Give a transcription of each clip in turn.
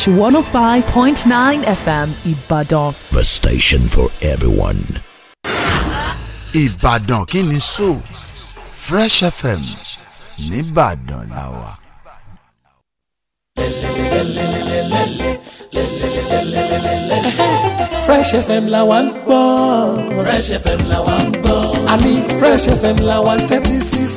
Fresh 105.9 FM Ibadan. The station for everyone. Ibadan kini so Fresh FM Nibadan lawa. Fresh FM la wa ń gbọ́. Fresh FM la wa ń gbọ́. àmì Fresh FM la wa ń tẹ́tí sí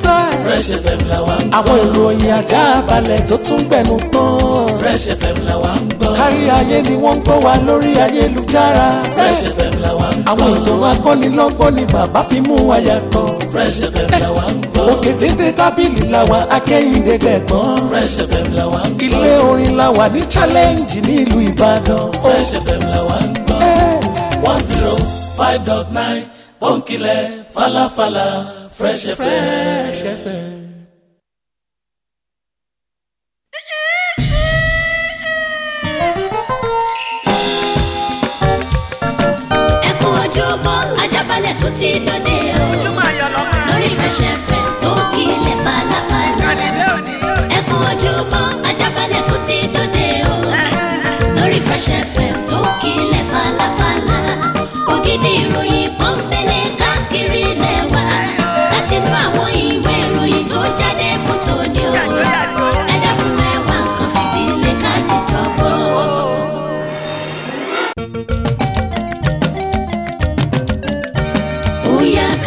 Fresh FM la wa ń gbọ́. àwọn ìròyìn àjàbalẹ̀ tó tún gbẹnu tán Fresh FM la wa ń gbọ́. kárí ayé ni wọ́n ń gbọ́ wa lórí ayélujára. Fresh FM la wa ń gbọ́. àwọn ìtàn akọ́nilọ́gbọ́n ni bàbá fi mú wa yàtọ̀. Fresh FM la wa ń eh, gbọ́. òkè tètè tábìlì la wa akẹ́yìndé gbẹ̀gbọ́n. Fresh FM la wa ń gbọ́. ilé orin la wa ní challenge ní ìlú Ìbàdàn. Fresh FM la wa ń gbọ́. Eh. one zero five dot nine pọ́ńkìlẹ̀ falafala Fresh FM.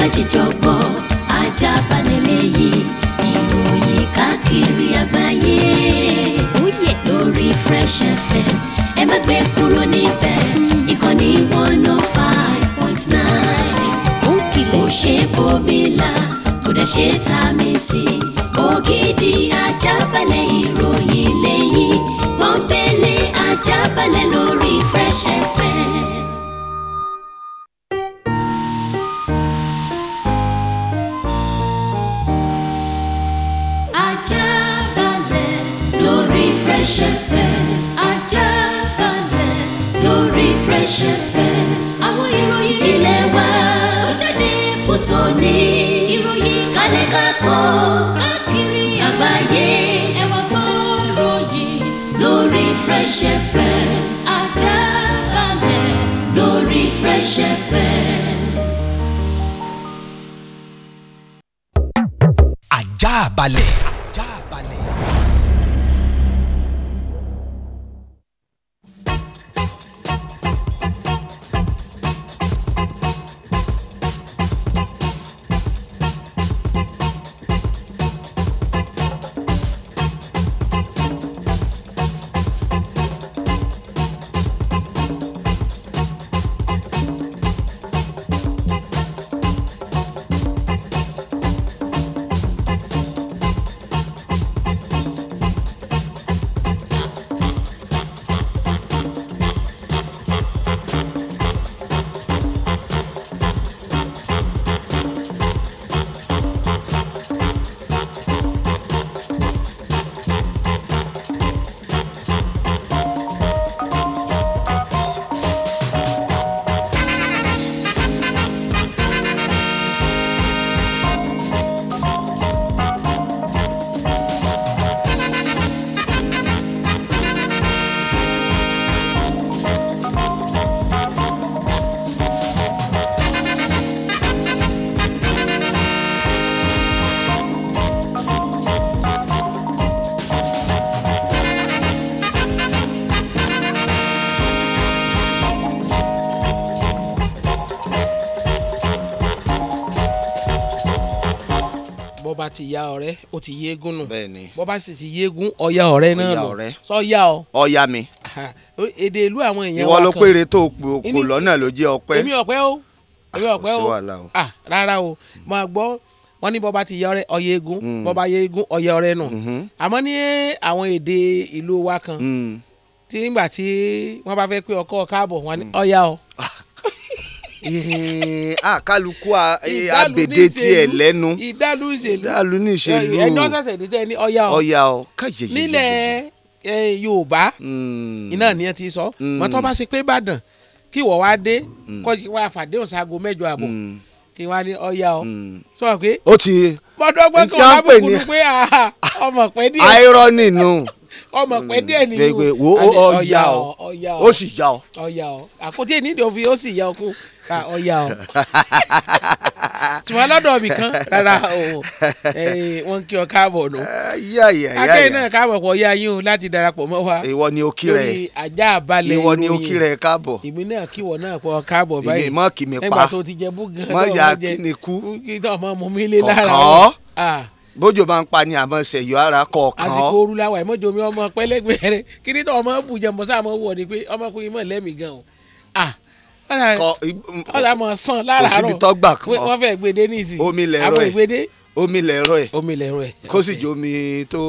kájíjọ́gbọ́ Ajaabale lẹ́yìn ìròyìn káàkiri àgbáyé. Oh, lórí Fresh FM ẹ má gbé kúrò níbẹ̀ ìkànnì one oh five point nine. Ó kìlẹ̀ kò ṣe bomi la kò dẹ̀ ṣe ta mi sí. Ògidì Ajaabale ìròyìn lẹ́yìn pọ́npẹ́lẹ́ Ajaabale lórí Fresh FM. ṣẹ̀fẹ̀ àwọn ìròyìn ilé wa tó jáde fún tòní ìròyìn kálẹ̀ kákọ́ káàkiri àgbáyé ẹ wá gbọ́rọ̀ yìí lórí Fresh FM Àjààbálẹ̀ lórí Fresh FM. Àjààbálẹ̀. bá ti ya ọ̀rẹ́ o. ti yéégún nù bó bá sì ti yéégún ọya ọ̀rẹ́ náà lò sọ́ya ọ. ọya mi. èdè ìlú àwọn èèyàn wa kan ìwọ ló péré tó kò lọ́nà ló jẹ́ ọpẹ́. èmi ọpẹ́ o èmi ah, ọpẹ́ o ah, rárá o máa gbọ́ wọ́n ní bó ti ya ọ̀rẹ́ ọya eégún hmm. bó bá ya eégún ọya ọ̀rẹ́ nù mm-hmm. àmọ́ ní àwọn èdè ìlú wa kan hmm. tí nígbà tí wọ́n bá fẹ́ pé ọkọ káàbọ̀ wọ́n ní ọya hmm. o. Ah, kálukú abèdè eh, tiẹ̀ lẹ́nu ìdálù ìṣèlú ìdálù ìṣèlú eh, ẹ̀dọ́ sẹ̀sẹ̀ dídẹ́ ní ọ̀yà ọ̀ ọ̀yà ọ̀ káyẹyẹ nílẹ̀ eh, yorùbá hmm. iná ni ẹ ti sọ hmm. mọ́tọ́ bá ṣe pé ìbàdàn kí wọ́n wá dé hmm. kọ́jú wá fàdéhùn sago mẹ́jọ àbọ̀ kí wọ́n á ní ọ̀yà ọ̀ sọ pé ó ti mọ́tọ́gbọ́n kí wọ́n bá bùkún pé ah, ọmọ pẹ́ díẹ̀ irony nù ọmọ pẹ́ díẹ̀ nínú wo ọ̀yà ọ̀ ó sì yà ọ̀ ọ̀yà ọ̀ àkótí ènìyàn fi ó sì yà ọkùn ká ọya o tùmọ̀ lọ́dọ̀ mi kan rárá o wọ́n kí ọ káàbọ̀ nù. Ah, akẹ́yìn náà káàbọ̀ pọ̀ yá yín o láti darapọ̀ mọ́ wa. ìwọ ni o kí rẹ lórí ajá balẹ̀ ni o kí rẹ káàbọ̀. ìmí náà kí náà pọ̀ káàbọ̀ báyìí. ìmí pa tó ti jẹ jẹ ara àsìkò mi ọmọ kí ọmọ mọ́sá wọ̀ ni pé ọmọkùnrin mọ̀ lẹ́mìí kọ ọlọmọ sàn láràárọ̀ kò síbi tọgbà kan wọn fẹẹ gbèdé ní ìsìn omi lẹrọ ẹ omi lẹrọ ẹ omi lẹrọ ẹ kó sì jẹ omi tó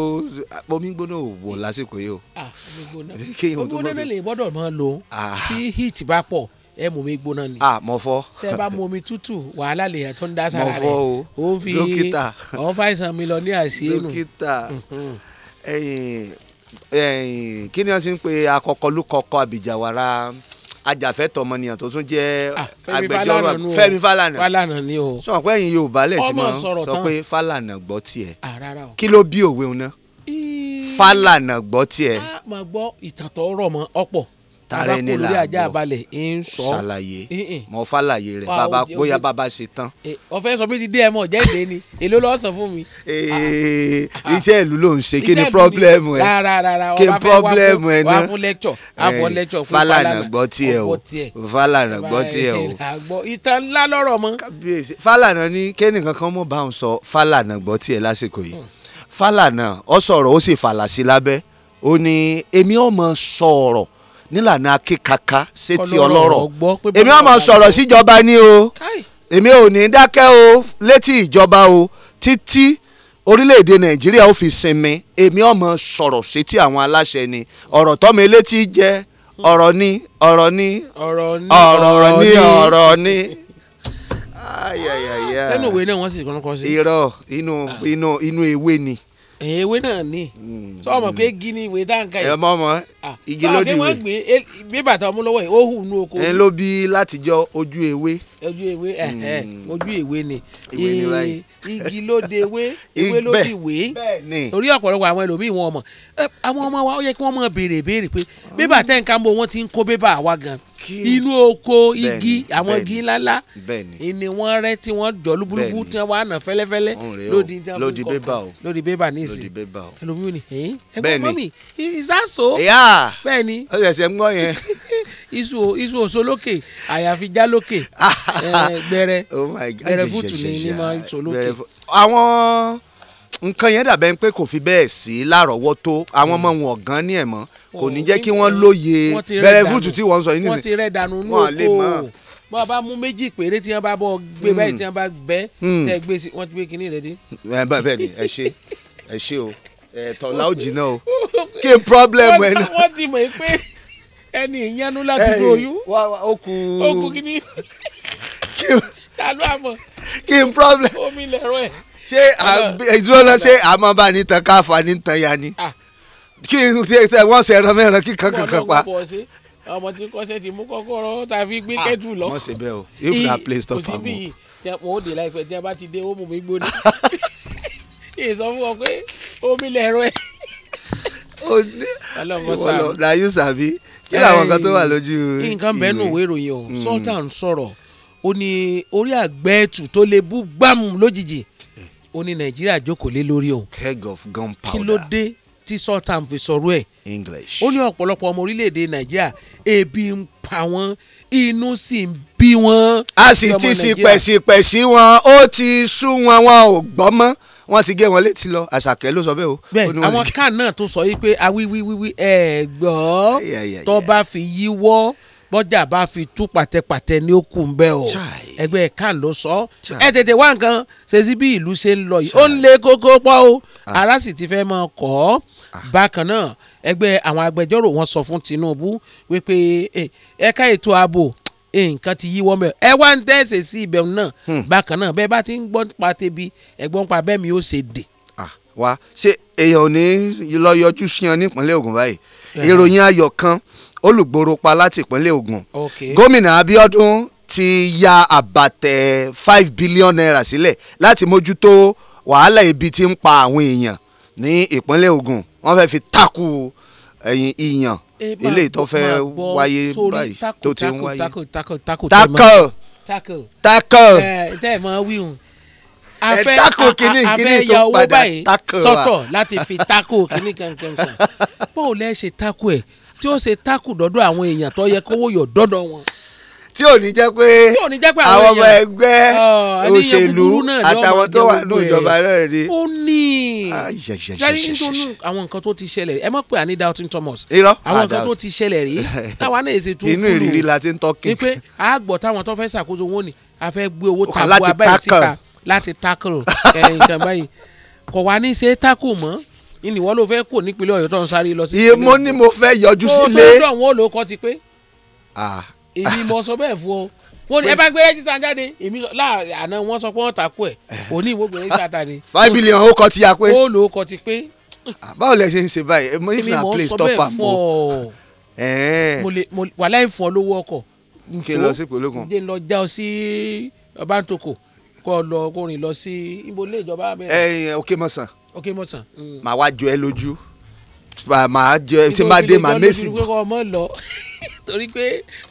omi gbóná wò lásìkò yìí o ah, omi gbóná lè gbọ́dọ̀ máa lò ah. tí heat bá pọ̀ ẹ mú mi gbóná ni. a ah, mọ fọ. tẹ bá mú omi tútù wàhálà lèyàn tó ń dá sára rẹ. mọ fọ o ó fi dókítà ọ̀n fàìsàn mi lọ ní àṣìírí. dókítà mhm. ẹyìn ẹyìn kí ni wọ́n ti ń pe akọkọlùkọkọ àbíjàwara ajàfẹ́tọ̀ ọmọnìyàn tó tún jẹ́ ah, agbẹjọ́rò Fẹ́mi falana. Falana ni o sọ pé ẹ̀yin Yorùbá lẹsìn mọ sọ pé falana gbọ́ tiẹ̀ ah, kí ló bí òwe òun náà Fálànà gbọ́ tiẹ̀. a ah, máa gbọ́ ìtàn tó rọ̀ mọ́ ọ̀pọ̀ tààrà ẹni là ń bọ̀ ṣàlàyé mọ fàlàyé rẹ bàbá bóyá bàbá ṣe tán. ọ̀fẹ́ sọ mi ti dé ẹ mọ̀ jẹ́ǹde ni èló lọ́ọ́ sọ fún mi. Ah. Ah. iṣẹ́ ìlú ló ń ṣe kí ni pírọ́blẹ́mù ẹ kí ni pírọ́blẹ́mù ẹ náà fàlànà gbọ́ tiẹ̀ o fàlànà gbọ́ tiẹ̀ o. ìtàn ńlá lọ́rọ̀ mọ́. fàlànà ni kẹ́nìkan kan mọ̀ bá ń sọ fàlànà gbọ́ tiẹ̀ lásìkò yìí fàlànà ó sọ̀rọ̀ ó sì fàlà sí lábẹ́ ó ní èmi ò sọ̀rọ̀ nílànà akékaka sétí ọlọ́rọ̀ èmi á máa sọ̀rọ̀ síjọba ni o èmi ò ní dákẹ́ o létí ìjọba o títí orílẹ̀-èdè nàìjíríà ó fi sinmi èmi ò máa sọ̀rọ̀ sétí àwọn aláṣẹ ni ọ̀rọ̀ tọ́mi létí jẹ́ ọ̀rọ̀ ni ọ̀rọ̀ ni ọ̀rọ̀ ni ọ̀rọ̀ ni ayayaya nínú ìwé náà wọ́n sì kọ́nọ́kọ́ sí. irọ́ inú ewé ni ewé náà ni sọ hmm. ọmọ pé igi ni ìwé táǹkà yìí. ẹ mọ mọ ah. igi ló di ìwé. E, e, bí bàtà ọmọ lọ́wọ́ yìí ó hù nú oko. ẹ ló bí látijọ́ ojú ewé. ojú ewé eh, hmm. eh, ojú ewé ni eh, igi ló de ewé ewé ló di ìwé orí ọ̀pọ̀lọpọ̀ àwọn ẹlòmíì wọn ọmọ àwọn ọmọ wa ó yẹ kí wọ́n mọ̀ béèrè béèrè pé bébà tẹ̀ ń ká wọ́n ti ń kó bébà wa gan inú oko igi àwọn igi ńláńlá ni wọ́n rẹ́ tí wọ́n jọ lúbúlúbú tí wọ́n wà nà fẹ́lẹ́fẹ́lẹ́ lódì tí wọ́n lódì bébà o lódì bébà ní ìsìn lódì bébà o ẹlòmíràn ni ẹgbẹ́ mọ́mì ìsàsó bẹ́ẹ̀ ni ó ṣẹ̀ṣẹ̀ ń gbọ́ yẹn iṣu iṣu òṣò lókè àyàfi já lókè gbẹrẹ oh gbẹrẹ fútu ni ní máa ń sọ lókè. àwọn nǹkan yẹn dàbẹ́ pé kò fi bẹ́ẹ̀ sí lárọ̀ọ́wọ́tó àwọn ọmọ wọn ọ̀gán ní ẹ̀ mọ́ kò ní jẹ́ kí wọ́n lóye bẹ̀rẹ̀ fúùtù tí wọ́n sọ yìí nìyẹn wọ́n ti rẹ̀ dànù ní oko bọ́ọ̀ bá mú méjì péré tí wọ́n bá bọ́ gbé báyìí hmm. tí wọ́n bá gbẹ́ hmm. tẹ́ gbé sí wọ́n ti gbé kinní rẹ̀ dé. ẹ bá bẹ́ẹ̀ ni ẹ ṣe ẹ ṣe o ẹ tọ́lá ò jìnnà o kí n problem ẹ náà. wọ́n ti mọ̀ pé ẹni ìyanu láti gbé oyún ó kú ó kú kinní ta ló àmọ̀ kí n problem omi lẹ̀rọ ẹ̀ ṣé ìdúró ṣé àmọ́ bá ní tan káfa ní tan ya ni ah. kí n ṣe wọ́n ṣe ẹran mẹ́ran kí kankan kan pa ọmọ tí kọ́sẹ́ ti mú kọ́kọ́rọ́ tá a fi gbé kẹ́tù lọ. wọ́n ah, ṣe bẹ́ẹ̀ o if na place stop am o. tí mo ò dé láìpẹ́ tí a bá ti dé ó mú mi gbóná. èyí sọ fún ọ pé omi lè rọ ẹ. o ní ìwọlọ na yóò sàbí kí làwọn kan tó wà lójú ìwé. nǹkan bẹ́ẹ̀ nù wé ìròyìn o hmm. sultan sọ̀rọ̀ ó ní orí àgbẹ̀ẹ̀tù tó lè bú gbàmù lójijì ó ní nàìjíríà jókòó lé lórí òun. keg of gunpowder. kí ló dé tí sultan fi sọ̀rọ̀ ẹ̀. english. ó ní ọ̀pọ̀lọpọ̀ ọmọ orílẹ̀-èdè nàìjíríà ebi ń pa wọ́n inú sì ń bí wọ́n. a sì ti sì pẹ̀sìpẹ̀sì wọn ó ti sú wọn wọn ò gbọ́ mọ́ wọ́n ti gé wọn létí lọ àṣàkẹ́ ló sọ bẹ́ẹ̀ o. bẹ́ẹ̀ àwọn kan náà tó sọ yìí pé awíwíwíwí ẹ gbọ́ tó bá fi yíwọ́ bọ́jà bá fi tú pàtẹ́pàtẹ́ ní ó kù ń bẹ́ o ẹgbẹ́ kan ló sọ ẹ tètè wá nǹkan ṣe sí bí ìlú ṣe ń lọ yìí ó ń le kókó pọ́ o ah. ara sì ti fẹ́ mọ́ kọ́ ọ́ ah. bákan náà ẹgbẹ́ àwọn agbẹjọ́rò wọn sọ fún Tinubu wípé ẹ̀ka ètò ààbò nǹkan ti yíwọ́ mẹ́ ẹ wá ń tẹ̀sẹ̀ sí ibẹ̀ náà hmm. bákan náà bẹ́ẹ̀ bá ti ń gbọ́ pa tẹ́bi ẹ̀gbọ́n pa bẹ́ẹ̀ mi ó ṣe dè. Ah, wa ṣé èèyàn ò ní lọ yọjú sí ọ nípínlẹ̀ Ògùn báyìí eh. ìròyìn ayọ̀ kan olùgbòròpa láti ìpínlẹ̀ Ògùn gómìnà Abíọ́dún ti ya àbàtẹ five billion naira sílẹ̀ láti mójútó wàhálà ibi tí ń pa àwọn èèyàn ní ìpínlẹ̀ Ògùn wọ́n fẹ́ fi takú ẹ̀yìn ìyàn ilé ìtọ́ fẹ́ wáyé báyìí tó ti ń wáyé takọ̀ takọ̀ tẹ́ ẹ̀ mọ́ wíhùn a fẹ́ a fẹ́ ya owó báyìí sọ́tọ̀ láti fi takọ̀ kínní kankan kan bó o lẹ́ ṣe takọ̀ ẹ̀ tí ó ṣe tákù dọ́dọ̀ àwọn èèyàn tó yẹ kówó yọ dọ́dọ̀ wọn. tí ò ní jẹ́ pé àwọn ọmọ ẹgbẹ́ òṣèlú àtàwọn tó wà ní ìjọba náà rí. ó ní ah, jẹ́rí nítorí àwọn nǹkan tó ti ṣẹlẹ̀ rí ẹ mọ̀ pé àní doubting Thomas àwọn ah, nǹkan tó ti ṣẹlẹ̀ rí táwa náà ṣe tún fún un. inú ìrírí la ti ń tọ́kì. ni pé àgbọ̀ táwọn tó fẹ́ ṣàkóso wọn ni a fẹ́ gbé owó tàbí abẹ́rẹ́ láti tackle eh, nǹkan báyìí kò wá ní ṣe tackle mọ́ ìní wọ́n ló fẹ́ kó nípínlẹ̀ ọ̀yọ́ tó ń sáré lọ sí. iye mo ní mo fẹ́ yọjú sílé. tó tó àwọn olóòkọ ti pé. èmi mo sọ bẹ́ẹ̀ fún ọ wọ́n ní ẹ bá gbé rẹ́jísítà jáde èmi láàrin àná wọ́n sọ pé wọ́n ta kú ẹ̀ eh. òní ìwé gbé rẹ́jísítà jáde. five billion ó kọ ti ya pé. ó lò ti pé. báwo lẹ ṣe ń ṣe báyìí if na place stop am o. Eh. wàhálà ìfún ọ lówó ọkọ̀. n kì í lọ sí polókan. ǹjẹ́ lọ já ọ sí ọ ok mo sàn. Mm. màá wá jọ ẹ lójú màá jọ ẹ tí n bá dé màá mèsì. ìgbà òbí lè jọ lójú pé kọ́ ọmọ lọ torí pé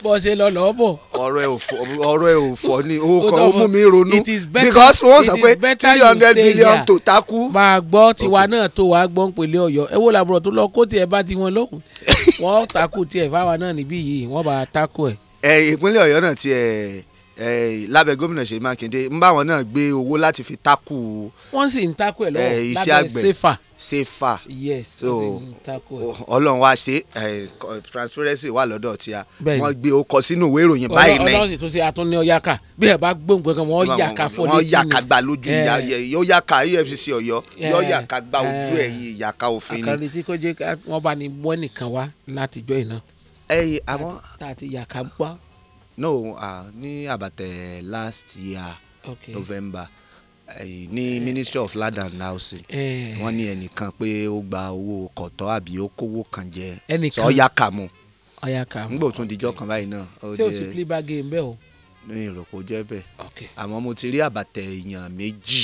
bó ṣe lọ lọ́ọ́ bọ̀. ọ̀rọ̀ ẹ ò fọ ọ̀rọ̀ ẹ ò fọ ni o mú mi ronú because wọ́n sọ pé three hundred million tó takú. máa gbọ́ tiwa náà tó wàá gbọ́ ń pèlè ọ̀yọ́ ẹ wò làbúrò tó lọ kó tiẹ̀ bá ti wọn lóhùn wọ́n takú tiẹ̀ fáwa náà níbí yìí wọ́n bá takú ẹ̀. ẹ ìpínlẹ̀ ọ̀yọ́ náà tiẹ̀ Eh, lábẹ́ gómìnà Ṣèyí Mákindé ń bá wọn náà gbé owó láti fi takú. wọ́n sì ń takú ẹ̀ lọ́wọ́ eh, lábẹ́ sefa. sefa yes so ọlọ́run wa ṣe eh, transparency wà lọ́dọ̀ tí a wọ́n gbé o kọ sínú ìwé ìròyìn báyìí náà. ọlọ́run sì tún ṣe atún ní ọ̀yàkà bí ẹ bá gbóhùn kankan wọ́n yàkà fọ́ létí ni. wọ́n yàkà gba lójú yóò yàkà EFCC Ọ̀yọ́ yóò yàkà gba ojú ẹ̀yìn ìyàkà òfin ni. àkàrà tí kò jẹ́ wọ́n bá ní mọ́ nìkan wá látijọ́ ìná. ẹyìn àwọn. tá a ti yàkà gbọ́ no uh, ní àbàtẹ last year okay. november uh, ní eh. ministry of land and housing eh. wọ́n ní ẹnìkan pé ó gba owó kọ̀tọ́ àbí ó kówó kan jẹ ẹnìkan sọ ọ̀yà kàmú ọ̀yà kàmú nígbà tó ń dijọ́ kan báyìí náà. ṣé o sì play bá game bẹ́ẹ̀ o. ní ìrọ̀pọ̀ jẹ́ bẹ́ẹ̀ àmọ́ mo ti rí àbàtẹ èèyàn méjì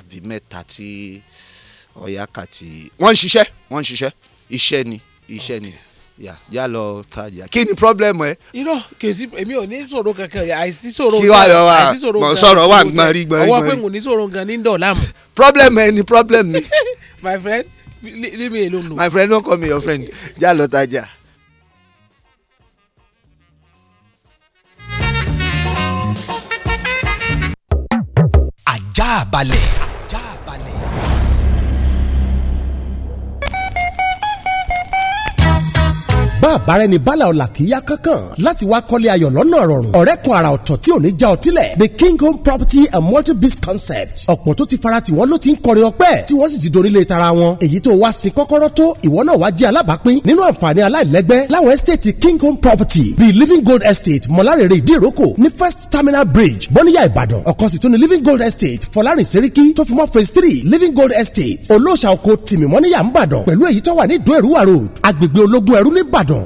àbí mẹ́ta tí ọ̀yà kà ti wọ́n ń ṣiṣẹ́ wọ́n ń ṣiṣẹ́ iṣẹ́ ni iṣẹ́ okay yà lọ tajà kí ni problem ẹ. irọ́ kèsì èmi ò ní sọ̀rọ̀ kankan àìsí sọ̀rọ̀ nǹkan àìsí sọ̀rọ̀ nǹkan sọ̀rọ̀ wà gbọ̀nrí gbọ̀nrí. ọwọ́ pé mo ní sọ̀rọ̀ nǹkan ní dọ̀làmù. problem ẹ ni problem mi. my friend leave me alone. my friend no call me your friend yà lọ tajà. ajá balẹ̀. àbárẹ́ni bala ọ̀la kìíyá kankan láti wá kọ́lé ayọ̀ lọ́nà rọrùn ọ̀rẹ́ kan àrà ọ̀tọ̀ tí ò ní já ọtí lẹ̀ the king home property and multi-biz concept ọ̀pọ̀ tó ti fara tiwọn ló ti ń kọrin ọpẹ́ tí wọ́n sì ti dorí lé tara wọn èyí tó wá sí kọ́kọ́rọ́ tó ìwọ náà wá jẹ́ alábàápín nínú àǹfààní aláìlẹ́gbẹ́ láwọn estate king home property bíi living gold estate mọ̀lárẹ̀rẹ̀ ìdíròkò ní first terminal bridge bọ́níyà ìbàdàn ọ̀kan sì tún ní living gold estate fọlárin seriki tó fi mọ́ phase three living gold estate olóòṣà oko tìmímọ́níyà ń bàdàn pẹ̀lú èyí tó wà ní ìdó èrúwà road agbègbè ológun ẹrú ní ìbàdàn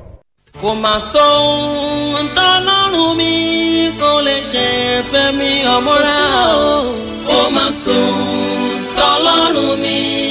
kò mà sọ ohun tọ́lọ́run mi kò lè ṣe fẹ́mi ọmọ rẹ̀ o kò mà sọ ohun tọ́lọ́run mi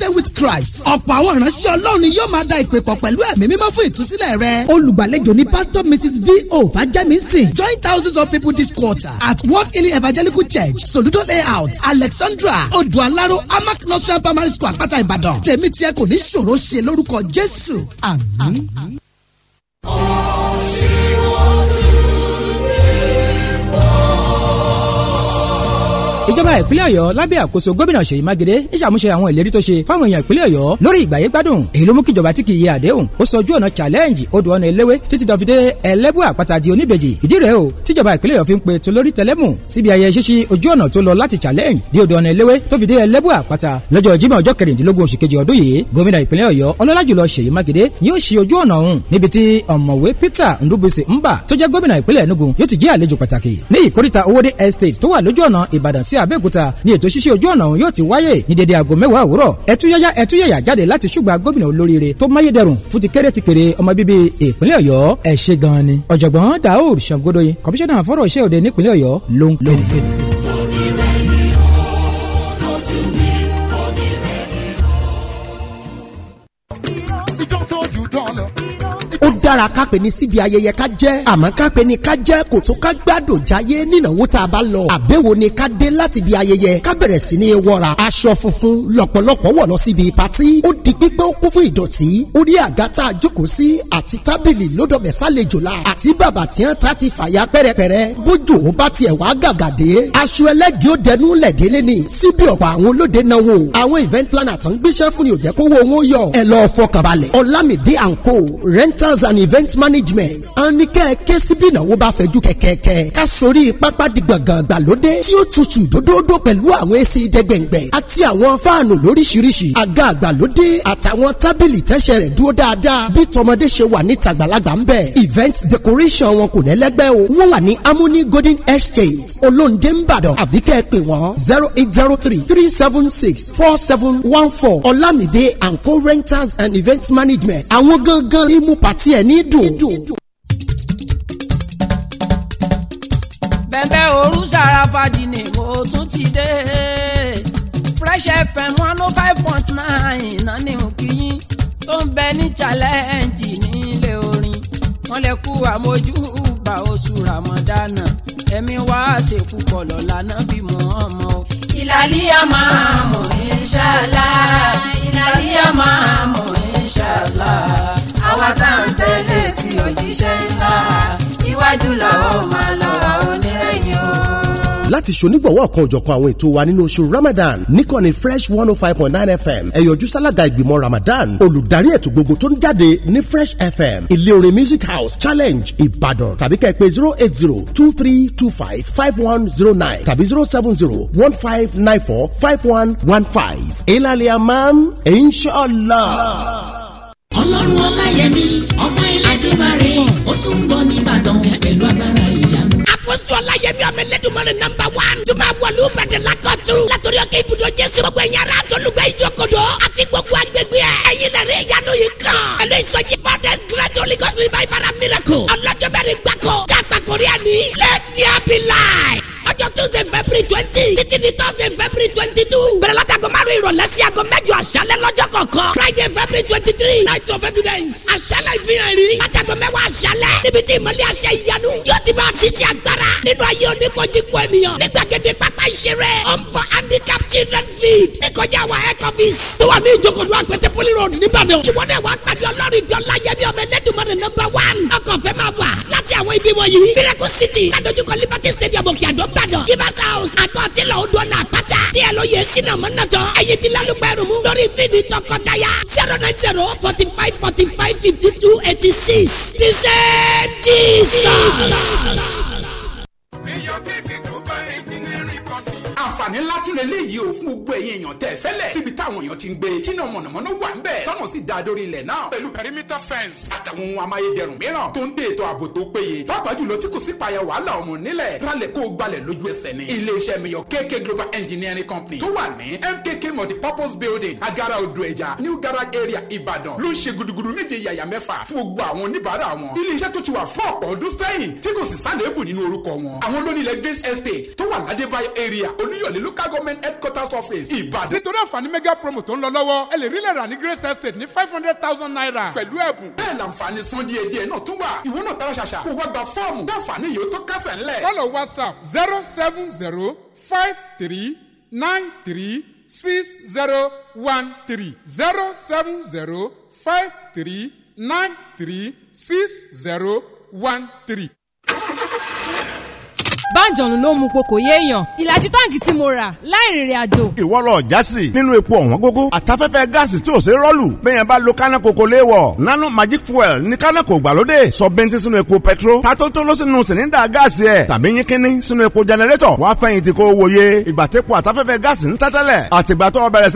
united with christ ọ̀pọ̀ àwọn ìránṣẹ́ ọlọ́run ni yóò máa da ìpè pọ̀ pẹ̀lú ẹ̀mí mímọ́ fún ìtúsílẹ̀ rẹ. olùgbàlejò ni pastor mrs v o fàjẹ́mísìn. join thousands of people this quarter at world healing evangelical church soludo layout alexandra odualaro amak nursery primary school àpáta ìbàdàn tèmi tiẹ̀ kò ní ṣòro ṣe lórúkọ jésù àmín. ìjọba ìpínlẹ̀ ọ̀yọ́ lábẹ́ àkóso gómìnà ṣèyí mágede ń ṣàmúṣe àwọn ìlérí tó ṣe fáwọn èèyàn ìpínlẹ̀ ọ̀yọ́ lórí ìgbàyé gbádùn èyí ló mú kí ìjọba tí kì í yẹ àdéhùn ó sọ ojú ọ̀nà challenge odò ọ̀nà eléwé títí dọ̀fídé ẹlẹ́bù àpáta di oníbejì ìdí rẹ̀ o tíjọba ìpínlẹ̀ ọ̀yọ́ fi ń pe tolórí tẹlẹ́mù síbi ayẹyẹ ṣíṣí ojú ọ̀nà tó lọ láti challenge di odò ọ̀nà eléwé tó fi dé ẹlẹ́bù àpáta lọ́jọ́ jímọ̀ ọjọ́ kẹrìndínlógún oṣù kejì ọdún yìí gómìnà ìpínlẹ̀ ọ̀yọ́ ọlọ́lájùlọ ṣèyí mákindé yóò ṣí ojú ọ̀nà ọ̀hún níbi tí ọ̀mọ̀wé peter ndúbísì mbà tó jẹ́ gómìnà ìpínlẹ̀ enugu estate tó wà lójú ìpínlẹ̀ Abẹ́òkúta ni ètò ṣíṣe ojú ọ̀nà ọ̀hún yóò ti wáyé ní dédé aago mẹ́wàá òwúrọ̀ ẹtúyẹ́yá ẹtúyẹ̀yà jáde láti ṣùgbà gómìnà olóríire tó máyédẹrùn fún ti kéré ti kéré ọmọ bíbí ìpínlẹ̀ Ọ̀yọ́ ẹ̀ ṣe gan-an ni ọ̀jọ̀gbọ́n Daoud Sangodoyin kọmíṣánná fọ́rọ̀ iṣẹ́ òde nípínlẹ̀ Ọ̀yọ́ ló ń kéde. dára ká pè ní síbi ayẹyẹ ká jẹ́ àmọ́ ká pè ní ká jẹ́ kò tó ká gbádùn jáyé nínáwó tá a bá lọ àbẹ̀wò ni ká dé láti bí ayẹyẹ ká bẹ̀rẹ̀ sí ní wọra aṣọ funfun lọ́pọ̀lọpọ̀ wọ̀ lọ síbi patí ó di pípẹ́ ó kún fún ìdọ̀tí ó rí àga tá a jókòó sí àti tábìlì lódọ̀bẹ̀ sálejò la àti bàbà tí wọ́n ta ti fàya pẹ́rẹpẹ́rẹ bójú ó bá tiẹ̀ wá gàgàdé aṣọ ẹlẹ́gì event management àníkẹ́ ké síbi ìnáwó bá fẹ́ ju kẹ̀kẹ́kẹ́ ká sórí pápá di gbọ̀ngàn gbàlódé tí ó tutù dódódó pẹ̀lú àwọn èsì jẹgbẹ̀ngbẹ̀ àti àwọn fáànù lóríṣiríṣi àga àgbàlódé àtàwọn tábìlì tẹ́sẹ̀ rẹ̀ dúró dáadáa bí tọmọdé ṣe wà ní tàgbàlagbà ń bẹ̀ event decoration wọn kò lẹ́lẹ́gbẹ́ o wọ́n wà ní amúní golden estate olóńdé ńbàdàn àbíkẹ́ pè wọ́n zero eight zero three three seven six four seven one four olamide and co renters and event management àwọn gangan ní mú pàtí ẹ̀ ní ní dùn. bẹ̀bẹ̀ oru sára fadi ni mo tún ti dé Fresh FM one oh five point nine iná ní òkìyín tó ń bẹ ní challenge nílé orin wọn lè kú àmójú bá oṣù ramadana ẹ̀mí wá ṣèkú pọ̀ lọ́la náà bí mo hàn mọ́ ìlàlíyà máa mọ̀ inshallah ìlàlíyà máa mọ̀ inshallah àwa tá à ń tẹ̀lé ti òjíṣẹ́ ńlá iwájú làwọn máa lọ láti ṣonígbọ̀wọ́ ọ̀kan òjọ̀kan àwọn ètò wa nínú oṣù Ramadan níkànnì fresh one oh five point nine FM ẹ̀yọ̀jú sálága ìgbìmọ̀ Ramadan olùdarí ètò gbogbo tó ń jáde ní fresh FM ilé orin music house challenge Ìbàdàn tàbí kẹ́ zero eight zero two three two five five one zero nine tàbí zero seven zero one five nine four five one one five ìlàlẹ̀ àmàm inshallah ọlọ́run ọláyẹmí ọmọ ilé dúbàrẹ́ ó tún ń bọ̀ nìbàdàn pẹ̀lú agbára Ọláyẹmí ọmọ Ẹlẹ́dùmarè nọ́mbà wán. tó máa wọlé Ìbàdàn lakọ̀tù. látọ̀rí ọkẹ́ ibùdó Jésù. gbogbo ẹ̀yin ará tólùgbẹ́ ìjókòdó. àti gbogbo agbègbè ẹ̀. ẹ̀yin lẹ́rìí ìyanu yìí kan. pẹ̀lú ìsọjí Father's Great Holy Ghost Revival and Miracle. ọlọ́jọ́ bẹ̀rẹ̀ gbàkọ̀. tí a gbàgbọ́ rí ẹni. let there be light. ọjọ́ Tuesday February twenty. títí di Thursday February twenty two. bẹ̀rẹ̀ látàgọ́ márùn-ún ìrọ̀lẹ́ sí àgọ́ mẹ́jọ àṣálẹ́ lọ́jọ́ kọ̀ọ̀kan. Friday February twenty night of evidence. àṣálẹ́ ìfihàn rí. látàgọ́ mẹ́wàá àṣálẹ́. níbi tí ìmọ̀lẹ́ àṣẹ ìyanu yóò ti bá a ti ṣe agbára. nínú nínú ayé oníkojúkọ ènìyàn ní gbàgede pápá ìṣeré home for handicapped children field ní kọjá wa head office tó wà ní ìjókòó àgbẹ̀tẹ̀ poli road nìbàdàn ìwọ náà wàá pàdé ọlọ́run ìgbọ́ láyẹ̀mí ọmọ ẹlẹ́dùnmọ́dé number one ọkọ̀ fẹ́ máa wà láti àwọn ibi wọ̀nyí miracle city ladojukọ liberty stadium òkèàdó nìbàdàn givers house àkọ́ọ̀tìlọ̀ odòna àpáta tí ẹ lọ yẹ sínú mọ́nàtọ̀ ẹ̀yẹ ti lálùpẹ̀ rùmú lórí fídì tọkọtaya zero nine zero forty five forty five fifty two eighty six the same Jesus. Jesus. Be your busy to buy engineering company. àǹfààní ńlá tí leléyìí ò fún gbogbo ẹ̀yin èèyàn tẹ̀ fẹ́lẹ̀ síbi táwọn èèyàn ti ń gbé tíná mọ̀nàmọ́ná wà ń bẹ̀ tọ́nà sì da dórí ilẹ̀ náà pẹ̀lú pẹ̀rímítà fẹ́ǹsì àtàwọn ohun amáyédẹrùn mìíràn tó ń dé ètò ààbò tó péye pàápàá jùlọ tí kò sí payà wàhálà ọmọ nílẹ̀ rálẹ̀ kó gbalẹ̀ lójú ẹsẹ̀ ni iléeṣẹ́ mayor KK Global Engineering Company tó wà ní MKK multi-purpose building agara odò ẹja new garage area Ìbàdàn ló ń ṣe gudugudu méje yàyà mẹ́fà fún gbogbo àwọn oníbàárà wọn iléeṣẹ́ tó ti wà fún ọ̀pọ̀ ọdún sẹ́yìn tí kò sì sálẹ̀ èbù nínú orúkọ wọn àwọn lónìí lẹ grace estate tó wà ládébáyọ̀ area lọ local government headquarters office ìbàdàn. nítorí àǹfààní mega promo tó ń lọ lọ́wọ́ ẹ lè rí lẹ̀ ní grace estate ní five hundred thousand naira pẹ̀lú ẹ̀bùn. bẹ́ẹ̀ làǹfààní san díẹ̀ díẹ̀ náà tún wà ìwọ náà tara ṣàṣà kó wá gba fọ́ọ̀mù dáǹfààní yìí ó tó kásẹ̀ ńlẹ̀. kọ́lọ̀ whatsapp zero seven zero five three nine three six zero one three zero seven zero five three nine three six zero one three báńjọ̀nù ló mu po kò yéèyàn ìlàjì táǹkì tí mo rà láì rìnrìn àjò. ìwọ lọ jásì nínú epo ọ̀wọ́n gógó àtafẹ́fẹ́ gáàsì tí ò ṣe rọ́ọ̀lù bẹ́ẹ̀ bá lo kánà kòkó léwọ̀ nano magic fuel ní kánà kò gbàlódé sọ bẹ́ntì sínú epo pẹtrol tatótó ló sínú sìnínda gáàsì ẹ̀ tàbí yínkínní sínú epo jẹnẹrétọ̀ wàá fẹ̀yìntì kó wòye ìgbàtẹ́pọ̀ àtafẹ́fẹ́ gáàsì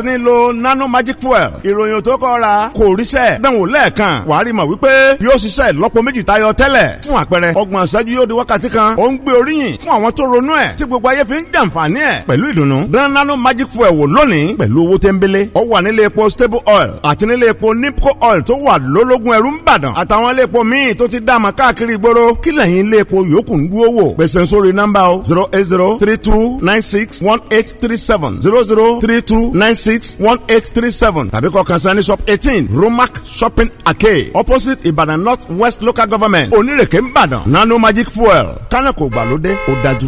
ń lo nano magic fuel ìròyìn tó kọ́ ra kò ríṣẹ́ dánwò lẹ́ẹ̀kan wàá rí mọ̀ wípé yóò ṣiṣẹ́ lọ́pọ̀ méjì tayọ tẹ́lẹ̀ fún àpẹẹrẹ ọgbọ̀n fún àwọn tó ronú ẹ̀ tí gbogbo ayé fi ń jàǹfààní ẹ̀ pẹ̀lú ìdùnnú. dán magic fuel wò lónìí pẹ̀lú owó tẹ́ńbélé. ó wà nílé epo stable oil àti nílé epo nipco oil tó wà lólógún ẹrú ń bàdàn àtàwọn ilé epo míì tó ti dáàmà káàkiri ìgboro kí lẹ́yìn ilé epo yòókù ń dúró wò. gbèsè sórí nọ́mbà o zero eight zero three two nine six one eight three seven zero zero three two nine six one eight three seven tàbí kọ kànsáni shop eighteen romac shopping arcade opposite Ìbàdàn north west local government onírèké ń bàdàn nano magic fuel kánà kò gbàlódé o dájú.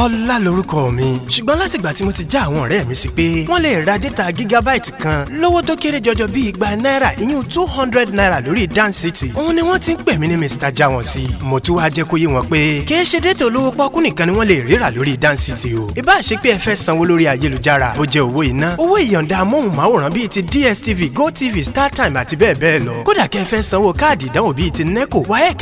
ọlá lorúkọ mi ṣùgbọ́n láti ìgbà tí mo ti já àwọn ọ̀rẹ́ mi sí pé wọ́n lè ra dẹ́ta gígábáìtì kan lówó tó kéré jọjọ bíi igba náírà ìyún two hundred naira lórí dan city òun ni wọ́n ti ń pè mí ní mr jawon sí mo tún wá jẹ́ kó yé wọn pé kìí ṣe dẹ́tà olówó pọ́kú nìkan ni wọ́n lè rírà lórí dan city o ìbá ṣe pé ẹ fẹ́ sanwó lórí ayélujára bó jẹ́ owó iná owó ìyọ̀ǹda amóhùnmáwòrán bíi ti dstv gotv startime àti bẹ́ẹ̀ bẹ́ẹ̀ lọ kódà kẹ́ ẹ fẹ́ sanwó káàdì ìdánwò bíi ti neco waec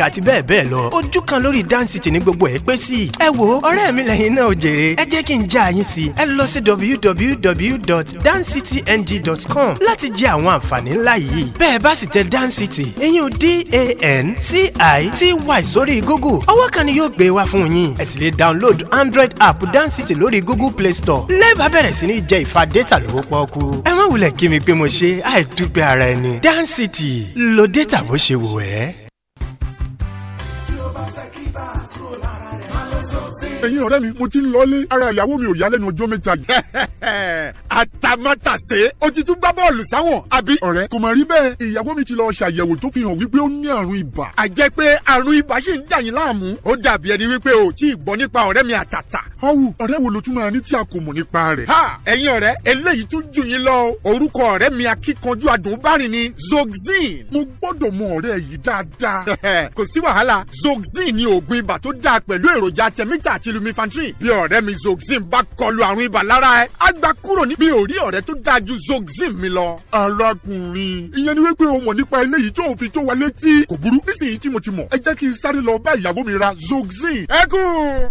kan lórí dan city ní gbogbo ẹ̀ pé sí ẹ wo ọ̀rẹ́ kẹ́yìn náà ẹ jẹ́ kí n já yín sí ẹ lọ sí www.dancity.ng.com láti jẹ àwọn àǹfààní ńlá yìí bẹ́ẹ̀ bá sì tẹ dancity ìyún d-a-n-c-i-t-y sórí google ọwọ́ kan ni yóò gbé wá fún yín ẹ sì lè download android app dancity lórí google play store lẹ́ẹ̀bà bẹ̀rẹ̀ sí ní jẹ ìfà data lówó pọ́ọ́kú ẹ má wulẹ̀ kí mi pé mo ṣe àìdúpẹ́ ara ẹni dancity lo data bó ṣe wù ẹ́. tí o bá fẹ́ kí bá a kúrò lára rẹ̀ má lọ sọ sí. ẹ̀yin ọ̀rẹ́ mi mo ti ń lọlé ara ìyàwó mi ò yá lẹ́nu ọjọ́ mẹ́ta yìí. àtàmátàsé o ti tún gbá bọ́ọ̀lù sáwọn àbí. ọ̀rẹ́ kò mà rí bẹ́ẹ̀ ìyàwó mi ti lọ ṣàyẹ̀wò tó fi hàn wípé ó ní àrùn ibà. a jẹ́ pé àrùn ibà ṣì ń dà yín láàmú. ó dàbí ẹni wípé o tí ì gbọ́ nípa ọ̀rẹ́ mi àtàtà. ọ̀wù ọ̀rẹ́ wo ló tún máa ní tí a kò mọ̀ nípa rẹ̀. ha ẹ̀yin ọ̀rẹ́ eléyìí tún jù yín lọ orúkọ ọ̀rẹ́ mi akíkanjú adùnbárìn ni Zoxyn. mo gbọ́dọ̀ mọ ọ̀rẹ́ yìí dáadáa. kò sí wàhálà Zoxyn ni oògùn ibà tó dáa pẹ̀lú èròjà tẹ̀mí dókítà àti lumifantrin bí ọ̀rẹ́ mi zoxyn bá kọlu àrùn ibà lára ẹ á gba kúrò ní bí ọ̀rẹ́ tó dáa ju zoxyn mi lọ. arákùnrin ìyẹn ni wípé o mọ̀ nípa eléyìí tó o fi tó wa létí kò burú nísìnyí tí mo ti mọ̀ ẹ jẹ́ kí n sáré lọ bá ìyàwó mi ra zoxyn. ẹ kún.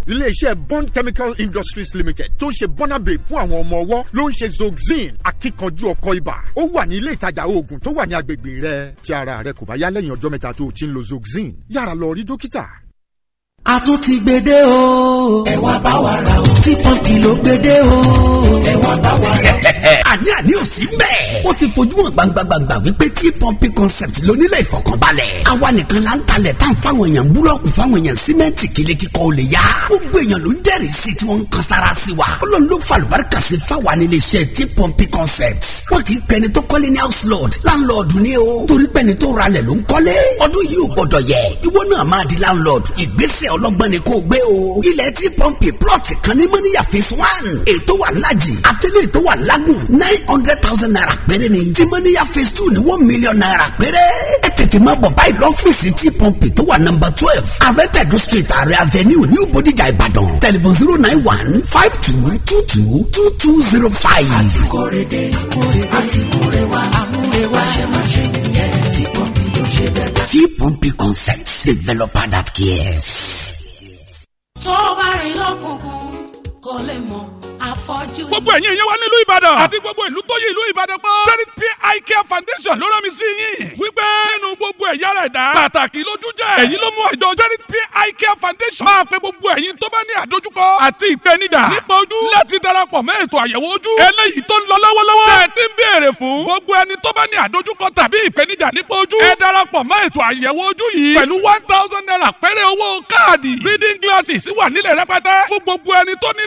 iléeṣẹ́ bond chemical industries limited tó ń ṣe bọ́nàbè fún àwọn ọmọ ọwọ́ ló ń ṣe zoxyn akíkanjú ọkọ ibà ó wà ní ilé ìtajà oògùn tó wà ní agbègbè rẹ tí ara rẹ kò bá yá lẹ́yìn mẹ́ta tó o ti ń lo zoxyn yára lọ rí dókítà a tún ti gbede o. ẹ wá bá wa ra o. tí pọ́ǹpì ló gbede o. ẹ wá bá wa ra o. àní àní ò sí bẹ́ẹ̀. ó ti fojú hàn gbangbangba wípé tí pọ́ǹpì concept lónílẹ̀ ìfọ̀kànbalẹ̀. àwa nìkan la ń talẹ̀ tán fáwọn èèyàn búlọ́ọ̀kù fáwọn èèyàn símẹ́ǹtì kílé kíkọ́ ò lè yá. gbogbo èèyàn ló ń jẹ́rìí sí tí wọ́n ń kan sára sí wa. ọlọ́run ló falùbáríkà sí fáwa nílé iṣẹ́ tí pọ́ǹpì concept. wọ́n kì í pẹni tó kọ́lé ní house lord landlord ni o. torí pẹni tó ralẹ̀ ló ń kọ́lé. ọdún yìí ò gbọ́dọ̀ yẹ. ìwọ náà máa di landlord. ìgbésẹ̀ ọlọ́gbọ́n ni kò gbé o. ilẹ̀ tí pọ́ǹpì plọ̀tì kan ní mọ́níyà phase one ètò wà lájì àtẹlẹ́ ètò wà lágùn nine hundred thousand naira péré ni tí mọ́níyà phase two ní one million naira péré. ẹ tètè máa bọ̀ báyìí lọ́fíìsì tí pọ́ǹpì tó wà number twelve arẹ́tẹ̀dù street àrẹ avenue new bodijà ìbàdàn tẹlifon zero nine one five two two two two two zero five. àti kórede àti kórewa àmúrewa ṣe máa ṣe nìyẹn tí pọ́ǹpì ló ṣe bẹ́ẹ̀. tí pọ́ǹpì concept developer that cares tó bá rìn lọ́kùnkùn kò lè mọ afọ́jú ni. gbogbo ẹ̀yin ìyẹn wá nílùú ìbàdàn àti gbogbo ìlú tó yé ìlú ìbàdàn pọ̀. charity eye care foundation ló rán mi sí yín. wípé nínú gbogbo ẹ̀yà ẹ̀dá pàtàkì lójú jẹ́. èyí ló mú àjọ charity eye care foundation. máa pe gbogbo ẹ̀yin tó bá ní àdójúkọ àti ìpèníjà nípa ojú láti darapọ̀ mọ́ ètò àyẹ̀wò ojú. eléyìí tó ń lọ lọ́wọ́lọ́wọ́. tẹ́ ẹ ti ń béèrè fún. gbogbo ẹni tó bá ní àdójúkọ tàbí ìpèníjà nípa ojú. ẹ darapọ̀ mọ́ ètò àyẹ̀wò ojú yìí. pẹ̀lú one thousand naira péré owó káàdì. reading glasses wà nílẹ̀ rẹpẹtẹ. fún gbogbo ẹni tó ní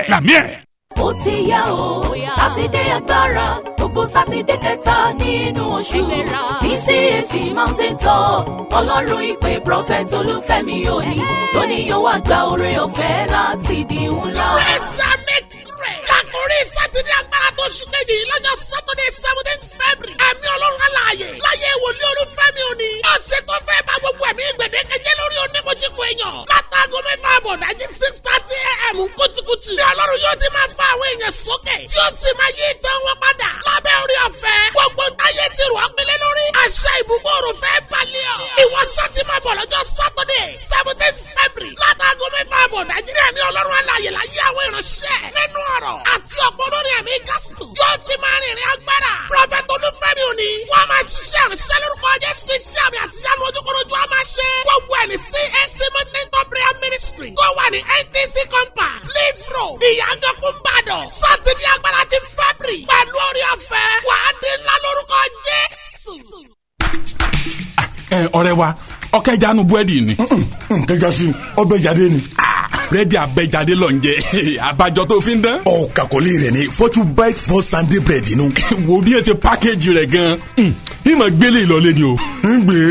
ẹ̀ làmí ẹ̀. ó ti yá o sátidé agbára gbogbo sátidé kẹta nínú oṣù ní mountain top ọlọ́run ìpè prophet olúfẹ́mi òní lónìí yóò wá gba oore ọ̀fẹ́ láti di ńlá. islamic rẹ̀. lákòrí sátidé agbára tó ṣùkejì lọ́jọ́ sátidé seventeen february ọlọ́run aláàyè. láyé wòlíì olúfẹ́mi òní. ọ̀sẹ̀ tó fẹ́ bá gbogbo ẹ̀mí gbèdéke jẹ́ lórí oníkùtìkù èèyàn. látàgọ́ mẹ́fà àbọ̀dájí six thirty am kùtìkùtì. ní ọlọ́run yóò ti máa fa àwọn èèyàn sókè. tí ó sì máa yí ìtàn wọn padà. lábẹ́ orí ọ̀fẹ́. gbogbo táyé ti rò ọ́pẹ́lẹ́ lórí. àṣà ìbúgbòrò fẹ́ balẹ̀ ọ̀. ìwọ sátì máa bọ̀ lọ́jọ́ sátọ́dẹ̀ seventeen february. látàgọ́ mẹ́fà àbọ̀dájí. ní ọlọ́run aláàyè láyé àwọn ìránṣẹ́. nínú ọ̀rọ̀ àti ọ̀pọ̀ olórin ẹ̀mí gásùtù. yóò ti máa rìnrìn agbára. prọfẹ̀tì olúfẹ́mi òní mi. wọ́n máa ṣiṣẹ́ ìrìnsẹ́ lórúkọ Jésù iṣẹ́ àmì àtìyánu ojúkorojú á máa ṣe. gbogbo ẹ̀ ní CAC mọ́tẹ́ntọ́ prayer ministry tó wà ní NTC compound leaf road ìyàgànkú Ìbàdàn sátidé agbára ti February pẹ̀lú orí ọ̀fẹ́ wàá dín ńlá lórúkọ Jésù. ọ̀rẹ́ wa ọkẹ́ ìjánu ni. nkẹjá sí ọbẹ̀ jáde ni. Ah, búrẹ́dì abẹ́jáde lọ ń jẹ abajọ tó fi ń dán. ọ kàkọ́lé rẹ̀ ni fortune bites for sunday bread inú. wo bí ẹ ti pákéjì rẹ̀ gan-an hmm. ìmọ̀ gbélé ìlọlẹ́ ni o. ń gbé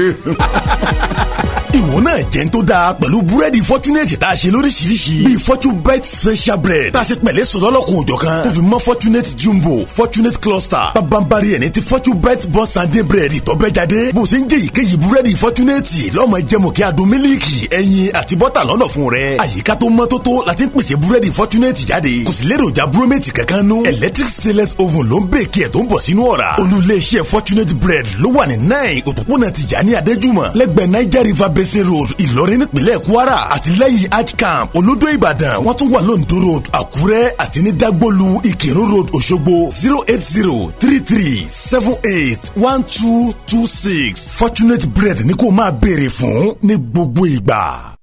ìwọ náà jẹ́ ń tó dáa pẹ̀lú búrẹ́dì fọ́túnẹ̀tì tá a ṣe lóríṣiríṣi bíi fortune bite special bread tá a ṣe pẹ̀lẹ́ sọ̀dọ́lọ́kun òjọ̀ kan tó fi mọ́ fortunate jumbo fortunate cluster pabambari ẹni tí fortune bite bọ́ sàndé bread ìtọ́bẹ́jáde bó ṣe ń jẹ́ èyíkéyìí búrẹ́dì fọ́túnẹ̀tì lọ́mọ jẹ́mu kí adùn mílíkì ẹyin àti bọ́tà lọ́nà fún rẹ àyíká àyíká tó mọ́ tótó la ti ń pèsè búrẹ́dì fọ́túnẹ́tì jáde kò sí léròjà búrómẹ́tì kankan nú electric stainless oven ló ń bèkì ẹ̀ tó ń bọ̀ sínú ọ̀rá olùléeṣẹ́ fortunate bread ló wà ní nine òpópónà Tìjání Adéjùmọ̀ lẹ́gbẹ̀ẹ́ niger river basin road Ìlọrin nípínlẹ̀ Kwara àti lẹ́yìn arch camp olódó Ìbàdàn wọ́n tún wà lóńdó road Àkúrẹ́ àti ní dagbolu Ìkírun road Òṣogbo zero eight zero three three seven eight one two two six fortunate bread ni kò máa béèrè fún ní gbogbo ìgbà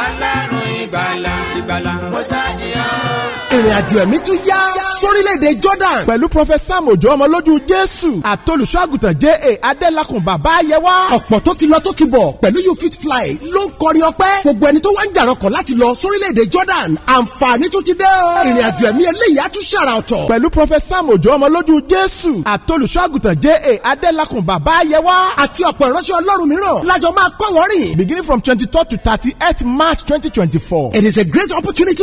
ọlọ́run ìgbàlà ìgbàlà mọ́sá ìrìn àjò ẹ̀mí tún yá sórílẹ̀-èdè Jordan pẹ̀lú Prophet Sam ọmọlójú Jésù àtolùṣọ́àgùtàn J.A. Adélakùn bàbá Ayẹ́wá. ọ̀pọ̀ tó ti lọ tó ti bọ̀ pẹ̀lú You Fit Fly ló ń kọrin ọpẹ́ gbogbo ẹni tó wá ń jàrọ̀kọ̀ láti lọ sórílẹ̀-èdè Jordan àǹfààní tún ti dé ìrìn ẹ̀mí eléyìí á tún ṣàrà ọ̀tọ̀. pẹ̀lú Prophet Sam ọmọlójú Jésù àtolùṣọ́àgùtàn J.A. a great opportunity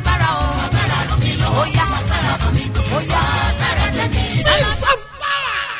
ó yá agbára mi ó yá agbára tẹ̀lé.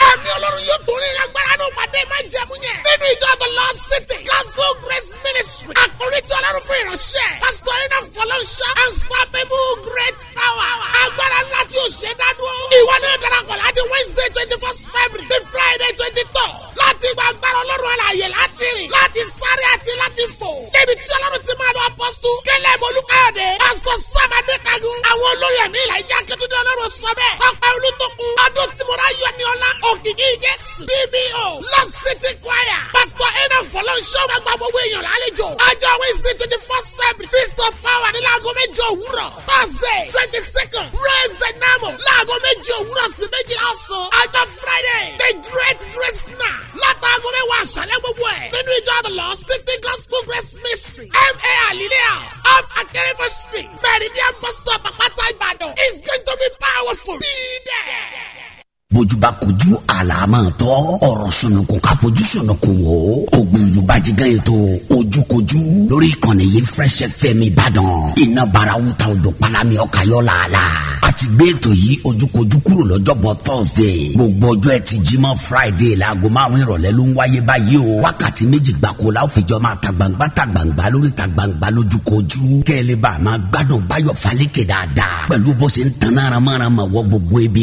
ẹ̀mí olórun yóò torí agbára náà pàdé máa jẹ̀mú yẹn. nínú ìjọ àtọ̀lọ́ sítì. Gospel Grace Ministry. Àkórí tí Ọlọ́run fún ìránṣẹ́. Pásítọ̀ Iná Fọlọ́nṣọ́. Unstoppable great power. Agbára ńlá tí o ṣe dádúró. Ìwọ náà darapọ̀ láti Wednesday twenty first February to Friday twenty third. Láti gba agbára Ọlọ́run àlàyé láti rìn. Láti sáré àti láti fò. Débi tí Ọlọ́run ti máa lọ apọ́sítù. Kẹ́lẹ́ Mọ̀lúkáyọ̀dé. Pásítọ̀ Sábà Dékagun. Àwọn olórí ẹ̀mí ìlà ìjà Akíntúndé Ọlọ́run sọ bẹ́ẹ̀. Ọ̀pẹ olùtọ́kùn. Ọdún Tìmọ̀rá Yọ̀niọ́lá. Òkìkí Jésù. BBO. Love City Choir. Pásítọ̀ Iná Fọlọ́nṣọ́ gba gbogbo èèyàn lálejò. ọjọ́ wednesday twenty first february feast of power ní láago méje òwúrọ̀. thursday twenty second praise the name of láago méje òwúrọ̀ sí méjìlá ọ̀sán. ọjọ́ friday the great grace night látàgọ́ mẹ́wàá àṣálẹ́ gbogbo ẹ̀. nínú ìjọ àdàlọ́ city gospel grace ministry ma alilea of akérèfọ́ street meridian bus stop àpáta ìbàdàn is going to be powerful. be there bójú bá kojú àlàmọ́ tọ́ ọ̀rọ̀ sunukun ká fojú sunukun o ògùn yorùbájígán yìí tó ojúkojú lórí ìkànnì yìí fresh fm ìbàdàn iná bara wuta odò palami ọkàyọ làálà a ti gbé ètò yìí ojúkojú kúrò lọ́jọ́bọ̀ thursday gbogbo ọjọ́ ẹtì jímọ̀ friday láago márùn ìrọ̀lẹ́ ló ń wáyé báyìí o wákàtí méjì gbàkó la ó fìjọ máa ta gbangba ta gbangba lórí ta gbangba lójúkojú kẹ́lẹ́ bá a máa gbádùn báyọ̀ falẹ́kẹ̀ dáadáa pẹ̀lú bó ṣe ń tan náramárama wọ gbogbo ibi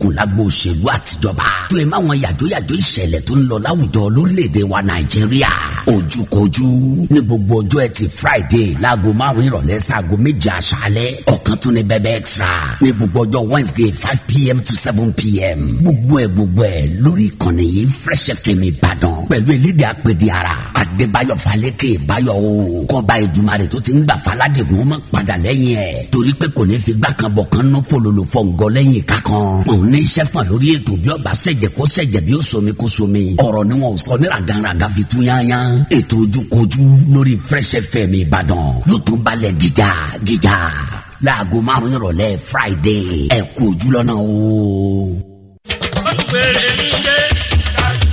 kù lágbo òṣèlú àtijọba tó ẹ máwọn yàjóyàjó ìṣẹ̀lẹ̀ tó ń lọ láwùjọ lórílẹ̀ wa nàìjíríà ojúkojú ní gbogbo ọjọ́ ẹtì friday láago márùn-ún ìrọ̀lẹ́ sáago méje àṣálẹ́ ọ̀kan tún ní bẹ́bẹ́ extra ní gbogbo ọjọ́ wednesday five pm to seven pm gbogbo ẹ̀ gbogbo ẹ̀ lórí ìkànnì yìí fresh fm ìbàdàn pẹ̀lú elédè apèdè ara adébáyọ̀ falẹ́kẹ̀ báyọ̀ o kọ́ba ìdùmarè tó ti ń gbà faládìgún mọ́ padà lẹ́yìn ẹ̀ torí pé kò ní fi gbà kan bọ̀ kan ná fòlòlò fọ̀ ń gọ lẹ́yìn òun ní iṣẹ́ fà lórí ètò bí ọba ṣẹ̀jẹ̀ kó ṣẹ̀jẹ̀ bí ó somi kó somi ọ̀rọ̀ ni wọn ò sọ ní ragaraga fi tú yányán ètò ojúkojú lórí Fresh FM Ìbàdàn yóò tún balẹ̀ gíga gíga láago márùn-ún Friday ẹ kú ojú lọ́nà o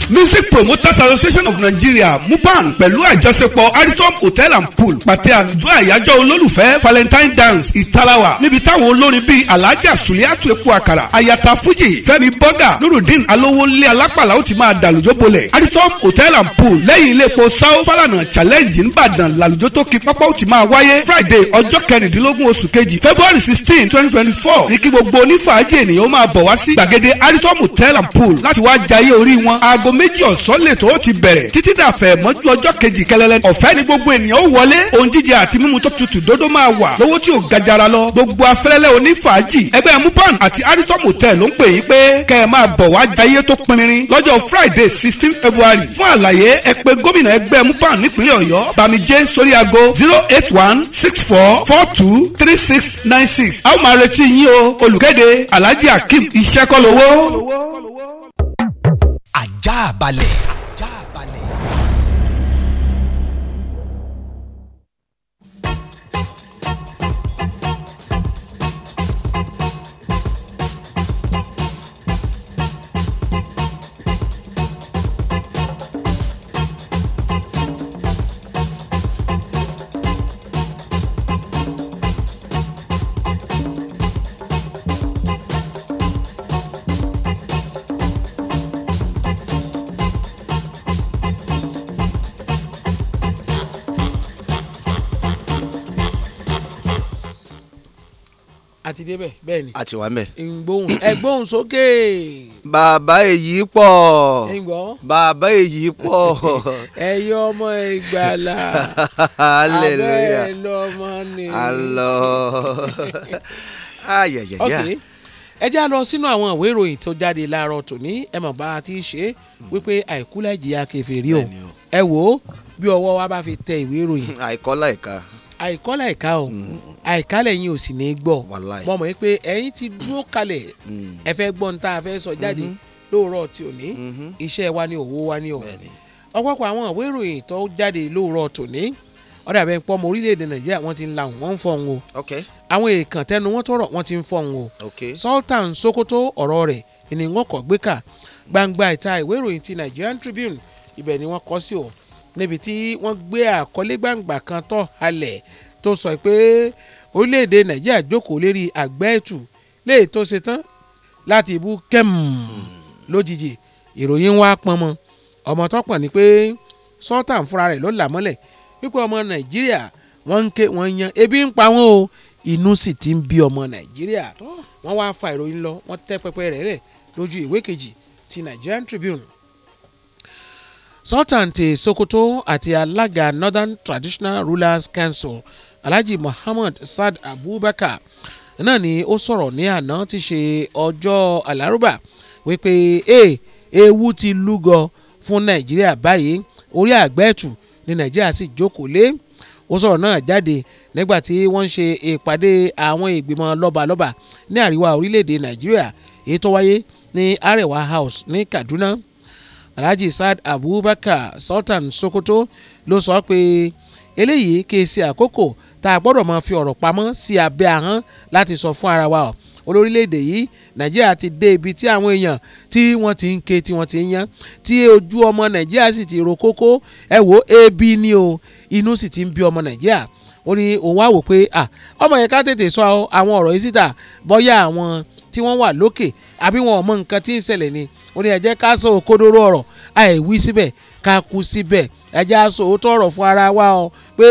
music promoters association of nigeria mupan pẹ̀lú àjọṣepọ̀ aritom hotel and pool pàtẹ àjọ àyájọ́ olólùfẹ́ valentine dance ìtarawa níbi táwọn olórin bíi alhaja suliatu eku akara ayata fuji fẹ́mi bọ́gà nurudeen alówólé alápàlà ó ti máa dàlùjọ bolẹ̀ aritom hotel and pool lẹ́yìn ilé epo sao falana challenge nìbàdàn làlùjọ tó kí pápá ó ti máa wáyé friday ọjọ́ kẹrìndínlógún oṣù kejì february sixteen twenty twenty four ní kí gbogbo onífàájì ènìyàn ó máa bọ̀ wá sí gbàgede aritom hotel and pool láti wá jayé orí wọn aago méjì ọ̀sán lètò ó ti bẹ̀rẹ̀ títí dàfẹ́ mọ́jú ọjọ́ kejì kẹlẹ́lẹ́ ọ̀fẹ́ ni gbogbo ènìyàn ó wọlé ohun jíjẹ àti mímu tó tutù dódó máa wà lówó tí ò gajara lọ gbogbo afẹ́lẹ́lẹ́ onífàájì ẹgbẹ́ mupan àti aritom hotel ló ń pè yín pé kẹ́ ẹ máa bọ̀ wá jayé tó pinrin lọ́jọ́ friday sixteen february fún àlàyé ẹ pè gómìnà ẹgbẹ́ mupan nípínlẹ̀ ọ̀yọ́ bàmíjẹ́ sórí ago zero eight one six four four two three six nine six a ó máa retí yín o olùkéde alhaji akeem iṣẹ́ kọ́ lówó ajá balẹ̀. débẹ̀ bẹ́ẹ̀ ni. a ti wà ń bẹ̀. ìgbóhùn ẹgbóhùn sókè. bàbá èyí pọ̀. ìgbọ́. bàbá èyí pọ̀. ẹyọ ọmọ ìgbàlà. hallelujah abẹ́ lọmọ ni. alọ. ayẹyẹyẹ. ok ẹ já lọ sínú àwọn ìwé ìròyìn tó jáde láàárọ̀ tòní ẹ mọ̀ bá a ti ṣe wípé àìkú láì jìyà kẹfẹ́ rí o ẹ wò ó bí ọwọ́ wa bá fi tẹ ìwé ìròyìn. àìkọ́ láìka àìkọ́ láìka o mm. àìka lẹ́yìn ò sì ní gbọ́ mo mọ̀ pé ẹ̀yin ti dúró kalẹ̀ mm. ẹ fẹ́ gbọ́n tá a fẹ́ sọ jáde mm-hmm. lóòrọ̀ tí ò ní mm-hmm. iṣẹ́ wa ni òwò wa ni o ọ̀pọ̀pọ̀ àwọn ìwé ìròyìn tó jáde lóòrọ̀ tòní ọ̀dà bẹ́ẹ̀ pọ́ ọmọ orílẹ̀-èdè nàìjíríà wọ́n ti ń la wọ́n ń fọ̀hún o àwọn èèkàn tẹnu wọn tọrọ wọ́n ti ń fọ̀hún o Sultan Sokoto ọ̀rọ̀ rẹ̀ ènìyàn kọ̀ gbé kà gbangba ìta ìwé ìròyìn ti Nigerian Tribune ibẹ̀ ni wọ́n kọ sí o níbi tí wọ́n gbé àkọlé gbàǹgbà kan tó halẹ̀ tó sọ pé orílẹ̀-èdè nàìjíríà jókòó lérí àgbẹ̀ ẹ̀tù léè tó ṣe tán láti ibú kẹ́m lójijì ìròyìn wa pọn mọ́ ọmọ tó pọ̀ ni pé sọ́tàn fúnra rẹ̀ ló là mọ́lẹ̀ wípé ọmọ nàìjíríà wọ́n ń ké wọ́n yan ebi ń pa wọ́n o inú sì ti ń bí ọmọ nàìjíríà wọ́n wá fa ìròyìn lọ wọ́n tẹ́ pẹpẹ rẹ̀ rẹ̀ lójú ìwé kejì ti Nigerian Tribune Sultan ti Sokoto àti alága Northern Traditional Rulers Council Alhaji Muhammad Saad Abubakar náà ni ó sọ̀rọ̀ ní àná tí ṣe ọjọ́ alárúbà wípé ewu ti lúgọ fún Nàìjíríà báyìí orí àgbẹ̀tù ni Nàìjíríà sì jókòó lé ó sọ̀rọ̀ náà jáde nígbà tí wọ́n ń ṣe ìpàdé àwọn ìgbìmọ̀ lọ́balọ́ba ní àríwá orílẹ̀-èdè Nàìjíríà èyí tó wáyé ní Arewa House ní Kaduna alhaji saad abubakar sultan sokoto ló sọ pé eléyìí kì í ṣe àkókò tá a gbọ́dọ̀ máa fi ọ̀rọ̀ pamọ́ sí abẹ́ ahọ́n láti sọ fún ara wa olórílẹ̀‐èdè yìí nàìjíríà ti dé ibi tí àwọn èèyàn tí wọ́n ti ń ké tí wọ́n ti ń yán tí ojú ọmọ nàìjíríà sì ti ro kókó ẹ wo ebi ni o inú sì ti ń bí ọmọ nàìjíríà ó ní òun wá wò pé ọmọ yẹn ká tètè sọ àwọn ọ̀rọ̀ yìí síta bọ́yá àwọn tí wọ́n wà lókè àbí wọn ò mọ nǹkan tí ń ṣẹlẹ̀ ni ó ní ẹ jẹ́ ká sọ òkodoro ọ̀rọ̀ àìwí síbẹ̀ ká kú síbẹ̀ ẹ jẹ́ aṣọ òótọ́ ọ̀rọ̀ fún ara wa o pé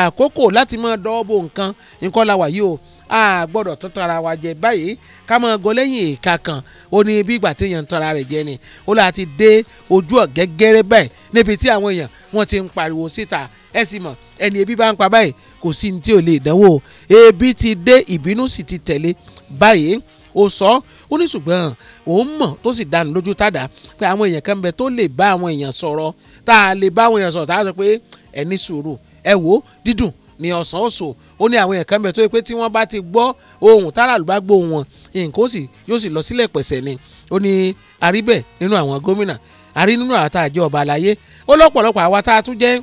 àkókò láti máa dọ́ọ̀bù nǹkan nǹkan la wà yìí o a gbọ́dọ̀ tún tara wa jẹ báyìí ká máa gọ lẹ́yìn ìka kan ó ní bí ìgbà tí èèyàn ń tara rẹ̀ jẹ ni ó láti dé ojú ọ̀gẹ́gẹ́rẹ́ báyìí níbi tí àwọn èèyàn wọ́n ti ń pariwo síta ẹ sì mọ̀ ẹni ebi bá ń pa báyìí kò sí ní tí ò lè dánwò ebi ti dé ìbínú sì ti tẹ̀lé báyìí ó sọ ó ní ṣùgbọ́n òun mọ̀ tó sì dànù lójú tàdá pé àwọn èèyàn kan bẹ tó lè bá àwọn èèyàn sọ̀rọ̀ tá a lè bá àwọn èèyàn sọ̀rọ̀ tá a sọ pé ẹ ní sùúrù ẹ wò ó dídùn ní ọ̀sán òsò ó ní àwọn èèyàn kan bẹ tó yẹ pé tí wọ́n bá ti gbọ́ ohun táràlú bá gbọ́ wọn nǹkan ó sì yóò sì lọ sílẹ̀ pẹ̀sẹ̀ ni ó ní àríbẹ̀ nínú àwọn gómìnà àrí nínú àwọn àjọ ọba àlàyé ó lọ́pọ̀lọpọ̀ àwa tá a tún jẹ́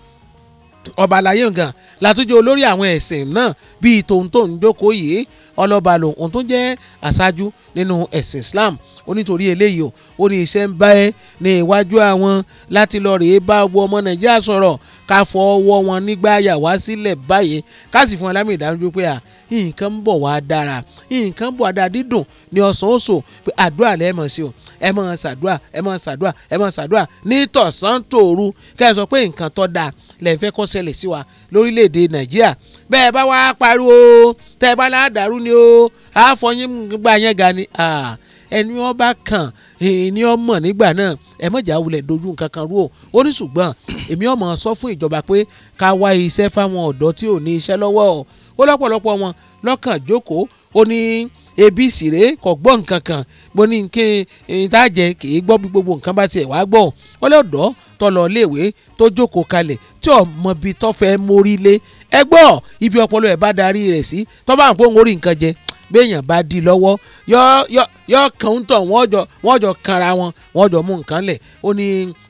ọba àlàyé nǹkan látúnjẹ olórí àwọn ẹ̀sìn náà bíi tòun tóun jókòó yìí ọlọ́ba lòun òun tó jẹ́ aṣáájú nínú ẹ̀sìn Islam ó nítorí eléyìí o ó ní iṣẹ́ ń bá ẹ ní iwájú àwọn láti lọ rèé bá wọ ọmọ Nàìjíríà sọ̀rọ̀ ká fọ ọwọ́ wọn nígbà yà sílẹ̀ báyìí ká sì fún wọn lámì pé à nǹkan ń bọ̀ wá dára nǹkan ń bọ̀ wá dára dídùn ní ọ̀sán oṣù pé àdúrà lẹ́ẹ̀ mọ̀ sí o ẹ mọ̀ ṣàdúrà ẹ mọ̀ ṣàdúrà ẹ mọ̀ ṣàdúrà ní tòru kẹ́ ẹ sọ pé nǹkan tó dáa lẹ́ fẹ́ kó ṣẹlẹ̀ sí wa lórílẹ̀‐èdè nàìjíríà bẹ́ẹ̀ bá wá pariwo tẹ́ ẹ bá ládàrú ni o àfọyín gbà yẹn ga ni ẹni wọn bá kàn ní ọmọ nígbà náà ẹ mọ̀jà wulẹ̀ dojú nǹkan kan rú o ó ní ṣùgbọ́n èmi ọmọ sọ fún ìjọba pé ká wá iṣẹ́ fáwọn ọ̀dọ́ tí ò ní iṣẹ́ lọ́wọ́ ó lọ́pọ̀lọpọ̀ wọn lọ́kàn jókòó ó ní ebi ìsìrè kò gbọ́ nǹkan kan bó ní kí n tá jẹ kì í gbọ́ bí gbogbo nǹkan bá tiẹ̀ wá gbọ́ ó lé ọ̀dọ́ léèwé tó jókòó kalẹ̀ tí ọmọ bíi tó fẹ́ mórí lé ẹ ibi ọpọlọ ẹ̀ bá darí rẹ̀ sí tó bá ń pọ́n orí nǹkan jẹ béèyàn bá di lọ́wọ́ yọ kàn ń tàn wọ́n jọ kanra wọn wọ́n jọ mú nǹkan lẹ̀ ó ní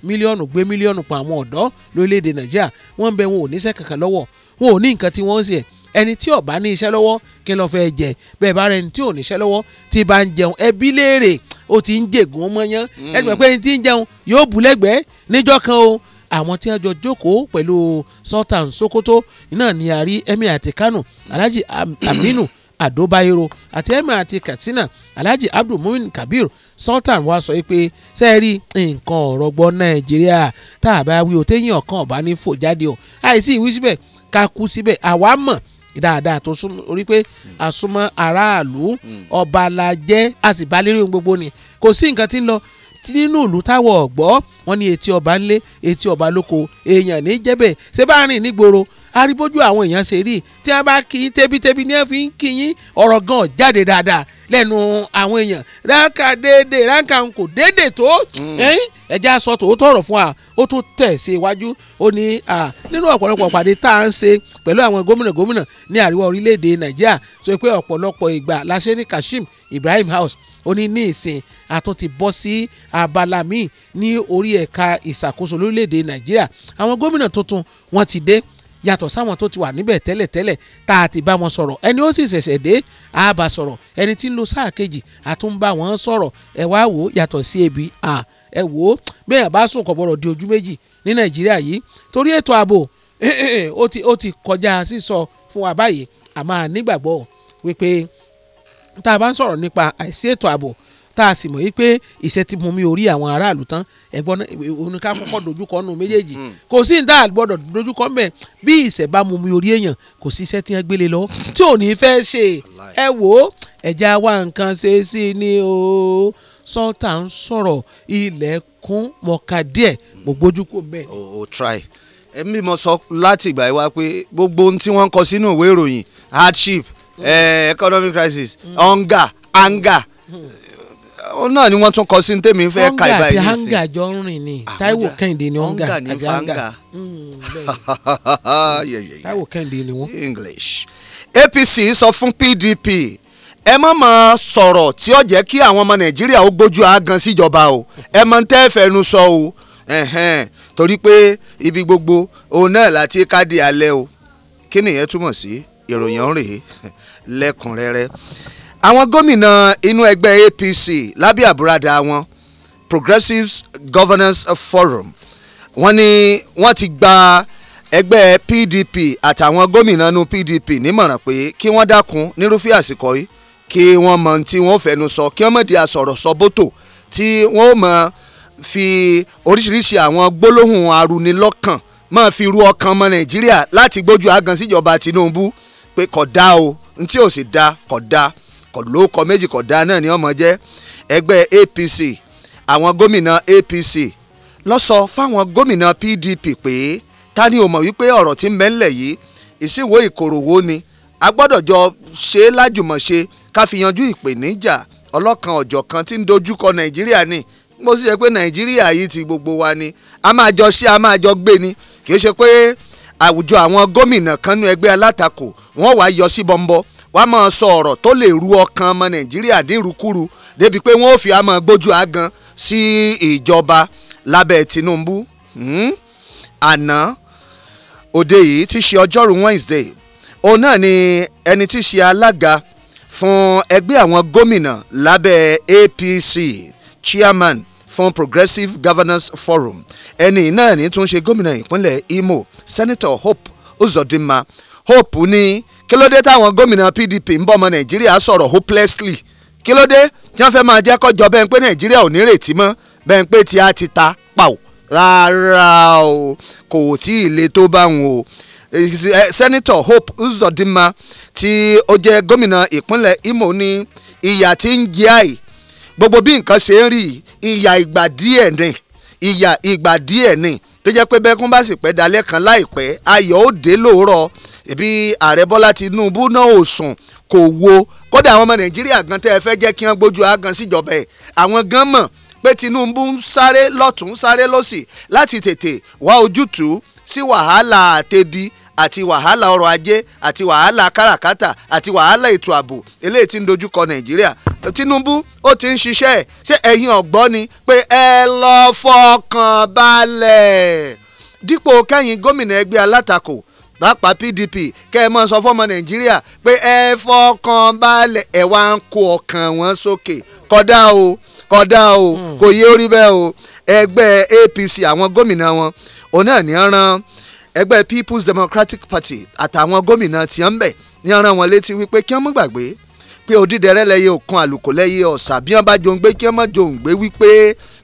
mílíọ̀nù gbé mílíọ̀nù pa àwọn ọ̀dọ́ lórílẹ̀‐èdè nàìjíríà wọ́n ń bẹ wọn ò níṣẹ́ kankan lọ́wọ́ wọn ò ní nǹkan tí wọ́n ń ṣe ẹni tí ó bá ní iṣẹ́ lọ́wọ́ kí ló fẹ́ jẹ bẹ́ẹ̀ bá rẹ ẹni tí ò níṣẹ́ lọ́wọ́ tí bá ń jẹun ẹbí léèrè ó ti ń jègùn mọ́yán ẹgbẹ́ pé ẹni tí ń jẹun yóò bù lẹ́gbẹ̀ẹ́ níjọ́ kan o àwọn tí wọ́n jọ jókòó pẹ̀lú Sultan Sokoto náà ni àrí Emir àti Kano Alhaji Aminu Ado Bayero àti Emir àti Katsina Alhaji Abdulmumin Kabir Sultan wa sọ pé ṣe é rí nǹkan ọ̀rọ̀ gbọ́ Nàìjíríà tá a bá wí o téyìn ọ̀kan ọ̀bá ní fò jáde o àìsí ìwí síbẹ̀ ká kú síbẹ̀ àwa mọ̀ dáadáa tó súnmọ́ orí pé àsúnmọ́ aráàlú ọba la jẹ́ a sì bá lérí ohun gbogbo ni kò sí nǹkan tí ń lọ nínú ìlú táwọn ọ̀gbọ́ wọn ní etí ọba ńlé etí ọba lóko èèyàn ní jẹ́bẹ̀ ṣé bá rìn nígboro aríbójú àwọn èèyàn ṣe rí tí wọn bá kí yín ni wọn fi ń kí yín ọ̀rọ̀ gan jáde dáadáa lẹ́nu àwọn èèyàn ránkà déédéé ránkà ń déédéé tó. Mm ẹjẹ́ aṣọ tòótọ́ ọ̀rọ̀ fún wa ó tún tẹ̀ sí iwájú ó ní nínú ọ̀pọ̀lọpọ̀ pàdé tá à ń ṣe pẹ̀lú àwọn gómìnà gómìnà ní àríwá orílẹ̀-èdè nàìjíríà sọ pé ọ̀pọ̀lọpọ̀ ìgbà la ṣe ní Kashim Ibrahim House ó ní ní ìsìn àtún ti bọ́ sí abala míì ní orí ẹ̀ka ìṣàkóso lórílẹ̀-èdè nàìjíríà àwọn gómìnà tuntun wọ́n ti dé yàtọ̀ sáwọn tó ti wà níbẹ̀ tẹ́lẹ̀tẹ́lẹ̀ tá a ti bá wọn sọ̀rọ̀ ẹni ó sì ṣẹ̀ṣẹ̀ dé a bá sọ̀rọ̀ ẹni tí ń lo sáà kejì a wọn sọ̀rọ̀ ẹ̀ wá wò yàtọ̀ sí ebi ẹ wò ó bẹ́ẹ̀ bá sùn kò gbọ́dọ̀ di ojú méjì ní nàìjíríà yìí torí ètò ààbò ó ti kọjá sísọ fún wa báyìí àmọ́ nígbàgbọ́ wípé tá a bá ń sọ̀rọ̀ nípa àìsí ètò ààbò tá a sì mọ̀ wípé ìṣẹ́ ti mú mi orí àwọn aráàlú tán ẹ̀gbọ́n òun ká kọ́kọ́ dojúkọ nù méjèèjì hmm. kò sí ní dáa gbọ́dọ̀ dojúkọ mẹ́ bí ìṣẹ́ bá mú mi orí èèyàn kò sí iṣẹ́ tí wọ́n gbélé lọ tí ò ní fẹ́ ṣe ẹ wò ó ẹ̀já wa nǹkan ṣe sí ni o sọ́ọ̀tà ń sọ̀rọ̀ ilẹ̀ kún díẹ̀ mo bẹ́ẹ̀. o o try ẹ̀mí mo sọ láti ìgbà yìí wá pé gbogbo ohun tí wọ́n ń kọ sínú ìwé ìròyìn hardship eh, economic crisis mm. hunger anger òun mm. eh, náà ni wọ́n tún kọ sí tèmi fẹ́ ka ìbá yìí sí. ọ̀ngà àti hanga jọ ń rìn ni ah, Táíwò Kẹ́hìndé ni ọ̀ngà àti hanga mm, Táíwò Kẹ́hìndé ni wọ́n. English APC sọ fún PDP ẹ má máa sọ̀rọ̀ tí ó jẹ́ kí àwọn ọmọ nàìjíríà ó gbójú àágan síjọba o ẹ mọ̀ tẹ́ fẹnu sọ o torí pé ibi gbogbo òun náà láti káàdì alẹ́ o kí nìyẹn túmọ̀ sí ìròyìn rèé lẹ́kùnrẹ́rẹ́ àwọn gómìnà inú ẹgbẹ́ APC lábẹ́ àbúradà wọn Progressives Governance Forum wọ́n ní wọ́n ti gba ẹgbẹ́ PDP àtàwọn gómìnà nu PDP nímọ̀ràn pé kí wọ́n dákun nírúfẹ́ àsìkò yìí kí wọ́n mọ tí wọ́n fẹnu sọ kí wọ́n mọ̀ di àsọ̀rọ̀ sọ bótò tí wọ́n mọ̀ fi oríṣiríṣi àwọn gbólóhùn arúnilọ́kàn máa fi ru ọkàn ọmọ Nàìjíríà láti gbójú agan síjọba Tinubu pé kò dá o ntí ò sì dá kò dá kò lóko méjì kò dá náà ni ọmọ jẹ́ ẹgbẹ́ APC àwọn gómìnà APC ló sọ fáwọn gómìnà PDP pé ta ni o mọ̀ wípé ọ̀rọ̀ tí ń bẹ ńlẹ̀ yìí ìsìnwó ìkòròwò ni a gbọ́dọ̀ jọ ṣe é lájùmọ̀ ṣe ká fi yanjú ìpèníjà ọlọ́kan ọ̀jọ̀ kan tí ń dojúkọ nàìjíríà ni mo sì jẹ́ pé nàìjíríà yìí ti gbogbo wa ni a máa jọ ṣe a máa jọ gbé ni kì í ṣe pé àwùjọ àwọn gómìnà kan nú ẹgbẹ́ alátakò wọ́n wàá yọ sí bọ́ńbọ́ wàá máa sọ ọ̀rọ̀ tó lè ru ọkàn ọmọ nàìjíríà dírúkúrú débi pé wọ́n ò fi àmọ́ gbójú agan sí ìjọba lábẹ́ Tinubu hmm? àná òde yìí ti ṣe ọjọ́rùú Wednesday òun náà ni ẹni tí í ṣe alága fún ẹgbẹ́ àwọn gómìnà lábẹ́ APC chairman fún Progressive Governance Forum ẹni náà ní tún ṣe gómìnà ìpínlẹ̀ Imo Senator Hope Uzodinma Hope ní kí ló dé táwọn gómìnà PDP ń bọ́ ọmọ Nàìjíríà sọ̀rọ̀ hopelessly kí ló dé tí wọ́n fẹ́ máa jẹ́ kọjọ bẹ́ẹ̀ pé Nàìjíríà ò ní rètí mọ́ bẹ́ẹ̀ pé tí a ti ta pàó rárá o kò tí ì le tó bá o sẹ́nitọ̀ Hope Uzodinma tí ó jẹ́ gómìnà ìpínlẹ̀ Imo ní ìyà tí ń jẹ àì gbogbo bí nǹkan ṣe ń rí ìyà ìgbà díẹ̀ ni ìyà ìgbà díẹ̀ ni tó jẹ́ pé bẹ́kún bá sì pẹ́ dalẹ́ kan láìpẹ́ ayọ̀ ó dé lóòrọ̀ ìbí ààrẹ Bọ́lá Tinubu náà ò sùn kò wo kódà àwọn ọmọ Nàìjíríà gan tẹ́ ẹ fẹ́ jẹ́ kí wọ́n gbójú agan síjọba ẹ̀ àwọn gan mọ̀ pé Tinubu ń sáré lọ́tún sáré lọ́sì láti tètè wá ojútùú sí wàhálà àtẹ̀bí àti wàhálà ọrọ̀ ajé àti wàhálà káràkátà àti wàhálà ètò ààbò eléyìí tí ń dojúkọ nàìjíríà tinubu ó ti ń ṣiṣẹ́ ẹ̀ ṣé ẹ̀yin ọ̀gbọ́n ni pé ẹ lọ fọkàn balẹ̀ dípò kẹ́yìn gómìnà ẹgbẹ́ alátakò pàápàá pdp kẹ́ ẹ mọ̀ sọ fọ́mọ nàìjíríà pé ẹ fọkàn balẹ̀ ẹ wá ń kó ọkàn wọn sókè kódà o kódà o hmm. kò yé orí bẹ́ẹ̀ o ẹgbẹ́ apc àwọn gómìnà wọn òun náà ní rán ẹgbẹ́ People's Democratic Party àtàwọn gómìnà tí ń bẹ̀ ní ọ̀ràn wọn létí wípé kí wọ́n mọ̀ gbàgbé pé odídẹrẹ́ lẹ́yẹ òkun àlùkò lẹ́yẹ ọ̀sà bí wọ́n bá jòǹgbé kí wọ́n mọ̀ jòǹgbé wípé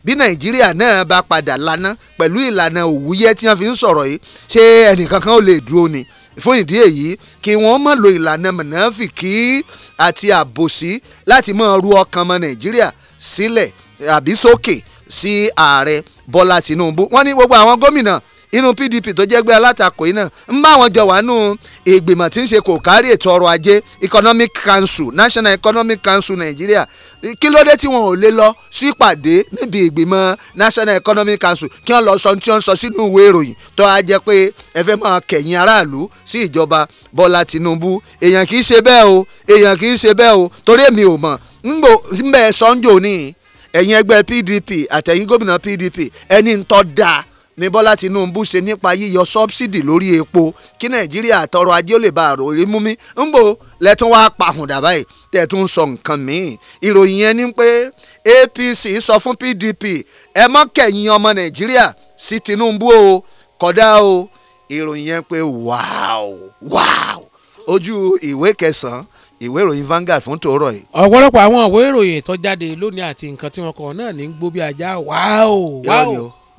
bí Nàìjíríà náà bá padà lana pẹ̀lú ìlànà òwúyẹ́ tí wọ́n fi ń sọ̀rọ̀ yìí ṣé ẹnìkankan ò lè dúró ni fún ìdí èyí kí wọ́n mọ̀ lo ìlànà mọ̀nàfìkì àti àbòsí láti mọ̀ ru ọkàn ọmọ Nàìjíríà sílẹ̀ àbí sókè sí ààrẹ Bọ́lá Tinubu wọ́n ní gbogbo àwọn gómìnà inú PDP tó jẹ́ gbé alátakò yìí náà ń bá wọn jọ wà nù ìgbìmọ̀ tí ń ṣe kò kárí ètò ọrọ̀ ajé Economic Council National Economic Council Nàìjíríà kí ló dé tí wọn ò lè lọ sí ìpàdé níbi ìgbìmọ̀ National Economic Council kí wọn lọ sọ tí wọn sọ sínú ìwé ìròyìn tó a jẹ́ pé ẹ fẹ́ máa kẹ̀yìn aráàlú sí ìjọba Bọ́lá Tinubu èèyàn kì í ṣe bẹ́ẹ̀ o èèyàn kì í ṣe bẹ́ẹ̀ o torí èmi ò mọ̀ ń bẹ́ẹ̀ sọ́njò ní ẹ̀yin ẹgbẹ́ PDP àtẹ̀yin gómìnà PDP ẹni ń tọ́ da ní Bọ́lá Tinubu ṣe nípa yíyọ sọ́bsidì lórí epo kí Nàìjíríà àtọrọ̀ ajé ó lè bá àrò orí mú mi ń bò lẹ́tún wá pàhùndà báyìí tẹ̀tún sọ nǹkan míì ìròyìn yẹn ni pé APC sọ fún PDP ẹ mọ́ kẹ̀yìn ọmọ Nàìjíríà sí Tinubu o kódà o ìròyìn yẹn pé wàá wàá ojú ìwé kẹsàn-án ìwé ìròyìn Vanguard fún tòórọ yìí. ọ̀pọ̀lọpọ̀ àwọn ìwé ìròyìn tó jáde lónìí àti nǹkan tí wọ́n kọ náà ní gbó bí ajá wàá o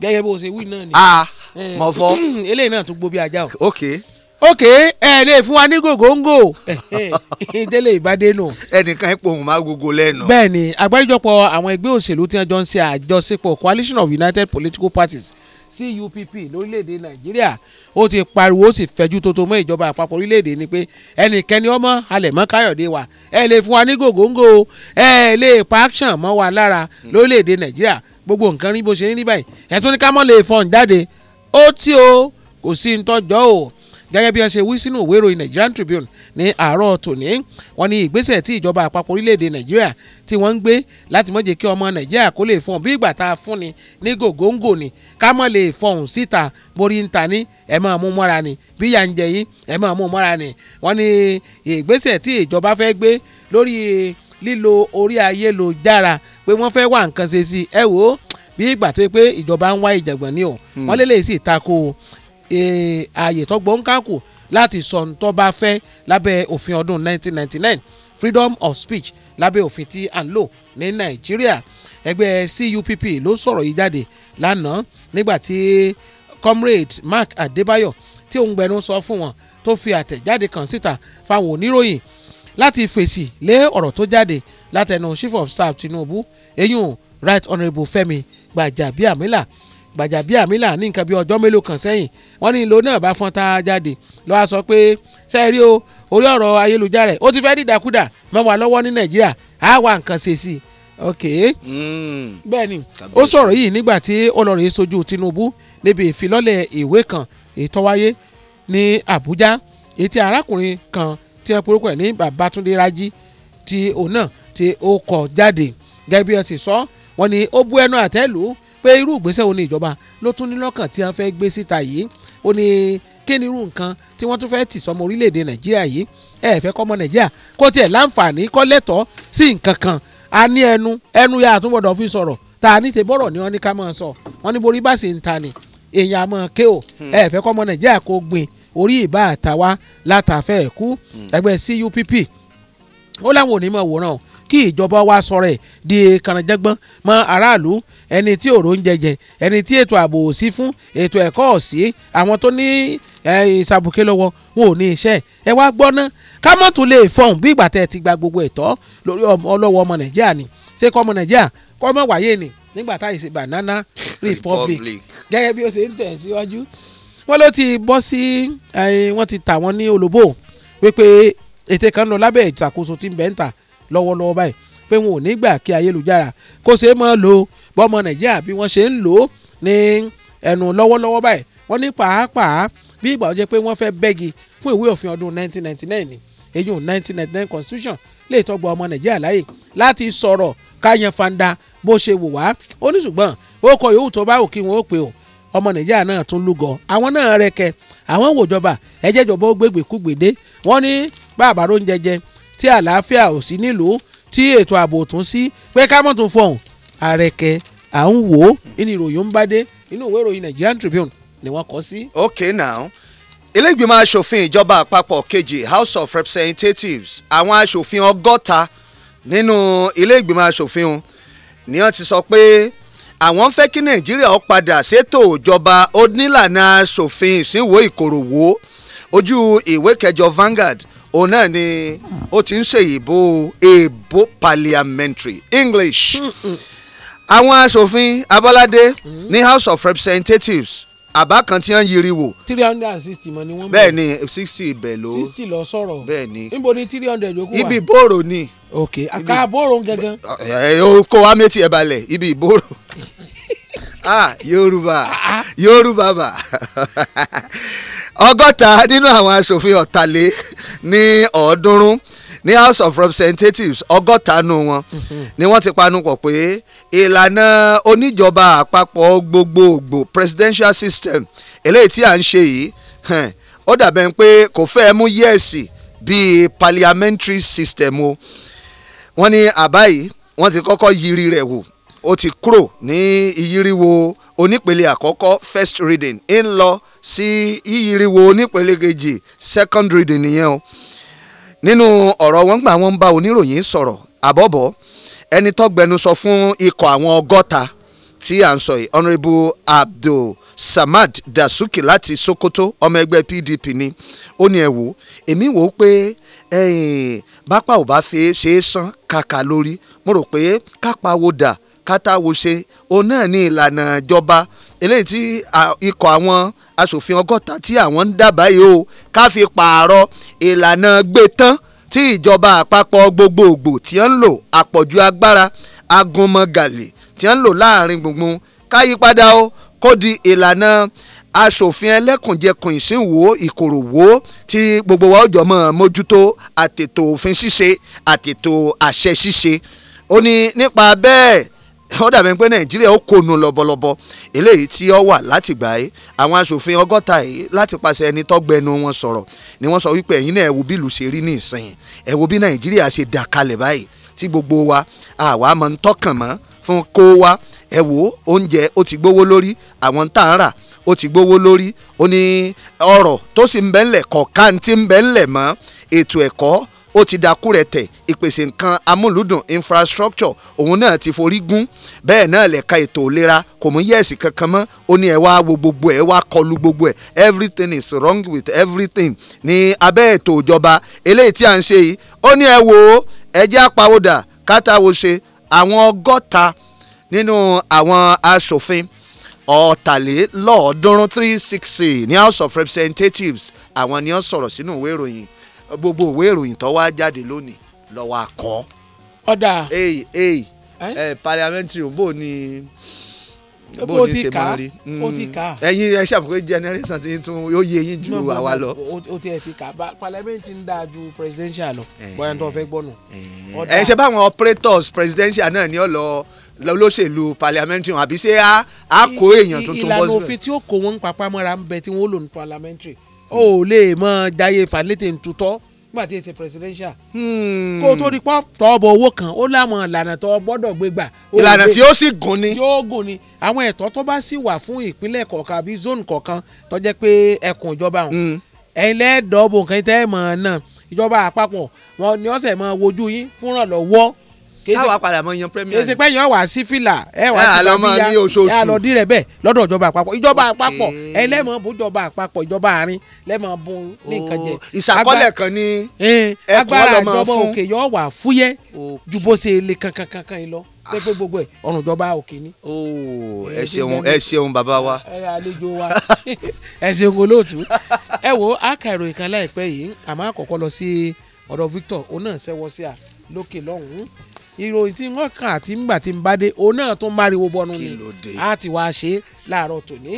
gẹ́gẹ́ bó ṣe wí náà ni. a ah, eh, mọ̀ fọ́. eléyìí náà tún gbó bí ajá o. ok ok ẹ lè fún wa ní gògóńgò ìdílé eh, eh, ìbádé nù. ẹnìkan ipò òun máa gbogbo lẹ́nu. bẹ́ẹ̀ni àgbáríjọpọ̀ àwọn ẹgbẹ́ òṣèlú tí wọ́n jọ ń ṣe àjọṣepọ̀ coalition of united political parties cupp lórílẹ̀‐èdè nàìjíríà ó ti pariwo ó sì fẹjú tó tó mọ́ ìjọba àpapọ̀ orílẹ̀‐èdè ni pé ẹnikẹ́ni ọmọ alẹ̀mọ́ káyọ̀dé wa ẹ lè fún wa ní gògóńgò ẹ lè pa action mọ́ wa lára lórílẹ̀‐èdè nàìjíríà gbogbo nǹkan rí bó ṣe ń rí báyìí ẹ̀tún ní ká mọ́ lè fọ́n jáde ó tí o kò sí ń tọ́jọ́ o gẹ́gẹ́ bí wọ́n ṣe wí sínú ìwé ìròyìn Nigerian Tribune ní àárọ̀ tòní wọ́n ní ìgbésẹ̀ tí ìjọba àpapọ̀ orílẹ̀-èdè Nàìjíríà tí wọ́n ń gbé láti mọ̀jẹ̀ kí ọmọ Nàìjíríà kó lè fọhùn bí ìgbà tá a fún ni ní gògóńgò ni ká mọ̀ lè fọhùn síta borí ń ta ní ẹ̀ máa mú mọ́ra ni bí yà ń jẹ yín ẹ̀ máa mú mọ́ra ni wọ́n ní ìgbésẹ̀ tí ìjọba fẹ́ gbé lórí lílo orí ayélujára pé wọ́n fẹ́ wá nǹkan ṣe sí ẹ wò ó bí ìgbà tó yẹ pé ìjọba ń wá ìjàngbọ̀n ni o hmm. wọ́n lè lè sì tako e, ààyè tó gbóǹkàkù láti sọ ohun tó bá fẹ́ lábẹ́ òfin ọdún 1999 freedom of speech lábẹ́ òfin tí à ń lò ní nàìjíríà ẹgbẹ́ CUPP ló sọ̀rọ̀ yìí jáde lánàá nígbà tí comrade Mark Adébáyọ̀ tí òun gbẹnu sọ fún wọn tó fi àtẹ̀jáde kan síta fáwọn oníròyìn láti fèsì lé ọ̀rọ̀ tó jáde látẹnu chief of staff Tinubu eyín right honourable Fẹ́mi Gbajabiamila Gbajabiamila ní nǹkan bí ọjọ́ mélòó kan sẹ́yìn wọ́n ní ìlò náà bá fọ́n tá a jáde lọ́wọ́ sọ pé ṣe é rí o orí ọ̀rọ̀ ayélujára ó ti fẹ́ dìdàkudà mẹ́wàá lọ́wọ́ ní Nàìjíríà á wà nǹkan ṣe sí i ok hmm. bẹ́ẹ̀ni ó sọ̀rọ̀ yìí nígbà tí olórí sojú Tinubu níbi ìfilọ́lẹ̀ ìwé kan ìtọ́wáyé ní Àbújá ètí arákùnrin kan tí ẹ porúkọ ẹ̀ ní Babátúndé Rájí tí òun náà ti ó kọ jáde gẹ́gẹ́ bí ẹ sì sọ wọ́n ní ó bú ẹnu àtẹ́ lù ú pé irú ìgbésẹ̀ wo ni ìjọba ló tún ní lọ́kàn tí wọ́n fẹ́ gbé síta yìí ó ní kí ni irú nǹkan tí wọ́n tún fẹ́ tì sọmọ orílẹ̀-èdè Nàìjíríà yìí ẹ fẹ́ kọ́ ọmọ Nàìjíríà kó tiẹ̀ láǹfààní kọ́ lẹ́tọ̀ọ́ sí nǹkan kan a ní ẹnu ẹnu yà àtúngbọ̀dọ̀ fi sọ̀rọ̀ ta a ní ṣe bọ́rọ̀ ni wọ́n ní ká máa sọ wọ́n ní borí bá sì ń ta ni èèyàn àmọ́ ké o hmm. ẹ fẹ́ kọ́ ọmọ Nàìjíríà kó gbìn orí ìbá àtàwá látàfẹ́ ẹ̀kú hmm. ẹgbẹ́ CUPP ó láwọn ò ní mọ̀ wòran o kí ìjọba wa sọ̀rọ̀ ẹ̀ di kànáńjẹ́gbọ́n mọ́ aráàlú ẹni tí ọ̀rọ̀ ń jẹjẹ ẹni tí ètò ààbò ò sí fún ètò ẹ̀kọ́ ò sí àwọn tó ní ìsàbùkẹ́ lọ́wọ́ wọn ò ní iṣẹ́ ẹ wá gbọ́ ná ká mọ́ tún lè fọ̀hún bí ìgbà tẹ́ ti gba gbogbo ẹ̀tọ́ lórí ọlọ́wọ́ ọmọ nàìjíríà ni ṣé kọ́ ọmọ nàìjíríà kọ́ ọmọ wáyé ni nígbà táyì sí banana republic gẹ́gẹ́ bí ó ṣe ń tẹ̀síwájú wọ́n ló ti bọ́ sí wọ́n ti tà wọ́n ní olóbó wípé ète kan lọ lábẹ́ ìṣàkóso tí ń bẹ́ ń tà lọ́wọ́lọ́wọ́ báyìí pé wọn ò ní gbà kí ayélujára kó ṣe é mọ́ lò bọ́mọ nàìjíríà bí wọ́n ṣe ń lò ó ní ẹnu lọ́wọ́lọ́wọ́ báyìí wọ́n ní pàápàá bí ìgbà ó pé wọ́n fẹ́ bẹ́gi fún ìwé òfin ọdún 1999 ni èyí ò 1999 constitution lè tọ́gbà ọmọ nàìjíríà láàyè láti sọ̀rọ̀ káyan fanda bó ṣe wù wá ó ní ṣùgbọ́n ó kọ yòówù tó bá òkì wọn ó pè ó ọmọ nàìjíríà náà tún lúgọ àwọn náà rẹkẹ àwọn wòjọba ẹjẹ jọba ó gbégbé kúgbèdé wọn ní bàbá ló ń jẹjẹ tí àlàáfíà ò sí nílùú tí ètò ààbò tún sí pé ká tún fọ̀hún àrẹ̀kẹ́ à ń wò ó ní ìròyìn ń bá dé nínú ìwé ìròyìn Nigerian Tribune ni wọ́n kọ sí. okay now ilé ìgbìmọ̀ asòfin ìjọba àpapọ̀ kejì House of Representatives àwọn asòfin ọgọ́ta nínú ilé asòfin ni wọ́n ti sọ pé àwọn fẹ́ kí nàìjíríà ó padà ṣètò ìjọba onílànà aṣòfin ìsìnwó ìkòròwò ojú ìwé kẹjọ Vanguard òun náà ni ó ti ń ṣe ìbò ìbò parliamentary English àwọn aṣòfin Abọ́ládé ní House of Representatives àbá kan tí wọ́n yiri wò. three hundred and sixty mọ ni wọ́n bẹ̀rẹ̀. bẹ́ẹ̀ni sixty ibẹ̀ ló. sixty lọ sọ̀rọ̀. bẹ́ẹ̀ni. níbo ni three hundred yòókù wà. ibi ìbòrò ni. ok àkà àbòrò gangan. ẹ ẹ kó wa méjì ẹ balẹ̀ ibi ìbòrò. ah yorùbá yorùbá bà ọgọ́ta nínú àwọn asòfin ọ̀tàlé ní ọ̀ọ́dúnrún ní house of representatives ọgọ́ta nu wọn ni wọ́n ti panupọ̀ pé ìlànà oníjọba àpapọ̀ gbogbogbò presidential system eléyìí tí à ń ṣe yìí ó dàbẹ̀ pé kò fẹ́ mú yẹ́ẹ̀sì bíi parliamentary system o wọ́n ní àbá yìí wọ́n ti kọ́kọ́ yiri rẹ̀ wò ó ti kúrò ní ìyíríwò onípele àkọ́kọ́ first reading ń lọ sí si, yíyíríwò onípele kejì second reading nìyẹn o nínú ọ̀rọ̀ wọn gbà wọ́n ń bá oníròyìn sọ̀rọ̀ àbọ̀bọ̀ ẹni tó gbẹnusọ fún ikọ̀ àwọn ọgọ́ta tí à ń sọ yìí honourable abdul samad dasuki láti sokoto ọmọ ẹgbẹ́ pdp ni ó ní ẹ wò èmi wò ó pé bápá ò bá fi ṣe é sán kàkà lórí mo rò pé kápá wo dà kátà wo ṣe òun náà ní ìlànà ìjọba eléyìí tí ikọ̀ àwọn asòfin ọgọ́ta tí àwọn ń dábàá yìí o ká fi pààrọ̀ ìlànà gbẹ̀tán tí ìjọba àpapọ̀ gbogbogbò tí ń lò àpọ̀jù agbára agunmọ̀gàlè tí ń lò láàrin gbùngbùn ká yí padà o kó di ìlànà asòfin ẹlẹ́kùnjẹkùn ìsìnwó ìkòròwó tí gbogbo wa ó jọ mọ́ mójútó àtètò òfin ṣíṣe àtètò àṣẹ ṣíṣe ó ní nípa bẹ́ẹ̀ ó dàbí pé nàìjíríà ó kónú lọ́bọ̀lọ́bọ̀ eléyìí tí ó wà láti gbà é àwọn asòfin ọgọ́ta yìí láti pàṣẹ ẹni tọ́gbẹ́nu wọn sọ̀rọ̀ ni wọ́n sọ wípé ẹ̀yin náà ẹ wo bí ìlú ṣe rí ní ìsìn ẹ wo bí nàìjíríà ṣe dà kalẹ̀ báyìí tí gbogbo wa àwa máa ń tọkàn mọ́ fún kó wa ẹ wo oúnjẹ ó ti gbówó lórí àwọn tá à ń rà ó ti gbówó lórí ó ní ọ̀rọ̀ tó sì ń ó ti dakú rẹ̀ tẹ̀ ìpèsè nǹkan amúlùdùn infrastructure òun náà ti forí gún bẹ́ẹ̀ náà lẹ̀ka ètò ìlera kò mú yẹ̀sì kankan mọ́ ó ní ẹ̀ wá wo gbogbo ẹ̀ wá kọlu gbogbo ẹ̀ everything is wrong with everything ní abẹ́ ètò ìjọba eléyìí tí à ń ṣe yìí ó ní ẹ wò ó ẹ jẹ́ àpawọ́dà kátàwọ́ ṣe àwọn ọgọ́ta nínú àwọn aṣòfin ọ̀tàlélọ́ọ̀ọ́dúnrún three sixty ní house of representatives àwọn ni wọ́n sọ̀rọ̀ sínú ìwé ìròyìn gbogbo òwe ìròyìn tó wá jáde lónìí lọ́wọ́ akọ́. ọ̀dà èyí èyí ẹ parliamentary bò ní bò ní o máa rí mm. ẹ̀yin ẹ ṣàmùkọ generation ti tún yóò yé eyín ju àwa lọ. o ti ẹ ti kà parliamentary ń dáa ju presidential lọ eh. bóyá tó fẹ́ gbọ́nù. Eh. ẹ ṣe báwọn operators presidential náà ni ó lọ lọ́lọ́sẹ̀lú parliamentary àbí ṣé a kó èèyàn tuntun bọ́sùn. ìlànà òfin tí ó kó wọn papá mọ́ra ń bẹ tí wọ́n lò ní parliamentary o ò lè mọ jayé falẹ́tẹ̀ ntutọ́ nígbà tí èsì presidential. Hmm. kó o tó di pọ́ tọ́ọ̀bọ̀ owó kan ó láwọn ìlànà tó gbọ́dọ̀ gbé gbà. ìlànà tí ó sì gùn ni. yóò gùn ni àwọn ẹ̀tọ́ tó bá sì wà fún ìpínlẹ̀ kọ̀ọ̀kan àbí zone kọ̀ọ̀kan tó jẹ́ pé ẹkùn ìjọba ọ̀hún. Hmm. ẹ̀yin lẹ́ẹ̀dọ́gbọ̀n kan mọ̀ náà ìjọba àpapọ̀ wọn ni ọ̀sẹ̀ mọ̀ wojú yín fúnràn lọ́wọ́ sáwà padà mọ yan premier. èsì pé yan wà sí fìlà ẹ wà sí bàbíyá ẹ lọ dí rẹ bẹ́ẹ̀ lọ́dọ̀ ìjọba àpapọ̀ ìjọba àpapọ̀ ẹ lẹ́mọ̀ bó ìjọba àpapọ̀ ìjọba àárín lẹ́mọ̀ bó ní oh, nǹkan jẹ. ìṣàkọọ́lẹ̀ kan ni eh, ẹ̀kọ́ lọ́mọ fún. agbára ìjọba òkè yọ wà fúyẹ́ ju bó ṣe le kankankankan lọ pépé ah. gbogbo ẹ ọrùn ìjọba òkè ni. Oh, eh, ẹ ṣeun ẹ ṣeun bàbá wa. Eh, ẹ àlejò wa ẹ ṣeun olóòtú ẹ wo àkà ìròyìn kan láìpẹ́ yìí àmọ́ àkọ́kọ́ lọ sí ọ̀dọ̀ Victor òun náà ṣẹ́wọ́ sí à lókè lọ́hùn-ún ìròyìn tí wọ́n kàn àti ńgbà tí ń bá dé òun náà tún máriwo bọnu ni a wá ṣe láàárọ̀ tòní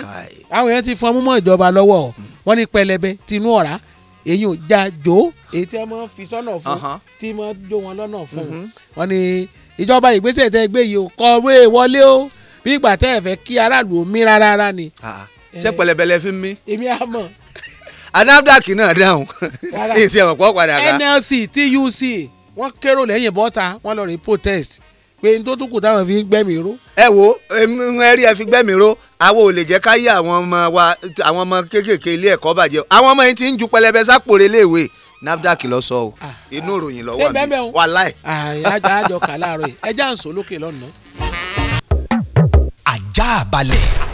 àwọn yẹn ti fọn mú mọ́ ìjọba lọ́wọ́ wọn ní pẹlẹbẹ tinú ọ̀rá èyí ò já jò èyí tí wọ́n fi sọ́nà fún tí wọ́n jó wọn lọ́nà fún mhm. wọn ni ìjọba ìgbésẹ̀ tẹ́ gbé yìí ò kọ̀wé wọlé o bí ìgbà tẹ́ ẹ̀ fẹ́ kí aráàlú ò mí rárá ni. ṣé pẹlẹbẹlẹ fi mí. èmi á mọ̀ anafdac náà dáhùn èyí tí ẹ̀ mọ̀ pọ̀ padà ká. NLC TUC wọ́n kérò lẹ́yìn bọ́ta wọ́n lọ rí protest pé n tó tún kù táwọn fi gbẹ́mí ró. ẹ wo ẹ rí ẹ fi gbẹ́mí ró àwọn ò lè jẹ́ ká yí àwọn ọmọ wa àwọn ọmọ kéékèèké ilé ẹ̀kọ́ bàjẹ́ àwọn ọmọ yẹn ti ń ju pẹlẹbẹ sápòrè léèwé nafdac lọ sọ o ah, ah. inú ìròyìn lọ wà mí wà láì. ajá àjọ kà láàárọ̀ yìí ẹjá ń sọ lókè lọ́nà. ajá balẹ̀.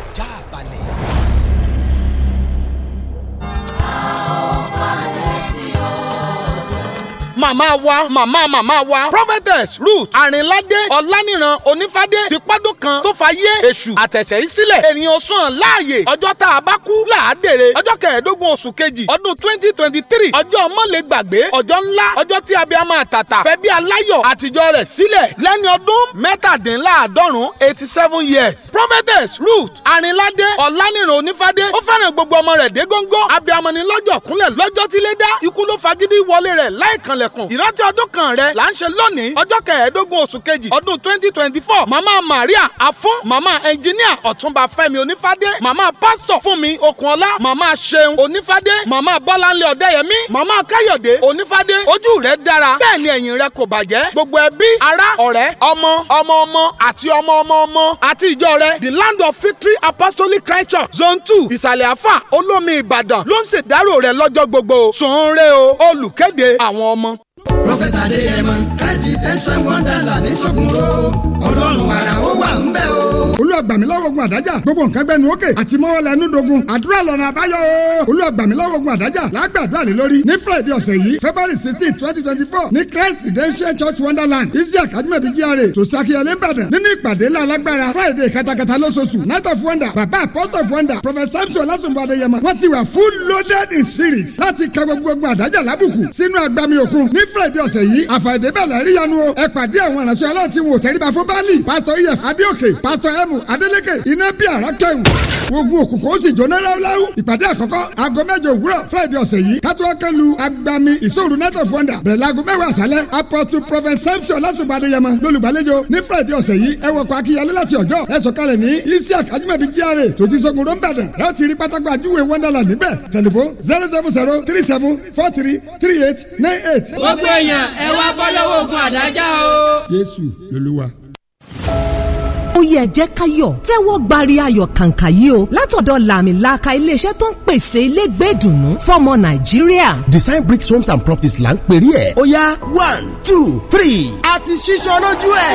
màmá wa màmá màmá wa prophetess ruth àrìnládé ọláníran onífádé tipádó kan tó fa yé èṣù àtẹ̀sẹ̀ yìí sílẹ̀ ènìyàn sàn láàyè ọjọ́ tá a bá kú làádèrè ọjọ́ kẹẹ̀ẹ́dógún oṣù kejì ọdún twenty twenty three ọjọ́ mọ́lẹ̀ gbàgbé ọjọ́ ńlá ọjọ́ tí abiyamọ àtàtà fẹ́ bí aláyọ̀ àtijọ́ rẹ̀ sílẹ̀ lẹ́ni ọdún mẹ́tàdínláàdọ́rùn eighty seven years prophetess ruth àrìnládé ọláníran onífádé ó fẹ́ràn gbogbo ọmọ rẹ̀ dé góńgó abiyamọ ni lọ́jọ́ kúnlẹ̀ lọ́jọ́ tílé dá ikú ló fagídí wọlé rẹ̀ láìkànlẹ̀ ilẹ̀kùn ìrántí ọdún kan rẹ là ń ṣe lónìí ọjọ́ kẹẹ̀ẹ́dógún oṣù kejì ọdún twenty twenty four mama maria afún mama engineer ọ̀túnba fẹ́mi onífádé mama pastor fúnmi okunola mama ṣeun onífádé mama bọ́láńlé ọ̀dẹ́yẹmí mama káyọ̀dé onífádé ojú rẹ dára bẹ́ẹ̀ ni ẹ̀yìn rẹ kò bàjẹ́ gbogbo ẹbí ará ọ̀rẹ́ ọmọ ọmọ ọmọ àti ọmọ ọmọ ọmọ àti ìjọ rẹ the land of victory apostolic christ church zone two ìsàlẹ̀ àfà olómi ìbàdàn ló ń ṣèdárò rẹ lọ́jọ́ gbogbo sùn ń re o olùkéde àwọn ọmọ. Prophet Adéyẹmọ president wonderland ní Sọ́gun olúwa gbà mí lọ́wọ́ ogun àdájà gbogbo nǹkan gbẹnu òkè àti mọ́wọ́ lẹ́nu dogun àdúrà lọ́nà àbáyọ o olúwa gbà mí lọ́wọ́ ogun àdájà lágbàdúrà lé lórí ní friday ọ̀sẹ̀ yìí february sixteen twenty twenty four ní christ redemption church wonderland isiaq ajimobi gra tòṣàkì ẹlẹ́bàdàn nínú ìpàdé lálágbára friday katakata lóṣooṣù night of wonder baba apostle of wonder prophet samson lásùnbọ̀ adéyẹmọ wọ́n ti wà full loaded in spirit láti ka gbogbo ogun àdájà lábùkù sínú agbami òkun ní friday ọ̀sẹ̀ yìí àfàìdébẹ̀lẹ̀ ríyanu o ẹ pàdé àwọn ìránṣẹ́ ọlọ́run tí wọn ò tẹ́ríba fún báàlì pásítọ̀ ef adéòkè pásítọ̀ emu adeleke iná bíi àrá kẹrù gbogbo òkùnkùn ó sì jóná láúláú ìpàdé àkọ́kọ́ aago mẹ́jọ òwúrọ̀ friday ọ̀sẹ̀ yìí kátó kẹlu agbami ìṣòro night of wonder bẹ̀rẹ̀ laago mẹ́wàá àṣálẹ́ apọ̀tù prophet samson lásùnbọ̀ adéyẹmọ lólùgbàlejò ní friday ọ̀sẹ̀ yìí ẹ wọkọ̀ akíyalé láti ọjọ́ ẹ sọ̀kalẹ̀ ní isiaq ajumabi gra tó ti sọ̀gùn rọ́ńbàdàn ẹ ó ti rí pátákó àjúwe wonderland níbẹ̀ tẹlifon zero zero three seven four three three eight nine eight. gbogbo èèyàn ẹ wá bọ́ lọ́wọ́ ogun àdájá ó yẹ jẹ́ ká yọ̀ tẹ́wọ́ gbari ayọ̀ kàǹkà yìí o látọ̀dọ̀ làmìlaka iléeṣẹ́ tó ń pèsè ilé gbé dùnú fọmọ nàìjíríà. design bricks homes and properties là ń pèrè ẹ̀ ó yá one two three àti ṣíṣọ́ lójú ẹ̀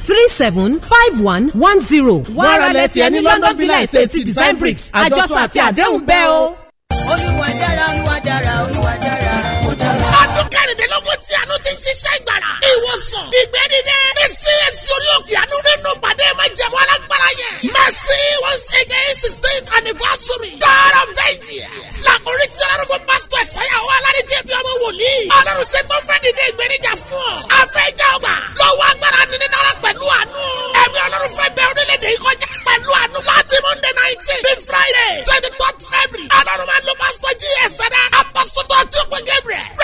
three seven five one one zero. wàrà lẹ́tì ẹni London Villa Estate ti Design Bricks àjọṣọ àti àdéhùn bẹ́ẹ̀ o. olúwa dára olúwa kẹrìndínlógún tí àánú ti ń ṣiṣẹ́ ìgbàlá. ìwòsàn ìgbẹ́dídé ní csc orí òkè àánú nínú pàdé májẹ̀mú alágbára yẹn. mercy was again sixteenth anniversary. god of nigeria. làkúrí tí ọlọ́run pásítọ̀ ṣayàwó alárìíjẹ́ bí ọmọ wòlíì. ọlọ́run ṣe tó fẹ́ dìde ìgbẹ́nijà fún ọ. afẹ́jà ọgbà lọ́wọ́ agbára nínú náírà pẹ̀lú àánú. ẹ̀mí ọlọ́run fẹ́ bẹ orílẹ̀-èdè yìí kọjá pẹ̀lú àánú láti monday nineteen ní friday twenty third february. ọlọ́run máa lo pásítọ̀ gs dada apostol tó ti ó pé gabriel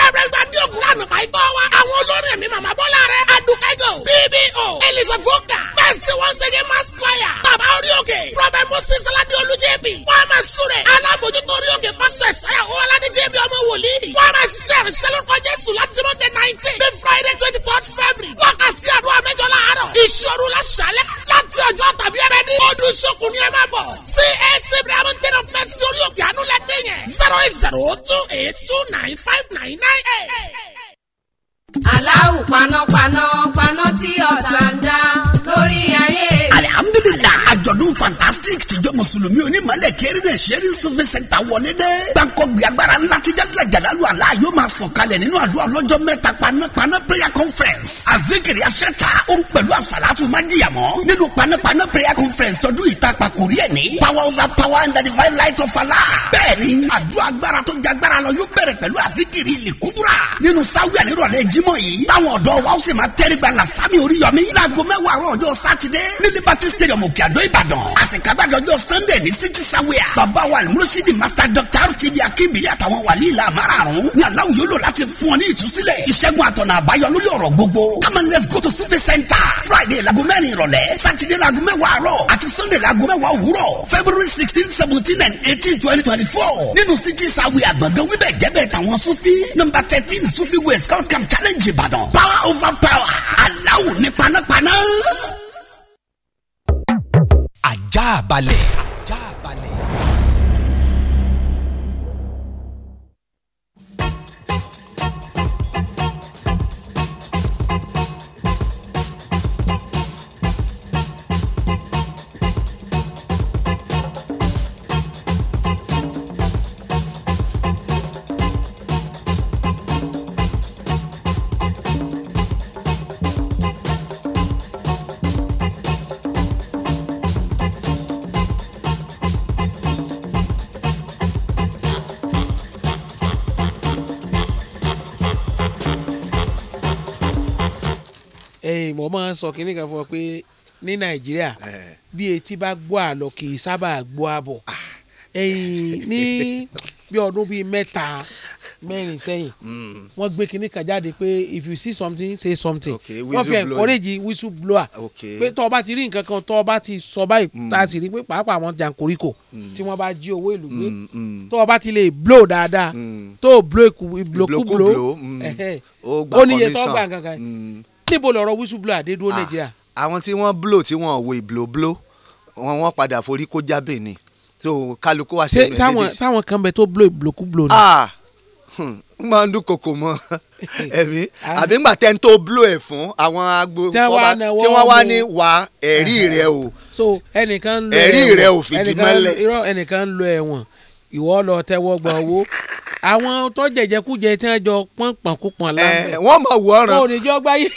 olórí ẹ̀mí màmá bọ́lá rẹ̀ adukẹ́gò bbo elizabeth voka fẹ́sì wọn ṣe yé masquire bàbá orí òkè prophet moses aládé olú jb muhammed sure alábòjútó orí òkè pásítọ̀ ìsáyà owó aládé jb ọmọ wòlíì muhammed sure sẹlẹ̀kọ́ jésù láti monday nineteen the friday twenty third february wákàtí àdúrà mẹ́jọ láàárọ̀ ìṣòro lásàlẹ̀ láti ọjọ́ tàbí ẹ̀mẹ́dì ọdún ìṣòkùn ni ẹ máa bọ̀ cac brahman ten of mercy orí òkè ànúlẹ̀ dẹ́yẹn zero eight zero two eight two nine five nine nine eight aláwù panápaná paná tí ọ̀tá ń dá lórí ayé. alihamudulilayi àjọ̀dún fantastic tìjọ mùsùlùmí onímọ̀lẹ̀ kéré ṣẹ́rí sọ́fẹ́ sẹ́ńtà wọlé dẹ́. gbàǹkọ̀gbì agbára ńlá ti jáde jàdálù àlá yóò máa sọ̀ kalẹ̀ nínú àdúrà lọ́jọ́ mẹ́ta panápaná prayer conference. azikiri aṣẹ́ta ó ń pẹ̀lú àsàlátù má jìyàmọ́. nínú panápaná prayer conference tọdún ìta pàkórí ẹ̀ ní. power over power and the divine light of Allah. bẹ́ẹ̀ni àdúrà agbára tó jagbára lọ yóò bẹ̀rẹ̀ pẹ̀lú azikiri ìlìkúbúrà. nínú sáwìà nírọ̀lẹ́ jímọ̀ yìí. táwọn ọ̀dọ́ wa ó sì máa tẹ́rígba làsámi oríyọmí. láago mẹ́wàá àárọ̀ ọjọ́ sátidé ní liberty stadium òkè àdó ìbàdàn ìbàdàn àṣekágbàdàn ọjọ́ sunday ní city sawia bàbá wa alimurusidi master doctor rtb akínbíyì àtàwọn wàlíì la márààrún ní aláwọ̀ yóò lò láti fún ọ ní ìtúsílẹ̀ ìṣẹ́gun àtọ̀nà àbáyọ lórí ọ̀rọ̀ gbogbo come on let's go to sufi center friday laago mẹ́rin ìrọ̀lẹ́ saturday laago mẹ́wàá àárọ̀ àti sunday laago mẹ́wàá òwúrọ̀ february sixteen seventeen and eighteen twenty twenty four nínú city sawia gbọ̀ngàn wíbẹ̀ jẹ́bẹ̀ tàwọn sufi number thirteen sufi West. scout camp challenge ìbàdàn power over power aláwọ̀ ní panápaná ajá balẹ̀. mo máa sọ kínní kan fún pé ní nàìjíríà eh. bí etí bá gbọ́ àlọ́ kì í sábà gbọ́ àbọ̀ ah. ní bí ọdún bíi mẹ́ta mẹ́rin sẹ́yìn hmm. wọ́n gbé kinní kan jáde pé if you see something say something wọ́n fi encourage whistle blower pé tọ́ ọ bá ti rí nǹkan kan tọ́ ọ bá ti sọ báyìí hmm. tá a sì rí pé pàápàá àwọn jankoríko hmm. tí wọ́n bá jí owó ìlú gbé tọ́ ọ bá ti lè blow dáadáa tó blow ìblokúblo ó níye tọ́ gbà kankan níbo lọ̀rọ̀ whistleblower àdédúró ah, nàìjíríà. àwọn tí wọ́n blow tí wọ́n wo ìblòbló wọn wọ́n padà forí kó jábè ni tó kálukú wá sí ẹgbẹ́ méjèèjì. ṣé táwọn kan bẹ tó blow ìblòkúblò ni. Ah, hmm, n máa ń dún kòkò mọ ẹ̀mí ah. àbí ńgbà tẹ́ ń tó blow ẹ̀ fún àwọn agbófọ́ba tí wọ́n wá ní wà ẹ̀rí rẹ̀ o ẹ̀rí rẹ̀ o fìdímọ́lẹ̀. ẹnìkan ń lo ẹ̀wọ̀n ìwọ lọ tẹ́wọ́ gba owó àwọn tó jẹjẹkújẹ tí wọ́n jọ pọnpọn kó pọn lánàá. ẹ wọ́n mọ wọ ọ̀ràn. o ní jọ gbáyé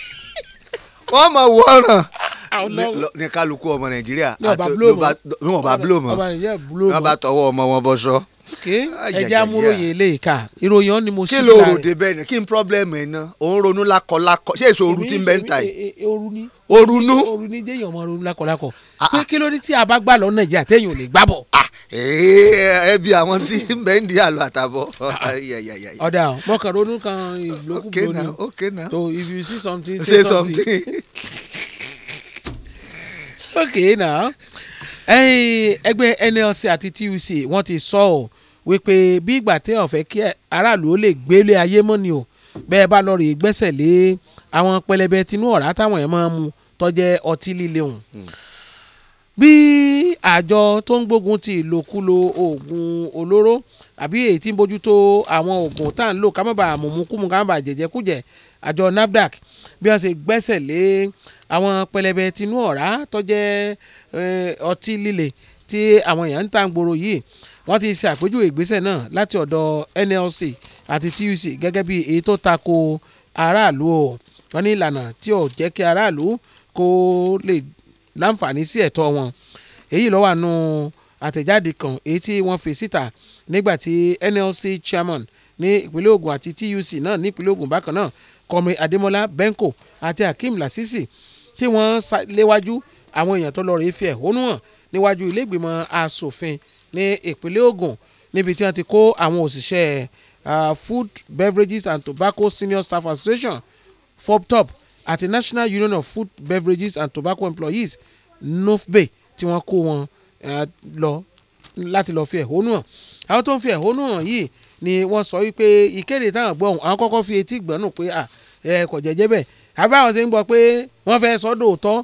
wọ́n mọ̀ wọ́ràn ní kálukú ọmọ nàìjíríà ní wọ́n bá búlò mọ́ ní wọ́n bá tọwọ́ ọmọ wọn bọ́ sọ. ẹja amúròyìn eléyìí ká ìròyìn ọ ni mo sì ra rẹ. kí ló rò dé bẹ́ẹ̀ ni kí n problem ẹ̀ ná òun ronú lakọlakọ ṣé èso ooru ti ń bẹ́ ń ta yìí. E- e- orunú orunú jẹ́yìn ọmọ ronú lakọlakọ ah, ṣé ah. kí ló ní tí a bá gbà lọ nàìjíríà téèyàn ò lè gbà bọ̀. Ah, Eh, ẹ bí àwọn tí bẹ́ńdì àlọ́ àtàbọ̀. Ah. ọ̀dà mọ̀kàn ronú kan ìlókùn na. okay na. so if you see something say, something. something. na. now ẹgbẹ́ NLC àti TUC wọ́n ti sọ ọ́ wípé bí ìgbà téèyàn fẹ́ kí aráàlú ó lè gbélé ayé mọ́ ni o bẹ́ẹ̀ bá lọ rèé gbẹ́sẹ̀ lé àwọn pẹlẹbẹ tinú ọ̀rá táwọn ẹ̀ máa mu tọ́jẹ́ ọtí líle ọ̀hún. Hmm bí àjọ tó ń gbógun ti ìlòkulò oògùn olóró àbí èyí tí ń bójútó àwọn oògùn tá à ń lò ká má bàa àmùmúkúmu ká má bàa jẹ̀jẹ̀kújẹ̀ àjọ NAFDAC bí wọ́n ṣe gbẹ́sẹ̀ lé àwọn pẹlẹbẹ tinú ọ̀rá tó jẹ́ ọtí líle tí àwọn èèyàn ń ta gbòòrò yìí wọ́n ti ṣe àpèjúwe ìgbésẹ̀ náà láti ọ̀dọ̀ NLC àti TUC gẹ́gẹ́ bí èyí tó tako aráàlú o wọ́n ní ìlànà tí ò jẹ́ kí aráàlú kó lè láǹfààní sí ẹ̀tọ́ wọn èyí ló wà nù àtẹ̀jáde kan èyí tí wọ́n fi síta nígbà tí NLC chairman ní ìpínlẹ̀ Ògùn àti TUC náà ní ìpínlẹ̀ Ògùn bákan náà kọ́mi Adémọ́lá Benko àti Akeem Lasisi tí wọ́n léwájú àwọn èèyàn tó lọ rèé fi ẹ̀hónú hàn níwájú ilé ìgbìmọ̀ asòfin ní ìpínlẹ̀ Ògùn níbi tí wọ́n ti kó àwọn òṣìṣẹ́ ah, food beverages and tobacco senior staff association foptop àti National Union of Food Beverages and Tobacco Employees NOFBE tí wọ́n kó wọn lọ láti lọ́ọ́ fi ẹ̀hónú hàn àwọn tó ń fi ẹ̀hónú hàn yìí ni wọ́n sọ wípé ìkéde táwọn gbọ́ ọ̀hún àwọn kọ́kọ́ fi etí gbọ́nù pé ẹ kò jẹ́jẹ́ bẹ́ẹ̀ àbáwọn ti ń gbọ́ pé wọ́n fẹ́ sọ́dọ̀ òótọ́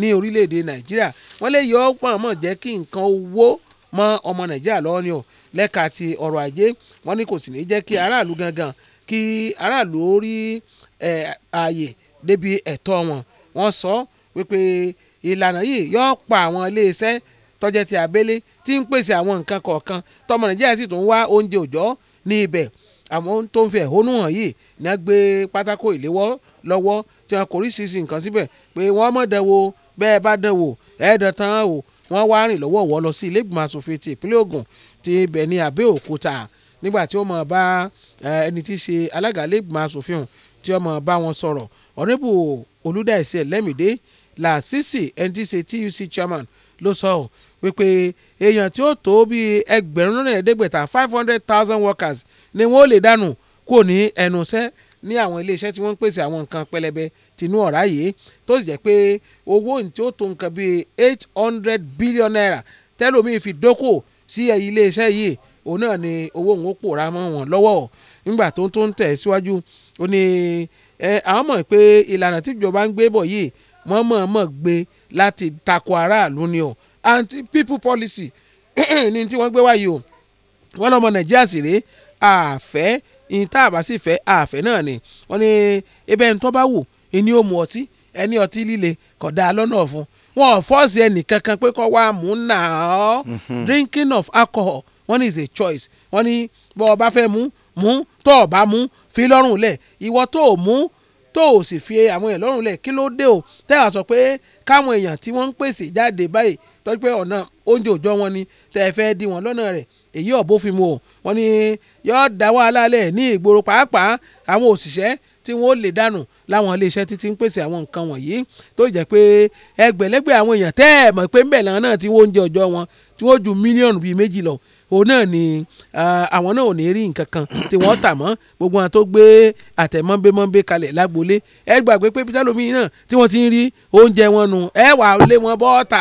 ní orílẹ̀-èdè Nàìjíríà wọ́n lè yọ ọ́ pọ̀nmọ́ jẹ́ kí nǹkan owó mọ́ ọmọ Nàìjíríà lọ́wọ́ ni o lẹ́ka ti ọrọ̀ ajé wọ́n ní kò sì ní jẹ́ kí aráàlú gangan kí aráàlú rí ààyè débi ẹ̀tọ́ wọn wọ́n sọ wípé ìlànà yìí yóò pa àwọn iléeṣẹ́ tọ́jẹ́ ti abẹ́lé tí ń pèsè àwọn nǹkan kọ̀ọ̀kan tọmọ nàìjíríà sì tún wá oúnjẹ òjọ́ ní ibẹ̀ àwọn tó ń fi ẹ̀hónú hàn yìí ni wọ́n gbé pátákó ìléwọ́ lọ́wọ́ tí wọ́n kò rí sísì nǹkan síbẹ̀ pé wọ́n mọ̀ dán wò bẹ́ẹ̀ bá dán wò ẹ̀ẹ́dàn tán o wọ́n wá rìn lọ́wọ́ wọ́ lọ sí ilé ìgbìmọ̀ asòfin ti ìpínlẹ̀ Ògùn ti ibẹ̀ ní Abẹ́òkúta nígbà tí ó mọ̀ bá ẹni tí í ṣe alága ilé ìgbìmọ̀ asòfin tí ó mọ̀ bá wọn sọ̀rọ̀ ọ̀rẹ́bù olùdáìsí ẹlẹ́mìdé làásìsì ẹni tí í ṣe tuc chairman ló sọ ọ́ wípé èèyàn tí ó tó bíi ẹgbẹ̀rún lọ́nà ẹ̀ẹ́dẹ́gbẹ̀ta five hundred thousand workers ni wọ́n ó lè dànù kò ní ẹnu iṣẹ́ ní àwọn iléeṣẹ́ tí wọ́n ń pèsè àwọn nǹkan pẹlẹbẹ tìǹú ọ̀rá yìí tó sì jẹ́ pé owó tí ó tó nǹkan bíi eight hundred billion naira tẹ́lómi fi dókò sí iléeṣẹ́ yìí òun náà ni owó òun ó pòórá mọ́ wọn lọ́wọ́ nígbà tó ń tó ń tẹ̀ síwájú ó ní àwọn mọ̀ pé ìlànà tíjọba ń gbé bọ̀ yìí wọ́n mọ̀ mọ̀ gbé láti takò aráàlú ni o anti people policy ni tí wọ́n gbé wáyé o wọ́n lọ́mọ nàìjíríà sì rèé àfẹ́ ìyìn tá a bá sì fẹ́ àfẹ́ náà ni wọ́n ní ebẹ́ ń tọ́ bá wù ẹni ó ọtí ẹni ọtí líle kọ̀ dá a lọ́nà ọ̀fun wọn ò fọ́ọ̀sì ẹnì kankan pé kọ́ wá mú náà mhm. drinking of alcohol wọ́n ní is a choice wọ́n ní bọ́ ọ bá fẹ́ mú mú tọ́ ọ bá mú fi lọ́rùn lẹ̀ ìwọ tó o mú tó o sì fi àwọn èèyàn lọ́rùn lẹ̀ kí ló dé o tẹ́ ẹ sọ pé káwọn èèyàn tí wọ́n ń pèsè jáde báyìí tọ́jú pé ọ̀nà oúnjẹ òòjọ́ wọn ni tẹ́ ẹ fẹ́ dí wọn lọ́nà rẹ̀ èyí ọ̀bọ fi mu o wọ́n ni yọ́ọ́ da wàhálà lẹ̀ ní ìgboro pàápàá àwọn òṣìṣẹ́ tí wọ́n ó lè dànù láwọn iléeṣẹ́ títí ń pèsè àwọn nǹkan wọ̀nyí tó jẹ́ pé ẹgbẹ̀lẹ́gbẹ̀ àwọn èèyàn tẹ́ ẹ̀ mọ̀ pé ńbẹ̀ làwọn náà ti wọ́n oúnjẹ òòjọ́ wọn tí wọ́n ju mílíọ̀nù bíi méjì lọ òun náà ni àwọn náà ò ní rí nǹkan kan tí wọ́n tà mọ́ gbogbo àwọn tó gbé àtẹ̀mọ́bẹ́mọ́bẹ́ kalẹ̀ lágbolé ẹ gbàgbé pé peter lomi náà tí wọ́n ti ń rí oúnjẹ wọn nù ẹ wà lé wọn bọ́ọ̀ta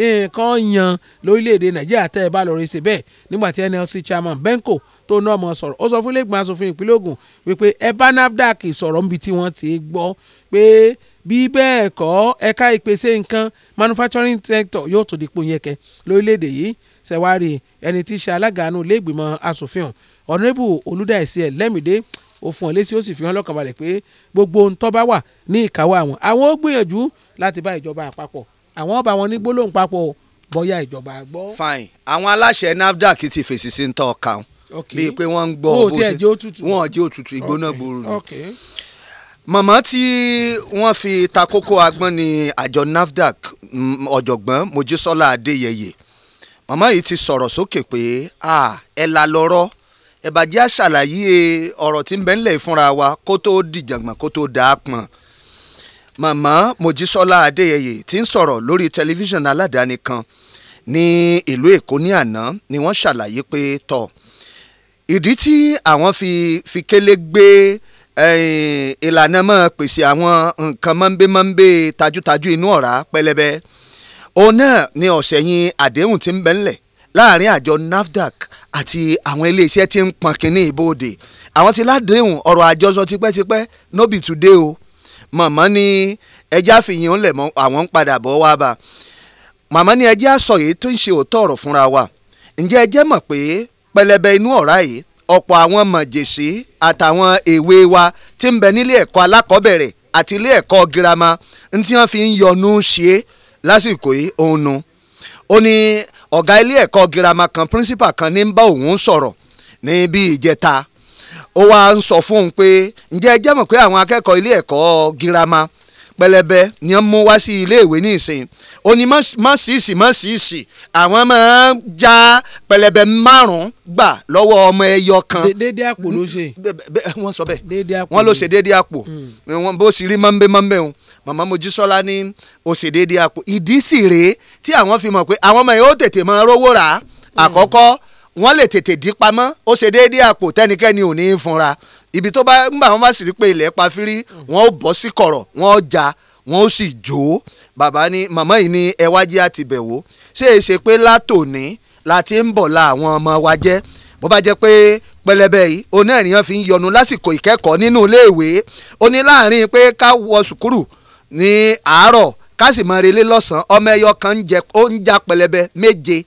nǹkan yan lórílẹ̀‐èdè nàìjíríà tẹ́ ẹ bá lọ rí ṣe bẹ́ẹ̀ nígbà tí NLC chairman Benko tó ná ọmọ sọ̀rọ̀ ó sọ fún ilégbèmọ̀ asòfin ìpínlẹ̀ Ògùn wípé ẹ bá NAFDAC sọ̀rọ̀ níbi tí wọ́n ti gbọ́ pé bí bẹ́ẹ̀ kọ́ ẹ̀ka ìpèsè nǹkan manufacturing sector yóò tó di pò yẹn kẹ lórílẹ̀‐èdè yìí ṣẹ̀wárí ẹni tí í ṣe alága àánú ilé ìgbìmọ̀ asòfin ọ̀nàrẹ́bù olùdáìsí ẹ̀ lẹ́mìdé ó fún ọ lésì ó sì fi hàn lọ́kàn balẹ̀ pé gbogbo ohun tó bá wà ní ìkáwọ́ àwọn àwọn ó gbìyànjú láti bá ìjọba àpapọ̀ àwọn ọba wọn ní gbólóhùn papọ̀ bóyá ìjọba gbọ́. fine àwọn aláṣẹ NAFDAC ti fèsì sí ń tọ́ ọ̀ka wọn bíi pé wọ́n ń gbọ́ bó ṣe wọ́n ò jẹ́ òtútù ìgbóná gbòòrò ni. mọ̀mọ́ tí wọ́n fi takoko agbọ́n ni àjọ NAFDAC mm, ọ̀jọ̀gbọ́n Mojísọ́lá Adéyẹyẹ màmá yìí ti sọ̀rọ̀ sókè pé ẹ la lọ́rọ́ ẹ bá jẹ́ àṣàlàyé ọ̀rọ̀ tí ń bẹ ńlẹ̀ fúnra wa kó tó dìjàngbọ̀n kó tó dà á pọ̀n màmá mojísọ́lá adéyẹyẹ tí ń sọ̀rọ̀ lórí tẹlifíṣàn aládàáni kan ní ìlú èkó ní àná ni wọ́n ṣàlàyé pé tọ̀ ìdí tí àwọn fi fi kélé gbé ìlànà mọ́ pèsè àwọn nǹkan mọ́ńbé mọ́ńbé tajútajú inú ọ̀rá pẹlẹbẹ òun náà ni ọ̀sẹ̀ yìí àdéhùn ti ń bẹ ńlẹ̀ láàrin àjọ NAFDAC àti àwọn iléeṣẹ́ tí ń pọn kínní ìbòde àwọn ti ládéhùn ọ̀rọ̀ àjọsọ tipẹ́tipẹ́ no be today o màmá ni ẹja fìyìn ńlẹ̀ mọ́ àwọn ń padà bọ̀ wá bá màmá ni ẹjẹ́ àsọyé tó ń ṣe òótọ́ ọ̀rọ̀ fúnra wa ǹjẹ́ ẹjẹ́ mọ̀ pé pẹlẹbẹ inú ọ̀rá yìí ọ̀pọ̀ àwọn mọ̀jèṣí àtàwọn èwe wa ti ń bẹ nílé ẹ̀kọ́ alákọ̀ọ́bẹ̀rẹ̀ àti ilé ẹ̀kọ́ girama ń tí wọ́n fi ń yọnu ṣe é lásìkò yìí òun nu ó ní ọ̀gá ilé ẹ̀kọ́ girama kan principal kan ní ń bá òun sọ̀rọ̀ ní bí ìjẹta ó wá ń sọ fún un pé ǹjẹ́ ẹ pé àwọn akẹ́kọ̀ọ́ ilé ẹ̀kọ́ girama pẹlẹbẹ ni wọ́n mú wá sí ilé ìwé ní ìsìn ó ní àwọn máa ń já pẹlẹbẹ márùn-ún gbà lọ́wọ́ ọmọ ẹyọ kan. déédéé àpò ló màmá mojísọ́lá ní òṣèdédé àpò ìdí sì rèé tí àwọn fi mọ̀ pé àwọn ọmọ yẹn ó tètè máa rówó rà á àkọ́kọ́ wọ́n lè tètè dí pamọ́ ó ṣe déédé àpò tẹ́nikẹ́ni ò ní í funra ibi tó bá ń gbà wọ́n bá sì rí pé ilẹ̀ pa fírí wọ́n ó bọ́ sí kọ̀rọ̀ wọ́n ó ja wọ́n ó sì jó bàbá ni màmá yìí ní ẹ wájú àti bẹ̀ ṣé é e ṣe pé látòní la ti ń bọ̀ la àwọn ọmọ wa jẹ́ bó bá jẹ́ pé pẹlẹbẹ yìí oní fi ń yọnu lásìkò ìkẹ́kọ̀ọ́ nínú iléèwé ó láàrin pé ká wọ sùkúrù ní àárọ̀ ká sì máa relé lọ́sàn-án ọmọ ẹyọ kan ó ń já pẹlẹbẹ méje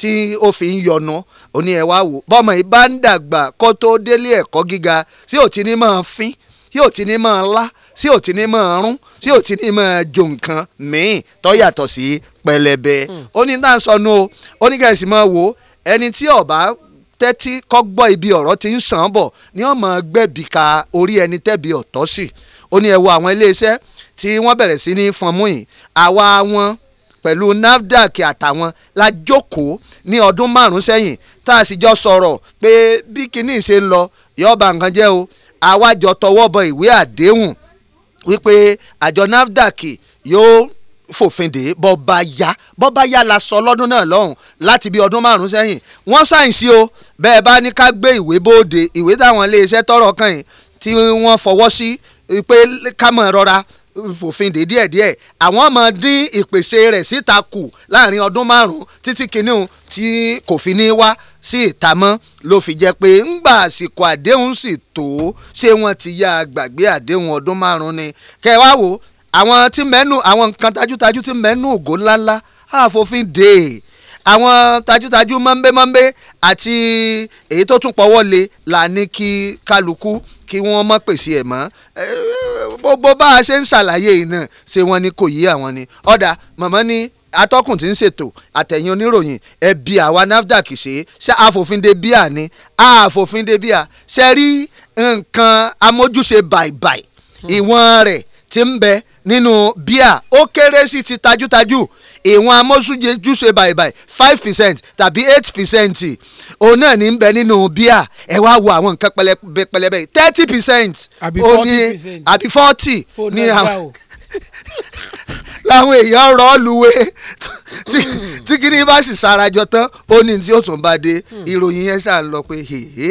tí ó fi ń yọnu òní ẹ̀ wá wò bọ́mọ yìí bá ń dàgbà kó tó délé ẹ̀kọ́ gíga tí ò ti ní máa fín tí ò ti ní máa lá tí ò ti ní máa rún tí ò ti ní máa jo nǹkan míì tó yàtọ̀ sí pẹlẹbẹ hmm. ó ní náà sọnù o ó ní kẹ́sì máa wò ẹni tí ọba tẹ́tí kọ́gbọ́ ibi ọ̀rọ̀ ti ń sàn bọ̀ ni ó máa gbẹ̀bí ka orí ẹni tẹ́bi ọ̀tọ̀ sí ó ní ẹ wo àwọn iléeṣẹ́ tí wọ́n bẹ̀rẹ̀ sí ní fọnmú yìí àwa wọn pẹ̀lú NAFDAC àtàwọn la jókòó ní ọdún márùn-ún sẹ́yìn tá a sì jọ sọ̀rọ̀ pé bí kinní ṣe ń lọ yóò ba nǹkan jẹ́ o àwa jọ tọwọ́ bọ ìwé àdéhùn wípé àjọ NAFDAC yóò fòfin dè bọ́ba ya bọ́ba ya la sọ lọ́dún náà lọ́hùn láti bí ọdún márùn sẹ́yìn wọ́n sáyẹ̀nsì o bẹ́ẹ̀ bá ní ká gbé ìwé bóde ìwé táwọn iléeṣẹ́ tọrọ kàn yín tí wọ́n fọwọ́ sí pé ká mọ̀ rọra fòfin dè díẹ̀díẹ̀ àwọn máa dín ìpèsè rẹ̀ síta kù láàrin ọdún márùn-ún títí kìnìún tí kò fi ní wá sí ìta mọ́ ló fi jẹ́ pé ńgbà àsìkò àdéhùn sì tó ṣé wọ́n ti ya gbàgbé àdéhùn ọdún márùn-ún ni kẹwàá wo àwọn tí mẹ́nu àwọn nǹkan tajútajú tí mẹ́nu ògo ńláńlá àfòfin dè àwọn tajútajú mọ́ńbẹ́mọ́ńbẹ́ àti èyí tó tún pọ̀wọ́ le là ní kí kálukú kí wọ́n mọ̀ pèsè ẹ̀ mọ́ ẹ̀ẹ́ gbogbo bá a ṣe ń ṣàlàyé yìí náà ṣé wọ́n ní kò yí àwọn ni ọ̀dà màmá ní atọ́kùn tí ń ṣètò àtẹ̀yìn oníròyìn ẹbí àwa NAFDAC ṣe ṣe àfòfinde bíà ni àfòfinde bíà ṣe rí nǹkan amójúṣe bàìbàì hmm. ìwọ̀n rẹ̀ ti ń bẹ nínú bíà ó kéré sí ti tajútajú ìwọ̀n amósúnjúṣe bàìbàì five percent tàbí eight percent òun náà ní bẹ nínú bíà ẹ wá wo àwọn nǹkan pẹlẹbẹ pẹlẹbẹ thirty percent àbí forty percent àbí forty ní àwọn àwọn èèyàn rọ luwe tí kìíní bá sì sarajọ tán ó ní tí ó tún bá dé hmm. ìròyìn yẹn ṣáà ń lọ pé hèhè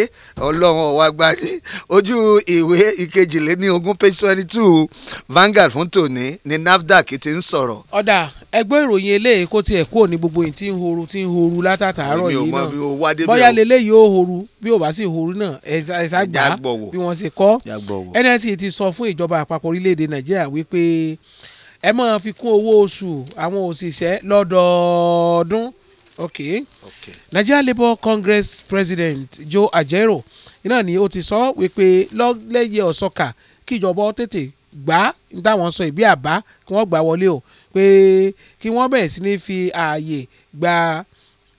ọlọ́run ọ̀wá gbani ojú ìwé ìkejìléní ogún page twenty two Vanguard fún tòní ni NAFDAC ti ń sọ̀rọ̀. ọ̀dà ẹgbẹ́ ìròyìn eléyìí kó tiẹ̀ kúrò ní gbogbo yìí tí ń horu tí ń horu látàtàárọ̀ yìí náà bóyá leléyìí ó horu bí ò bá sì horu náà ẹ̀sà gbà bí wọ́n ṣe kọ́ NSC e ti sọ fún ìjọba àpapọ̀ orílẹ̀-èdè Nàìjíríà wípé ẹ máa fi kún owó oṣù àwọn òṣìṣẹ́ lọ́dọọdún okay. okay. Nigeria Labour Congress President Joe Ajero iná ni ó ti sọ wípé lọ́lẹ́yẹ ọ̀sọ́kà kíjọba tètè gbà táwọn sọ ìbí àbá kí wọ́n gbà wọlé o pé kí wọ́n bẹ̀rẹ̀ sí ní fi ààyè gba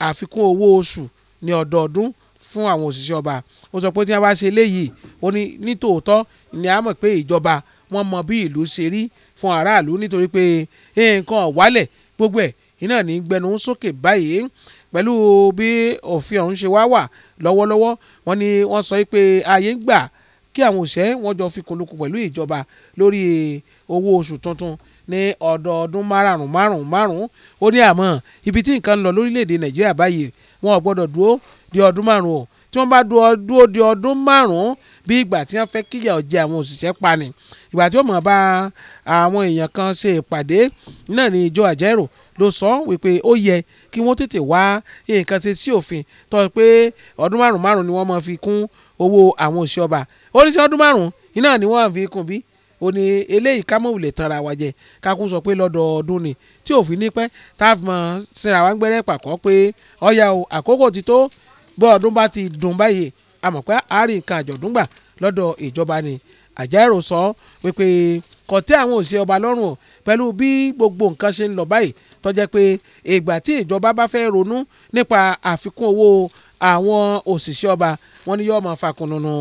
àfikún owó oṣù ní ọdọọdún fún àwọn òṣìṣẹ́ ọba ó sọ pé tí wọ́n bá ṣe eléyìí ó ní nítòótọ́ ni a mọ̀ pé ìjọba wọ́n mọ bí ìlú ṣe rí fún aráàlú nítorí pé nǹkan ọ̀wálẹ̀ gbogbo ẹ̀ iná ní gbẹnu sókè báyìí pẹ̀lú bí òfin ọ̀hún ṣe wá wà lọ́wọ́lọ́wọ́ wọ́n ní wọ́n sọ pé ààyè ń gbà kí àwọn òṣẹ́ wọn jọ fi kùnlùkùn pẹ̀lú ìjọba lórí owó oṣù tuntun ní ọdọọdún márùn márùn márùn ó ní àmọ́ ibi tí nǹkan ń lọ lórílẹ̀‐èdè nàìjíríà báyìí wọn ò gbọ́dọ̀ dúró di ọdún márùn o tí wọ́n bá dúró di ọdún márùn bí ìgbà tí wọ́n fẹ́ kíyà ọ̀jẹ̀ àwọn òṣìṣẹ́ pani ìgbà tí ó mọ̀ bá àwọn èèyàn kan ṣe ìpàdé náà ní ìjọ àjẹrò ló sọ wípé ó yẹ kí wọ́n tètè wá nǹkan ṣe sí òfin tó pé ọdún márùn márùn ni wọ́n máa fi kún owó àwọn òṣìṣẹ́ ọba ó ní sí ọdún márùn iná ni wọ́n fi kún bí ó ní eléyìí ká mọ̀wùlẹ̀ tanra wa jẹ kákú sọ pé lọ́dọọdún ni tí òfin ní pẹ́ tá a fi mọ̀ síra wa ń gbẹ́rẹ́ pàkọ́ pé ọ̀yà o àkókò ti tó bí ọdún bá ti dùn báyìí àmọ́ pé àárín nǹkan àjọ̀dún gbà lọ́dọ̀ ìjọba ni àjẹrò sọ wípé kọ̀tẹ́ àwọn òṣìṣẹ́ ọba lọ́rùn o pẹ̀lú bí gbogbo nǹkan ṣe ń lọ báyìí tó jẹ́ pé ìgbà tí ìjọba bá fẹ́ ronú nípa àfikún owó àwọn òṣìṣẹ́ ọba wọn ni yóò máa fakùnùnù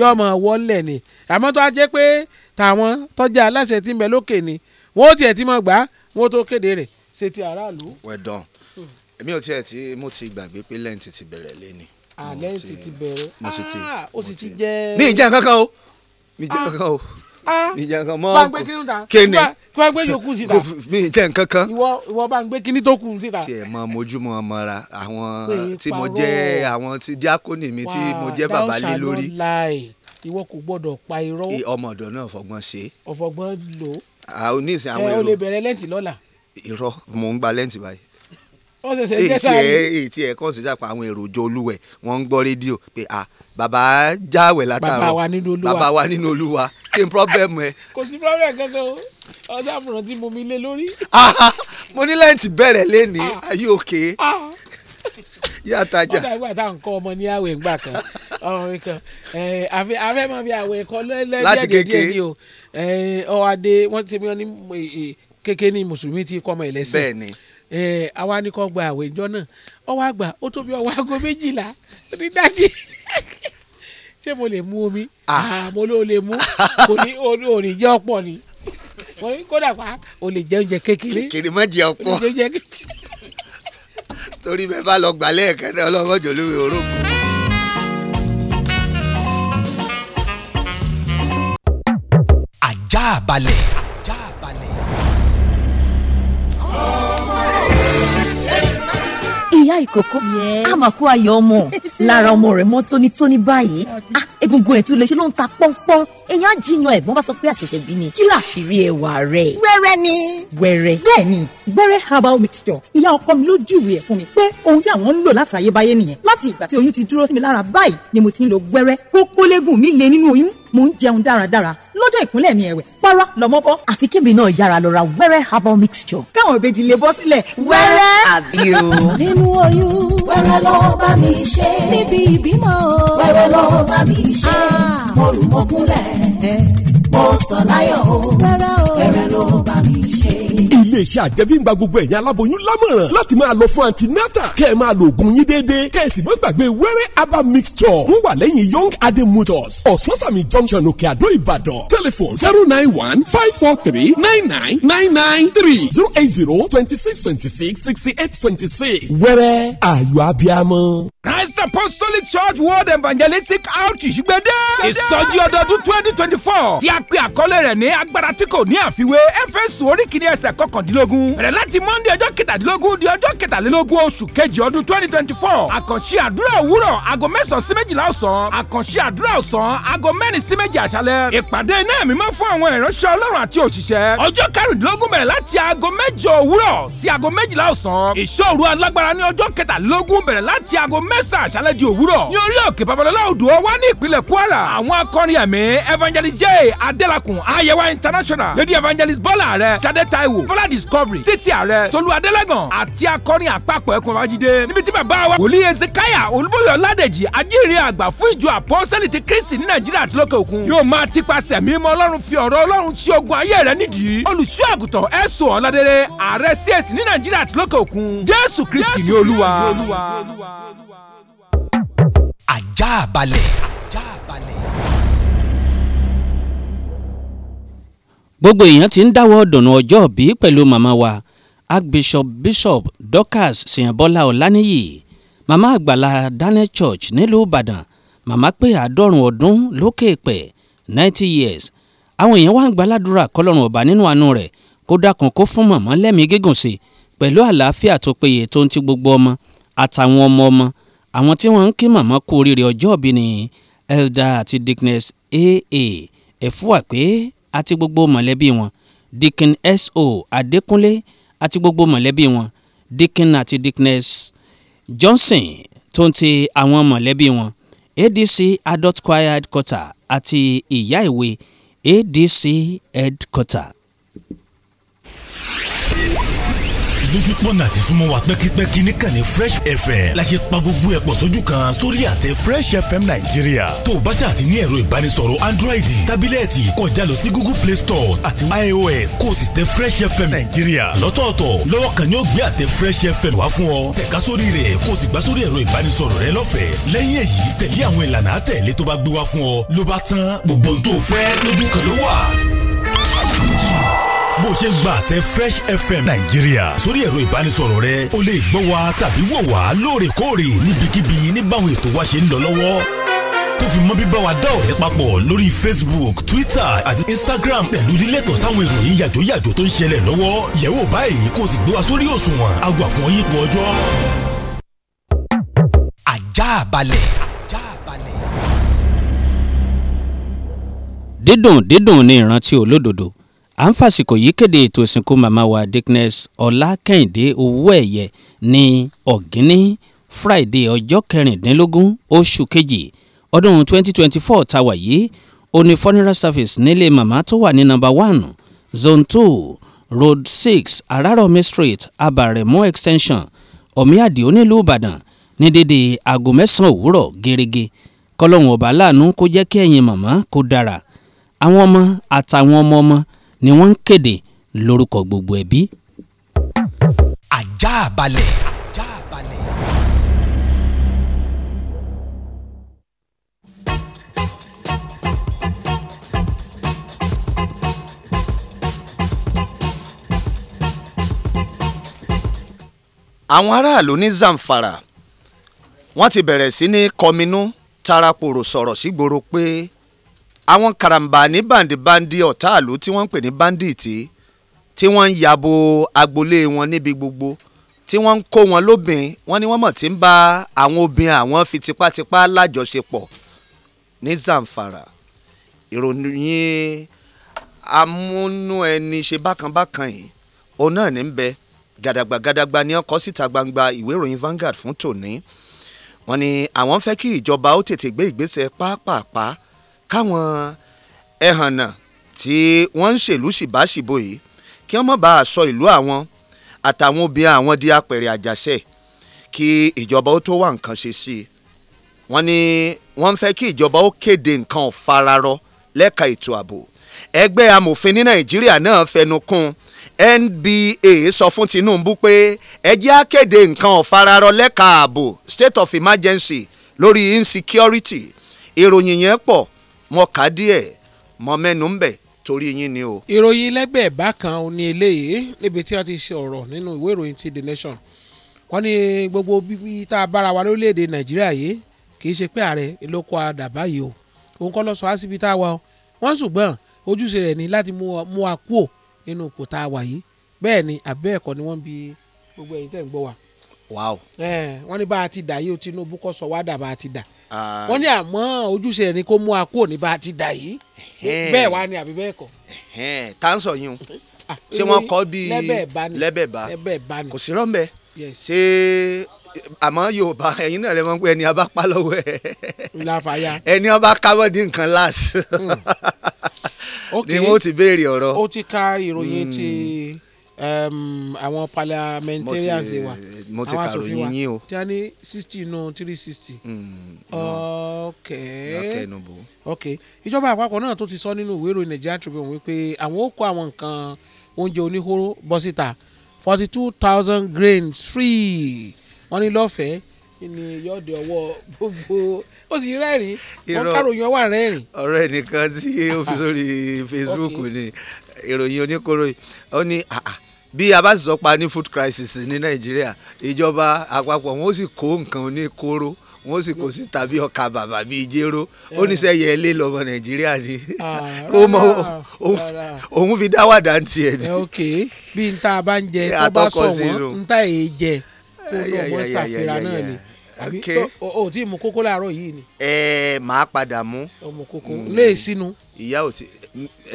yóò máa wọlé ni àmọ́ tó a jẹ́ pé tàwọn tọ́jà aláṣẹ tí ń bẹ lókè ni wọ́n ó tiẹ̀ ti mọ̀ gbà wọ́n tó kéde rẹ̀ ṣe ti aráàlú. wẹ̀dọ̀n hmm. èmi ò tiẹ̀ tí mo ti gbàgbé pé lẹ́ǹtì ti bẹ̀rẹ̀ lé ni àlẹ́ ah, ti ti bẹ̀rẹ̀ ó ah, sì ti jẹ́. mi ìjà kankan o mi ìjà ah. kankan o mi ìjà kankan mọ́ kéne kí wọ́n gbé yòókù síta mi ìjà kankan. ìwọ bá ń gbé kíní tó kù síta. tiẹ̀ mọ mojúmọ́ mọ́ra àwọn tí mo jẹ́ àwọn tí díákónì mi tí mo jẹ́ bàbá lé lórí. ìwọ kò gbọ́dọ̀ pa irọ́. ọmọ náà fọgbọ́n ṣe. ọ̀fọ̀gbọ́n lò. àwọn ẹ o lè bẹ̀rẹ̀ lẹ́ǹtì lọ́la. irọ́ mo ń gba lẹ́ǹtì báyìí ó ṣẹ̀ṣẹ̀ jẹ́ sáré. ètí ẹ̀ kàn sí sàpà àwọn èròjọ olúwẹ̀ wọ́n ń gbọ́ rédíò pé à bàbá jáwẹ̀ látàrọ̀ bàbá wa nínú olúwa bàbá wa nínú olúwa kí n pọ́bẹ́mù ẹ. kò sí pọ́bẹ́mù kankan o ọjọ́ àmọ̀ràn tí mo mi lé lórí. mo ní lẹ́ǹtì bẹ̀rẹ̀ lẹ́ni ayé òkè yá tajà. ọ̀dà ìgbà tá à ọmọ ní àwẹ̀ ńgbà kan ọ̀rọ̀ mi kan afẹ́ mọ̀ bí àwẹ̀ ẹ̀kọ́ lẹ́jẹ̀dẹ̀dẹ̀ ni o ọ̀adé wọ́n ti mi wọn ní e, e, kékeré ní mùsùlùmí ti kọ́ ọmọ ẹlẹ́sìn. bẹ́ẹ̀ ni àwa ni kò gba àwẹ̀ ìjọ náà ọwọ́ àgbà ó tóbi ọwọ́ aago méjìlá ní dájú ṣé mo lè mu omi àmọ́ ah. ah, ló lè mu kò ní òní jẹ́ ọ̀pọ̀ ni kódà pa ò lè jẹ oúnjẹ kékeré kékeré má jẹ ọ̀pọ̀ torí bẹ́ẹ̀ bá lọ gbà lẹ́ẹ̀kan náà ọlọ́mọdé olúwe orókùn. àjà balẹ̀. ìyá ìkókó àmọ́ kó ayọ̀ ọmọ lára ọmọ rẹ̀ mọ́ tónítóní báyìí ah, egungun ẹ̀tún lè ṣe ló ń ta pọ́npọ́n èèyàn ajínyàn ẹ̀gbọ́n bá sọ pé àṣẹ̀ṣẹ̀ bí ni kí làṣírí ẹwà rẹ̀. wẹ́rẹ́ ni. wẹ́rẹ́. bẹ́ẹ̀ni gbẹ́rẹ́ herbal mixture ìyá ọkọ mi ló júwe ẹ̀ fún mi pé ohun tí àwọn ń lò láti àyébáyé nìyẹn láti ìgbà tí oyún ti dúró sí mi lára báyìí ni mo ti ń lo gbẹ́rẹ́ kókólégùn mi lè nínú oyún mo ń jẹun dáradára lọ́jọ́ ìkúnlẹ̀ mi ẹ̀wẹ̀ para lọ́mọ bọ́. àfi kébì náà yára lọ ra wẹ́rẹ́ herbal mixture. káwọn ìbejì lè bọ́ sílẹ̀ wẹ́rẹ́. àbí o. nínú oyún wẹ́rẹ́ lọ bá mi ṣe. níbi ìbímọ wẹ́rẹ́ lọ bá mi ṣe. Ah. mo rù mọ́kúnlẹ̀ eh mo sọ láyọ̀ o fẹ́rẹ̀ ló bá mi ṣe. iléeṣẹ́ àjẹmíngba gbogbo ẹ̀yìn aláboyún lámọ̀ràn láti máa lọ fún antinata kẹ́ ẹ̀ máa lo oògùn yín déédéé kẹ́ ẹ̀ sì mọ́ gbàgbé wẹ́rẹ́ aba mixture wọ́n wà lẹ́yìn young adé motors ososami junction òkè àdó ìbàdàn telephone zero nine one five four three nine nine nine nine three zero eight zero twenty six twenty six sixty eight twenty six wẹ́rẹ́ ayọ̀ Abiamu? Christ Apostolic Church World Evangelistic Outreach gbẹdẹ. ìsọjí ọdọọdún twenty twenty four tí a pe àkọlé rẹ̀ ní agbára tí kò ní àfiwé Éfésù orí kìíní ẹsẹ̀ kọkàndínlógún bẹ̀rẹ̀ láti Monday ọjọ́ kẹtàdínlógún di ọjọ́ kẹtàlélógún oṣù kejì ọdún twenty twenty four àkànṣe àdúrà òwúrọ̀ aago mẹ́sàn-án sí méjìlá ọ̀sán àkànṣe àdúrà ọ̀sán aago mẹ́rin sí méjì àṣálẹ́ ìpàdé iná mímọ́ fún àwọn ìránṣẹ́ Ọlọ́run àti òṣìṣẹ́ ọjọ́ karùndínlógún bẹ̀rẹ̀ láti aago mẹ́jọ òwúrọ̀ sí aago méjìlá ọ̀sán ìṣòro alágbára ní ọjọ́ kẹtàlélógún bẹ̀rẹ̀ láti aago mẹ́sàn-án àṣálẹ́ di òwúrọ̀ ní orí òkè babalọ́lá odò wá ní ìpínlẹ̀ Kwara àwọn akọrin ẹ̀mí evangelist j adélakùn ayẹwa international lady evangelist bọ́lá rẹ̀ sade taiwo bọ́lá discovery títí ààrẹ tolú adélẹ́gàn àti akọrin àpapọ̀ ẹkùn babájídé níbi tí bàbá wa wòlíì ezekiah olúbóyè ọládèjì ajíire àgbà fún ìjọ àpọ́sẹ́lì ti kristi ní nàìjíríà àti lókè òkun yóò máa tipasẹ̀ mímọ́ ọlọ́run fi ọ̀rọ̀ ọlọ́run sí ogun ayé rẹ nídìí olùṣọ́ àgùntàn ẹ̀sùn ajá balẹ̀. ajá balẹ̀. gbogbo èèyàn ti ń dáwọ́ dùnú ọjọ́ bí pẹ̀lú màmá wa archbishop bishop dorcas siyanbọ́lá ọláníyì màmá àgbàlá daniel church nílùú ìbàdàn màmá pé àádọ́rùn ọdún lókè pẹ̀ ninety years àwọn èèyàn wá ń gbaládùra kọlọ́run ọba nínú àánú rẹ̀ kó dákun kó fún màmá lẹ́mìí gígùn sí pẹ̀lú àlàáfíà tó péye tó ń ti gbogbo ọmọ àtàwọn ọmọ ọmọ àwọn tí wọ́n ń kí màmá kú oríire ọjọ́ bí ni elder àti dickness aa ẹ̀fúwà pé àti gbogbo mọ̀lẹ́bí wọn Deacon S.O. Adékúnlé àti gbogbo mọ̀lẹ́bí wọn Deacon àti Deaconess Johnson tó ń ti àwọn mọ̀lẹ́bí wọn ADC adult choir headquarter àti ìyá ìwé ADC headquarter lójúpọ̀nà àti súnmọ́ wa pẹ́kípẹ́kí níkànnì fresh fm láti pa gbogbo ẹ̀ pọ̀ sójú kan sórí àtẹ fresh fm nàìjíríà tó o bá ṣe àti ní ẹ̀rọ ìbánisọ̀rọ̀ android tábílẹ̀tì kọjá lọ sí google play store àti ios kó o sì tẹ fresh fm nàìjíríà lọ́tọ̀ọ̀tọ̀ lọ́wọ́ kan ni ó gbé àtẹ fresh fm wá fún ọ tẹ̀ka sórí rẹ̀ kó o sì gbà sórí ẹ̀rọ ìbánisọ̀rọ̀ rẹ lọ́fẹ̀ẹ́ lẹ́yìn èyí tẹ̀lé àwọn ìlànà àtẹ̀lé tó bá gbé bó ṣe ń gba fresh fm nàìjíríà sórí ẹ̀rọ ìbánisọ̀rọ̀ rẹ o lè gbọ́ wa tàbí wò wá lóòrèkóòrè níbikíbi níbàwọn ètò wa ṣe ń lọ lọ́wọ́ tó fi mọ́ bíbá wa dá ọ̀rẹ́ papọ̀ lórí facebook twitter àti instagram pẹ̀lú lílẹ̀tọ̀ sáwọn ìròyìn yàjóyàjó tó ń ṣẹlẹ̀ lọ́wọ́ yẹ̀wò báyìí kó o sì gbé wa sórí òṣùwọ̀n agbàfọ̀ yípo ọjọ́. ajá balẹ̀. dídùn dídùn ni ìrántí olódodo à ń fàsìkò yìí kéde ètò ìsìnkú màmá wa dickness ọlákẹ́hìndé owó ẹ̀yẹ ní ọ̀gíní friday ọjọ́ kẹrìndínlógún oṣù kejì ọdún 2024 tá wà yìí ó funeral service nílé màmá tó wà ní number one zone two road six araromi street Abaremo extension omiadi onílùú ìbàdàn ní dédé aago mẹ́sàn-án òwúrọ̀ gẹ́rẹ́gẹ́ kọ́lọ́hún ọba láàánú kó jẹ́ kí ẹ̀yìn màmá kó dára àwọn ọmọ àtàwọn ọmọ ọmọ ni wọ́n ń kéde lórúkọ gbogbo ẹbí. ajá balẹ̀. ajá balẹ̀. àwọn aráàlú ní Zamfara wọ́n ti bẹ̀rẹ̀ sí ní kọminú tarapòrò sọ̀rọ̀ sígboro pé àwọn karambani bandibandi bandi àlò tí wọ́n ń pè ní banditi tí wọ́n ń yabo agboolé wọn níbi gbogbo tí wọ́n ń kó wọn lóbìn wọ́n ní wọ́n mọ̀ tí ń bá àwọn obìnrin àwọn fi tipátipá lájọṣepọ̀ ní Zamfara ìròyìn amúnú ẹni ṣe bákanbákan yìí òun náà ní bẹ gàdàgbà gàdàgbà ní ọkọ síta gbangba ìwé ìròyìn Vanguard fún tòní wọ́n ní àwọn fẹ́ kí ìjọba ó tètè gbé ìgbésẹ̀ pápápá káwọn ẹhànnà tí wọ́n ń ṣèlú ṣìbáṣìbò yìí kí wọ́n má a sọ ìlú àwọn àtàwọn obìnrin àwọn di apẹ̀rẹ̀ àjàṣẹ́ kí ìjọba ó tó wá nǹkan ṣe sí i wọ́n ní wọ́n ń fẹ́ kí ìjọba ó kéde nǹkan ọ̀fararọ lẹ́ka ètò ààbò ẹgbẹ́ amòfin ní nàìjíríà náà fẹnu kún NBA sọ fún Tinubu pé ẹ jẹ́ á kéde nǹkan ọ̀fararọ lẹ́ka ààbò state of emergency lórí insecurity ìròyìn yẹn pọ̀ wọn kà á díẹ̀ mọ mẹ́nu ń bẹ̀ torí yín ni o. ìròyìn lẹ́gbẹ̀ẹ́ bákan ní eléyìí níbi tí wọ́n ti ṣe ọ̀rọ̀ nínú ìwé ìròyìn ti The Nation wọ́n ní gbogbo bíbí tá a bára wa lórílẹ̀‐èdè Nàìjíríà yìí kì í ṣe pé ààrẹ ló kọ́ àdà o òun kọ́ lọ sọ á síbi tá a wà o wọ́n ṣùgbọ́n ojúṣe rẹ̀ ni láti mú wa kúò nínú ipò tá a wà yìí bẹ́ẹ̀ ni àbẹ́ ẹ̀kọ́ ni wọ́n bi gbogbo ẹ̀yin tẹ̀ ń gbọ́ wa. wọ́n ní bá a ti dà yìí o Tinubu kọ́ sọ wá dà bá a ti dà. Ah. wọ́n ní àmọ́ ojúṣe ẹ̀ ni kó mú a kúrò ní bá a ti dà yìí bẹ́ẹ̀ wá ni àbí bẹ́ẹ̀ kọ́. tá yín o ah, ṣé wọ́n kọ́ bíi lẹ́bẹ̀ẹ́bá kò sí rọ́ńbẹ́ ṣé àmọ́ yorùbá ẹ̀yin náà lè mọ̀ pé ẹni ọba pa lọ́wọ́ ẹ̀ ẹni ọba káwọ́ dín nǹkan láàs hmm. ni wọ́n ti béèrè ọ̀rọ̀. ó ti ka ìròyìn hmm. ti. Mm àwọn parliamentarians wa àwọn asòfin wa tí a ní sixty nù three sixty. Mm, ok ok ìjọba àpapọ̀ náà tó ti sọ nínú ìwé ìròyìn Nigeria Tribune wípé àwọn ó kó àwọn nǹkan oúnjẹ oníhóró bọ́ síta forty two thousand grains free wọ́n ní lọ́fẹ̀ẹ́ ni yọ̀ọ̀dẹ ọwọ́ gbogbo ó sì rẹ́rìn wọ́n káròyìn ọwọ́ rẹ́rìn. ọ̀rẹ́ nìkan tí ó fi ah. sórí Facebook ni ìròyìn oníkóró yìí ó ní àà bí a bá sì sọ pa ní food crisis ní nàìjíríà ìjọba àpapọ̀ wọn ó sì kó nǹkan oníkóró wọn ó sì kó sí tàbí ọkà bàbà bíi jéró ó ní sẹ́yẹ ilé lọ́mọ nàìjíríà ni ah, òun fi dáwàdà ń tiẹ̀ ni. Eh, ok bí n ta bá ń jẹ tó bá sọ wọn n ta èyí jẹ tó lọ wọn ṣàfihàn náà ni àbí o ò tí ì mú kókó láàárọ̀ yìí ni. ẹ eh, máa padà mú. ọmọ kókó mm. lè e sínú. ìyá ò tí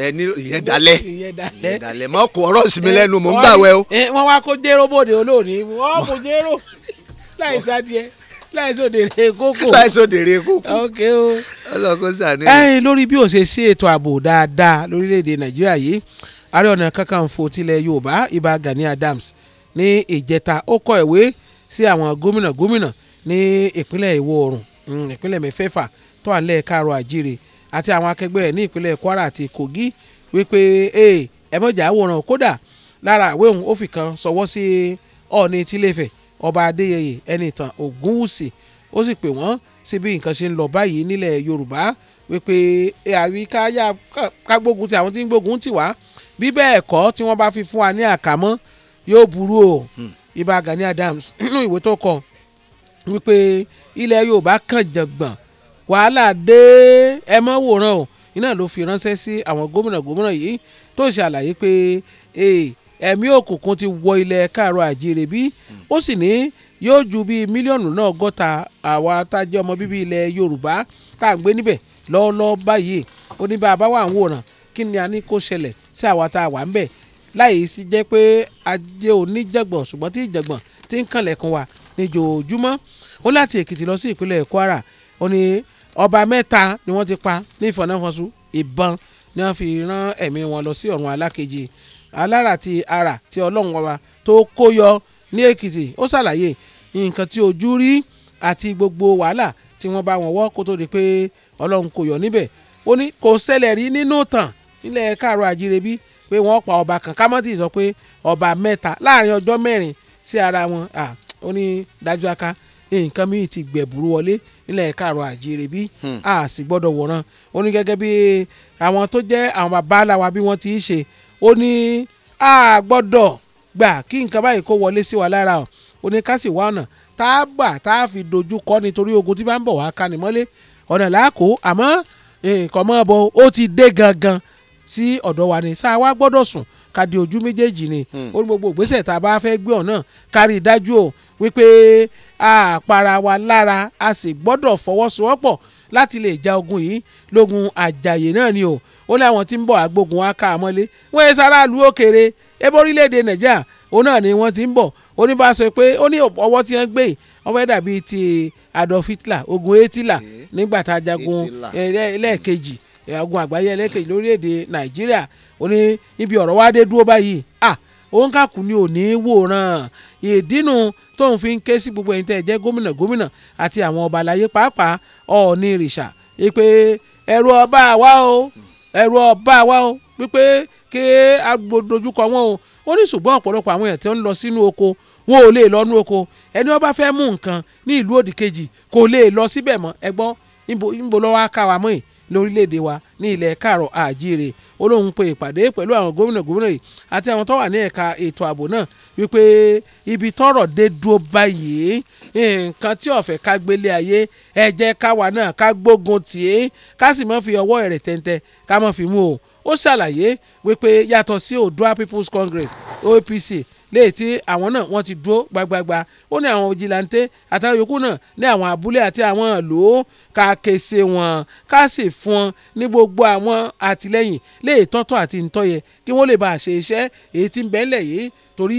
ẹ ní ìyẹn dalẹ ìyẹn dalẹ mọ kò ọ̀rọ̀ sí mi eh, lẹ́nu mò ń gbàwẹ̀ o. Eh, wọn wá kó jéró bòde olóòní wọn kò jéró láì sádìẹ láì sódèrè kókò láì sódèrè kókò ok o. ọlọ́kùn sànú. ẹ eh, lórí bí o ṣe ṣe ètò ààbò dáadáa lórílẹ̀‐èdè nàìjíríà yìí ààrẹ ọ̀nà kakanfò tilẹ̀ yorùbá ibà gani adams ní ìjẹta ó kọ ìwé sí àwọn gómìnà gómìnà ní ìpínlẹ̀ ìwọ̀ oòrùn mm, ìpínlẹ̀ mẹ́fẹ̀ẹ̀fà tó àlẹ́ káàrọ̀ àjíire àti àwọn akẹgbẹ́ ẹ̀ ní ìpínlẹ̀ Kwara àti Kogi wípé ẹ mọ̀jà àwòrán kódà lára àwé òun ó fi kan sọwọ́ sí Ọọ̀ni tìlẹ́fẹ̀ ọba Adéyẹyè Ẹnìtàn Ògúnwùsì ó sì pè wọ́n sí bí nǹkan ṣe ń lọ báyìí nílẹ̀ Yorùbá wípé àwí káyà kágbógun ti àwọn tí ń gbógun ti wá bí bẹ́ẹ̀ kọ́ tí wọ́n bá fi fún wa ní àkámọ́ yóò burú o hmm. Ìbà Gani Adams nínú ìwé tó kọ wípé ilẹ̀ Yorùbá kàn jàngbọ̀n wàhálà dé ẹ mọ́ wòran o iná ló fi ránṣẹ́ sí àwọn gómìnà gómìnà yìí tó ṣe àlàyé pé ẹ̀mí òkùnkùn ti wọ ilẹ̀ káàrọ̀ àjíire bí ó sì ní yóò ju bíi mílíọ̀nù náà gọ́ta àwa tájẹ́ ọmọ bíbí ilẹ̀ Yorùbá tá à ń gbé níbẹ̀ lọ́ọ́lọ́ọ́ báyìí ó ní bá a bá wà ń wòran kí ni a ní kó ṣẹlẹ̀ sí àwa tá a wà ń bẹ̀ láyìí sì jẹ́ pé ajé oníjàngbọ̀n ṣùgbọ́n tí ìjàngbọ̀n ti ń kànlẹ̀kùn wa níjòjúmọ́ ó láti Èkìtì lọ sí ìpínlẹ̀ Kwara ó ní ọba mẹ́ta ni wọ́n ti pa ní ìfọ̀nàfọ̀sù ìbọn ni wọ́n fi rán ẹ̀mí wọn lọ sí ọ̀run alákeje alára ti ara ti ọlọ́run ọba tó kó yọ ní èkìtì ó ṣàlàyé nǹkan tí ojú rí àti gbogbo wàhálà tí wọ́n bá wọn wọ́ kó tó di pé ọlọ́run kò yọ níbẹ̀ ó ní kò ṣẹlẹ̀ rí nínú tàn nílẹ̀ káàró àjírẹ́bí pé wọ́n pa ọba kan kámọ́tì sọ pé ọba mẹ́ta láàrin ọjọ́ mẹ́rin sí ara wọn ó ní dájú aká nǹkan míì ti gbẹ̀bùrú wọlé nílẹ̀ káàrọ̀ àjíire bí hmm. a sì gbọ́dọ̀ wòran ó ní gẹ́gẹ́ bí àwọn tó jẹ́ àwọn bàbá aláwa bí wọ́n ti ṣe ó ní a gbọ́dọ̀ gbà kí nǹkan báyìí kó wọlé sí wa lára o ó ní ká sì wá ọ̀nà tá a gbà tá a fi dojú kọ nítorí ogun tí bá ń bọ̀ wá kani mọ́lé ọ̀nà làákò àmọ́ nǹkan mọ́ bọ ó ti dé gangan sí ọ̀dọ̀ wa ni sáà wá gbọ́dọ̀ sùn ká di ojú méjèèjì ni hmm. ó ní gbogbo ìgbésẹ̀ tá a bá fẹ́ gbé ọ̀nà kárí dájú o wípé àpara wa lára a sì gbọ́dọ̀ fọwọ́sowọ́pọ̀ láti lè ja ogun yìí lógun àjàyè náà ni o ó ní àwọn tí ń bọ̀ agbógun wa ká àmọ́lé wọ́n yẹ sára lu òkèrè ebo orílẹ̀-èdè nàìjíríà òun náà ni wọ́n ti ń bọ̀ ó ní bá a sọ pé ó ní ọwọ́ tí wọ́n gbé wọ́n dàbí ti Adolf Hitler ogun etila nígbà tá a jagun ẹlẹ́ẹ̀kejì ogun àgbáyé ẹlẹ́ẹ̀kejì lórílẹ̀‐èdè nàìjíríà ó ní ibi ọ̀rọ̀ wa dé dúró báyìí à òun kàkú ni ò ní wòran ìdínú tóun fi ń ké sí gbogbo ẹ̀yin tẹ́ ẹ jẹ́ gómìnà gómìnà àti àwọn ọba àlàyé pàápàá ọ̀ọ́ni ìrìṣà wípé ẹ̀rù ọba àwa o ẹ̀rù ọba àwa o wípé kí agbódojúkọ wọn o ó ní ṣùgbọ́n ọ̀pọ̀lọpọ̀ àwọn èèyàn tí wọ́n ń lọ sínú oko wọn ò lè lọ nú oko ẹni ọba fẹ́ mú nǹkan ní ìlú òdìkejì kò lè lọ síbẹ̀ mọ́ ẹgbọ́n ìbò lọ́wọ́ á ká wa mọ́ yìí lórílẹ̀‐èdè wa ní ilẹ̀ káàrọ̀ àjíire ó lóun pe ìpàdé pẹ̀lú àwọn gómìnà gómìnà yìí àti àwọn tó wà ní ẹ̀ka ètò ààbò náà wípé ibi tọ́rọ̀ dé dúró báyìí nǹkan tí ọ̀fẹ́ ká gbélé ayé ẹ jẹ́ káwa náà ká gbógun tì í ká sì má fi ọwọ́ ẹ̀rẹ̀ tẹ́ntẹ́ ká má fi mú o ó ṣàlàyé wípé yàtọ̀ sí Oodua People's Congress OPC léyìí tí àwọn náà wọ́n ti dúró gbagbagba ó ní àwọn òjìláńtẹ́ àtàwọn yòókù náà ní àwọn abúlé àti àwọn ìlú ká kèsè wọn ká sì fún wọn ní gbogbo àwọn àtìlẹ́yìn léyìí tọ́tọ́ àti ntọ́yẹ kí wọ́n lè bá a ṣe iṣẹ́ èyí tí ń bẹ́ńlẹ̀ yìí torí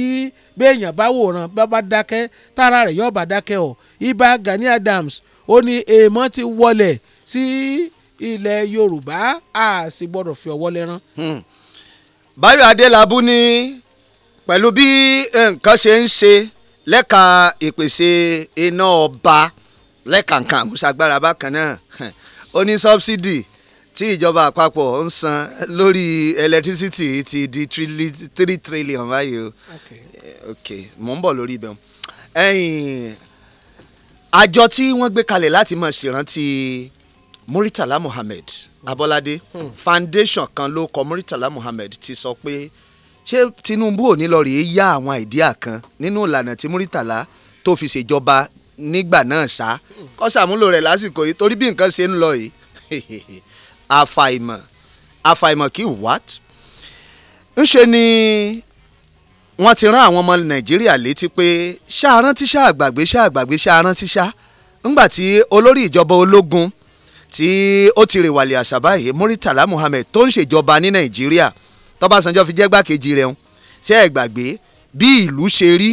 béèyàn bá wòran bá bá dákẹ́ tára rẹ̀ yóò bá dákẹ́ ọ̀ ibà Gani Adams ó ní èèmọ̀ ti wọlẹ̀ sí ilẹ̀ Yorùbá a sì gbọ́dọ̀ fi ọwọ́ lẹ́rán. Hmm. Báyọ̀ Adélábù ní pẹ̀lú bí eh, nǹkan ṣe ń ṣe lẹ́ka ìpèsè iná ọba lẹ́ka nǹkan àmúṣagbára bákan náà ó ní sọ́bsidì tí ìjọba àpapọ̀ ń san lórí ẹlẹtírísítì ti di three trillion báyìí o eh, ok mò ń bọ̀ lórí ibẹ̀ ẹ̀yìn àjọ tí wọ́n gbé kalẹ̀ láti máa ṣèrántí Muritala Muhammed Abolade hmm. foundation kan ló kọ Muritala Muhammed ti sọ pé ṣé Tinubu ò ní lọ rèé yá àwọn àìdíà kan nínú ìlànà tí Muritala tó fi ṣèjọba nígbà náà ṣá kó ṣàmúlò rẹ̀ lásìkò yìí torí bí nǹkan ṣe ń lọ yìí àfàìmọ̀ àfàìmọ̀ kí what ńṣe ni wọ́n ti rán àwọn ọmọ Nàìjíríà létí pé ṣáàrántí ṣáàgbàgbé ṣáàgbàgbé ṣáàrántí ṣá ńgbà tí olórí ìjọba ológun tí ó ti rèwàlẹ̀ àṣà báyìí Muritala Muhammed tó ń ṣèjọba ní Nàìjíríà tọ́básanjọ́ fi jẹ́ gbàkejì rẹ̀ ń ṣe é gbàgbé bí ìlú ṣe rí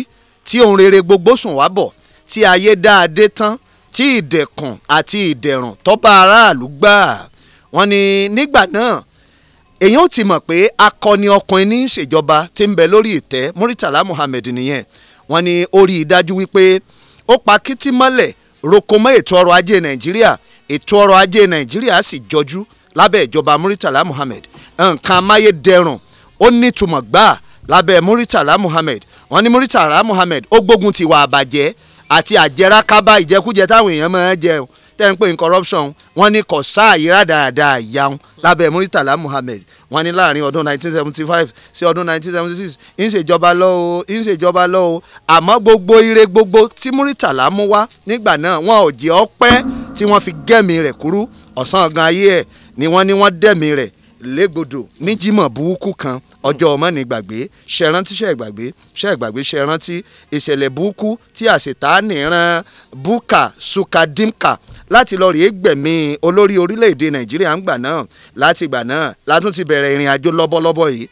tí ohun rere gbogbo sùn wá bọ̀ tí ayé dáadé tán tí ìdẹ̀kùn àti ìdẹ̀rùn tọ́ba aráàlú gbà wọ́n ní nígbà náà èyàn ti mọ̀ pé akọni ọkùnrin ní ìṣèjọba ti ń bẹ lórí ìtẹ́ Muritala Muhammed nìyẹn wọ́n ní ó rí i dájú wípé ó pa kìtì mọ́lẹ̀ roko mọ́ ètò ọrọ̀ ajé Nàìjíríà ètò ọrọ̀ ajé Nàìjíríà sì jọjú lábẹ́ ìjọba Muritala Muhammed nǹkan amáyédẹrùn ó nítumọ̀ gbáà lábẹ́ Muritala Muhammed wọ́n ní Muritala Muhammed ó gbógun ti wà àbàjẹ́ àti àjẹrákábá ìjẹkújẹ táwọn èèyàn máa ń jẹun tẹ́ ń pè ní corruption wọ́n ní kò sáàyè rádaràda ìyàwó lábẹ́ Muritala Muhammed wọ́n ní láàrin ọdún 1975 sí ọdún 1976 ìṣèjọba lọ o ìṣèjọba lọ o àmọ́ gbogbo ire gbogbo tí Muritala mú wá nígbà náà wọn ò jẹ́ ọpẹ́ tí wọ́n fi gẹ́mi rẹ̀ kúrú ọ̀sán ọ̀gán ayé ẹ̀ ni wọ́n ní wọ́n dẹ̀mí rẹ̀ légbodò ní jímọ̀ burúkú kan ọjọ́ ọmọ ní gbàgbé ṣẹ̀rántí ṣẹ̀gbàgbé ṣẹ̀gbàgbé ṣẹ̀rántí ìṣẹ̀lẹ̀ burúkú tí àṣetánì ran buka sukadimka láti lọ rèé gbẹ̀mí olórí orílẹ̀-èdè nàìjíríà ń gbà náà láti gbà náà látún ti bẹ̀rẹ̀ ìrìn àjò lọ́bọ̀lọ́bọ̀ yìí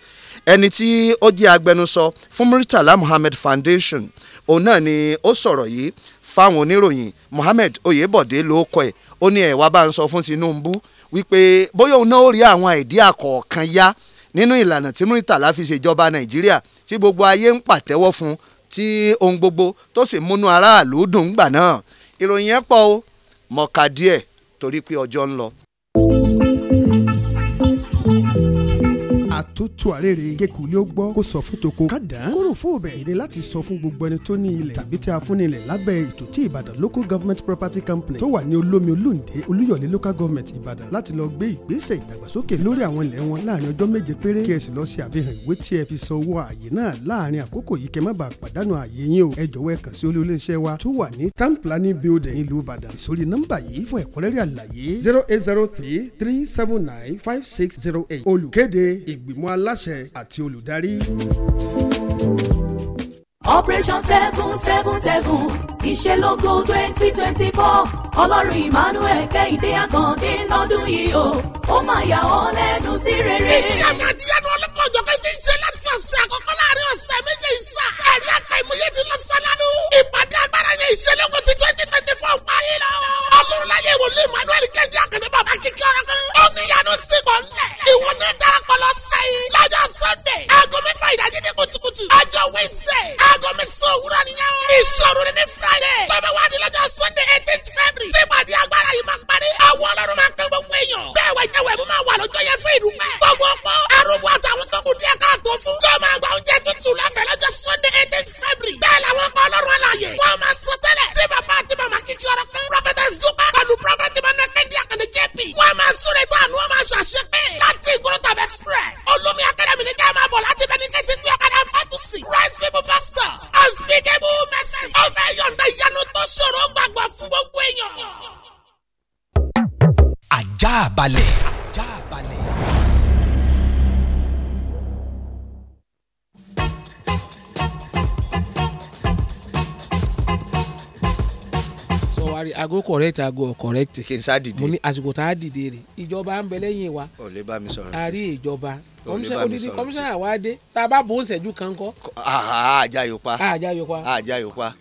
ẹni tí ó jẹ́ agbẹnusọ fún Murtala Muhammed Foundation òun náà ni ó sọ̀rọ̀ yìí fáwọn oníròyìn Muhammed Oyèbọ̀dé ló kọ ẹ̀ ó ní ẹ̀ wá bá ń sọ fún Tinubu wípé bóyá òun náà ó rí àwọn àìdíà kọ̀ọ̀kan yá nínú ìlànà tí Murtala fi ṣèjọba Nàìjíríà tí gbogbo ayé ń pàtẹ́wọ́ fún tí ohun gbogbo tó sì múnú aráàlú dùn gbà náà ìròyìn yẹn pọ̀ o mọ̀ọ́ká díẹ̀ torí pé ọjọ́ ń lọ tó tu àrèrè kékulé ó gbọ́ kó sọ fún toko kádà kóró fún òbẹ̀ èdè láti sọ fún gbogbo ẹni tó ní ilẹ̀ tàbí tí a fún ní ilẹ̀ lábẹ́ ètò tí Ìbàdàn local government property company tó wà ní olómi olóǹde Olúyọ̀lé local government Ìbàdàn láti lọ gbé ìgbésẹ̀ ìdàgbàsókè lórí àwọn ilẹ̀ wọn láàrin ọjọ́ méje péré kí ẹ sì lọ ṣe àfihàn ìwé tí ẹ fi sọ owó àyè náà láàrin àkókò yìí kẹ má bàa pàdánù àyè yín o ẹ jọ̀wọ́ ẹ kàn sí olóléeṣẹ́ wa tó wà ní town planning building ìlú Ìbàdàn ìsórí nọ́mbà yìí fún ẹ̀kúnrẹ́rẹ́ àlàyé zero eight zero three three seven nine five six zero eight olùkéde ìgbìmọ̀ ìgbìmọ̀ aláṣẹ àti olùdarí. operation seven seven seven ìṣelógo twenty twenty four ọlọ́run emmanuel kẹ́hìndé àkàndé lọ́dún yìí o ó máa yà ọ́ lẹ́nu sí rere. iṣẹ́ àmàdíyanu ọlọ́kọ̀ọ́jọ́ kejì ń ṣe láti ọ̀sẹ̀ àkọ́kọ́ láàrin ọ̀sẹ̀ méje ìsà. ẹ̀rí ẹ̀ka ìmúyẹ ti lọ sálálú. ìpàdé agbára yẹn ìṣẹ̀lẹ̀ ogun ti twenty twenty four parí la. ọlọ́runláyé wòlíì emmanuel kẹ́ndé akẹ́ndé bàbá kíkẹ́ ọ̀rọ̀ kan. ó ní ìyanu sí kò ńlẹ̀. ìwọ ní darapọ̀ lọ sẹ́yìn. lọ́jọ́ sunday. aago mẹ́fà ìdájí ní kùtùkùtù. ọjọ́ wednesday. aago mẹ́sàn òwúrọ̀ nìyẹn. ìṣòro ní friday. tọ́bẹ̀ wá di lọ́jọ́ sunday eighteen february. tí ìpàdé agbára yìí máa parí. àwọn ọlọ́run máa kẹ́ gbogbo èèyàn. bẹ́ẹ̀ wẹ̀ jẹ́wẹ̀ mú máa wà lọ́jọ́ yẹn fún ìdúpẹ́. gbogbo ọ̀pọ̀ arúgbó àtàwọn tó kù díẹ̀ káàtó fún. Tó máa gba oúnjẹ tuntun lọ́fẹ̀ẹ́ lọ́jọ́ Sunday eighteen February. Bẹ́ẹ̀ làwọn ọkọ ọlọ́run àlàyé. Wọ́n máa sọ tẹ́lẹ̀. Tí bàbá àti màmá kíkí ọ̀rọ̀ kan. Prophetess Dupa pẹ̀lú Prophet Emmanuel Kendi Akande JP. Wọ́n máa súre tó àánú wọn máa ṣọ àṣepé. Láti ìgboro tàbí express. Olómi Akademi ní ká máa bọ̀ láti bẹ́ẹ̀ ní kẹ́tí pé ọ̀kadà fatusi. Christ people pastor. Unspeakable message. Ó fẹ́ yọ̀ǹda ìyanu tó ṣòro gbàgbọ́ fún gbogbo èèyàn. Àjààbalẹ̀. wá rí aago correct aago ọ̀ correct. kí n sá dìde mo ní àsìkò tá a dìde rè ìjọba ń bẹ lẹ́yìn wa. ò lè bá mi sọ̀rọ̀ sí. a rí ìjọba odidi wa dé tá a bá bò ó ṣẹ́jú kan kọ́. àjà yòpa àjà yòpa àjà yòpa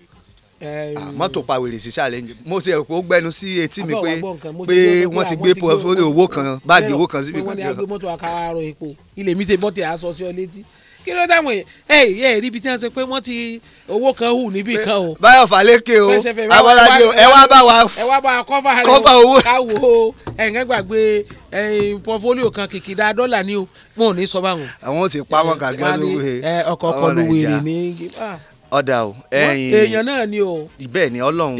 mọ́tò pa wèrè sísàlẹ̀ mo ti ẹ̀rù pé ó gbẹnu sí etí mi pé pé wọ́n ti gbé owó kan báàgì owó kan síbi kan. wọ́n ilé mi ti bọ́tẹ̀ aṣọ sí ọ létí kí ló dáwọn èyí ẹ ẹ ríbi tí wọ́n sọ pé wọ́n ti owó kan hù níbì kan o. báyọ̀ fàlékè o abọ́ládé o ẹ wá bá wa kọ́fà rẹ o káwo o gbàgbé pọfólíò kan kìkìdá dọ́là ni o wọn ní sọ báwọn. àwọn ti pa wọn kàgẹ́ lóore ọkọ̀ ọkọ̀ lu wèrè ní. ọ̀dà o ẹ̀yìn èèyàn náà ni o. bẹ́ẹ̀ ni ọlọ́run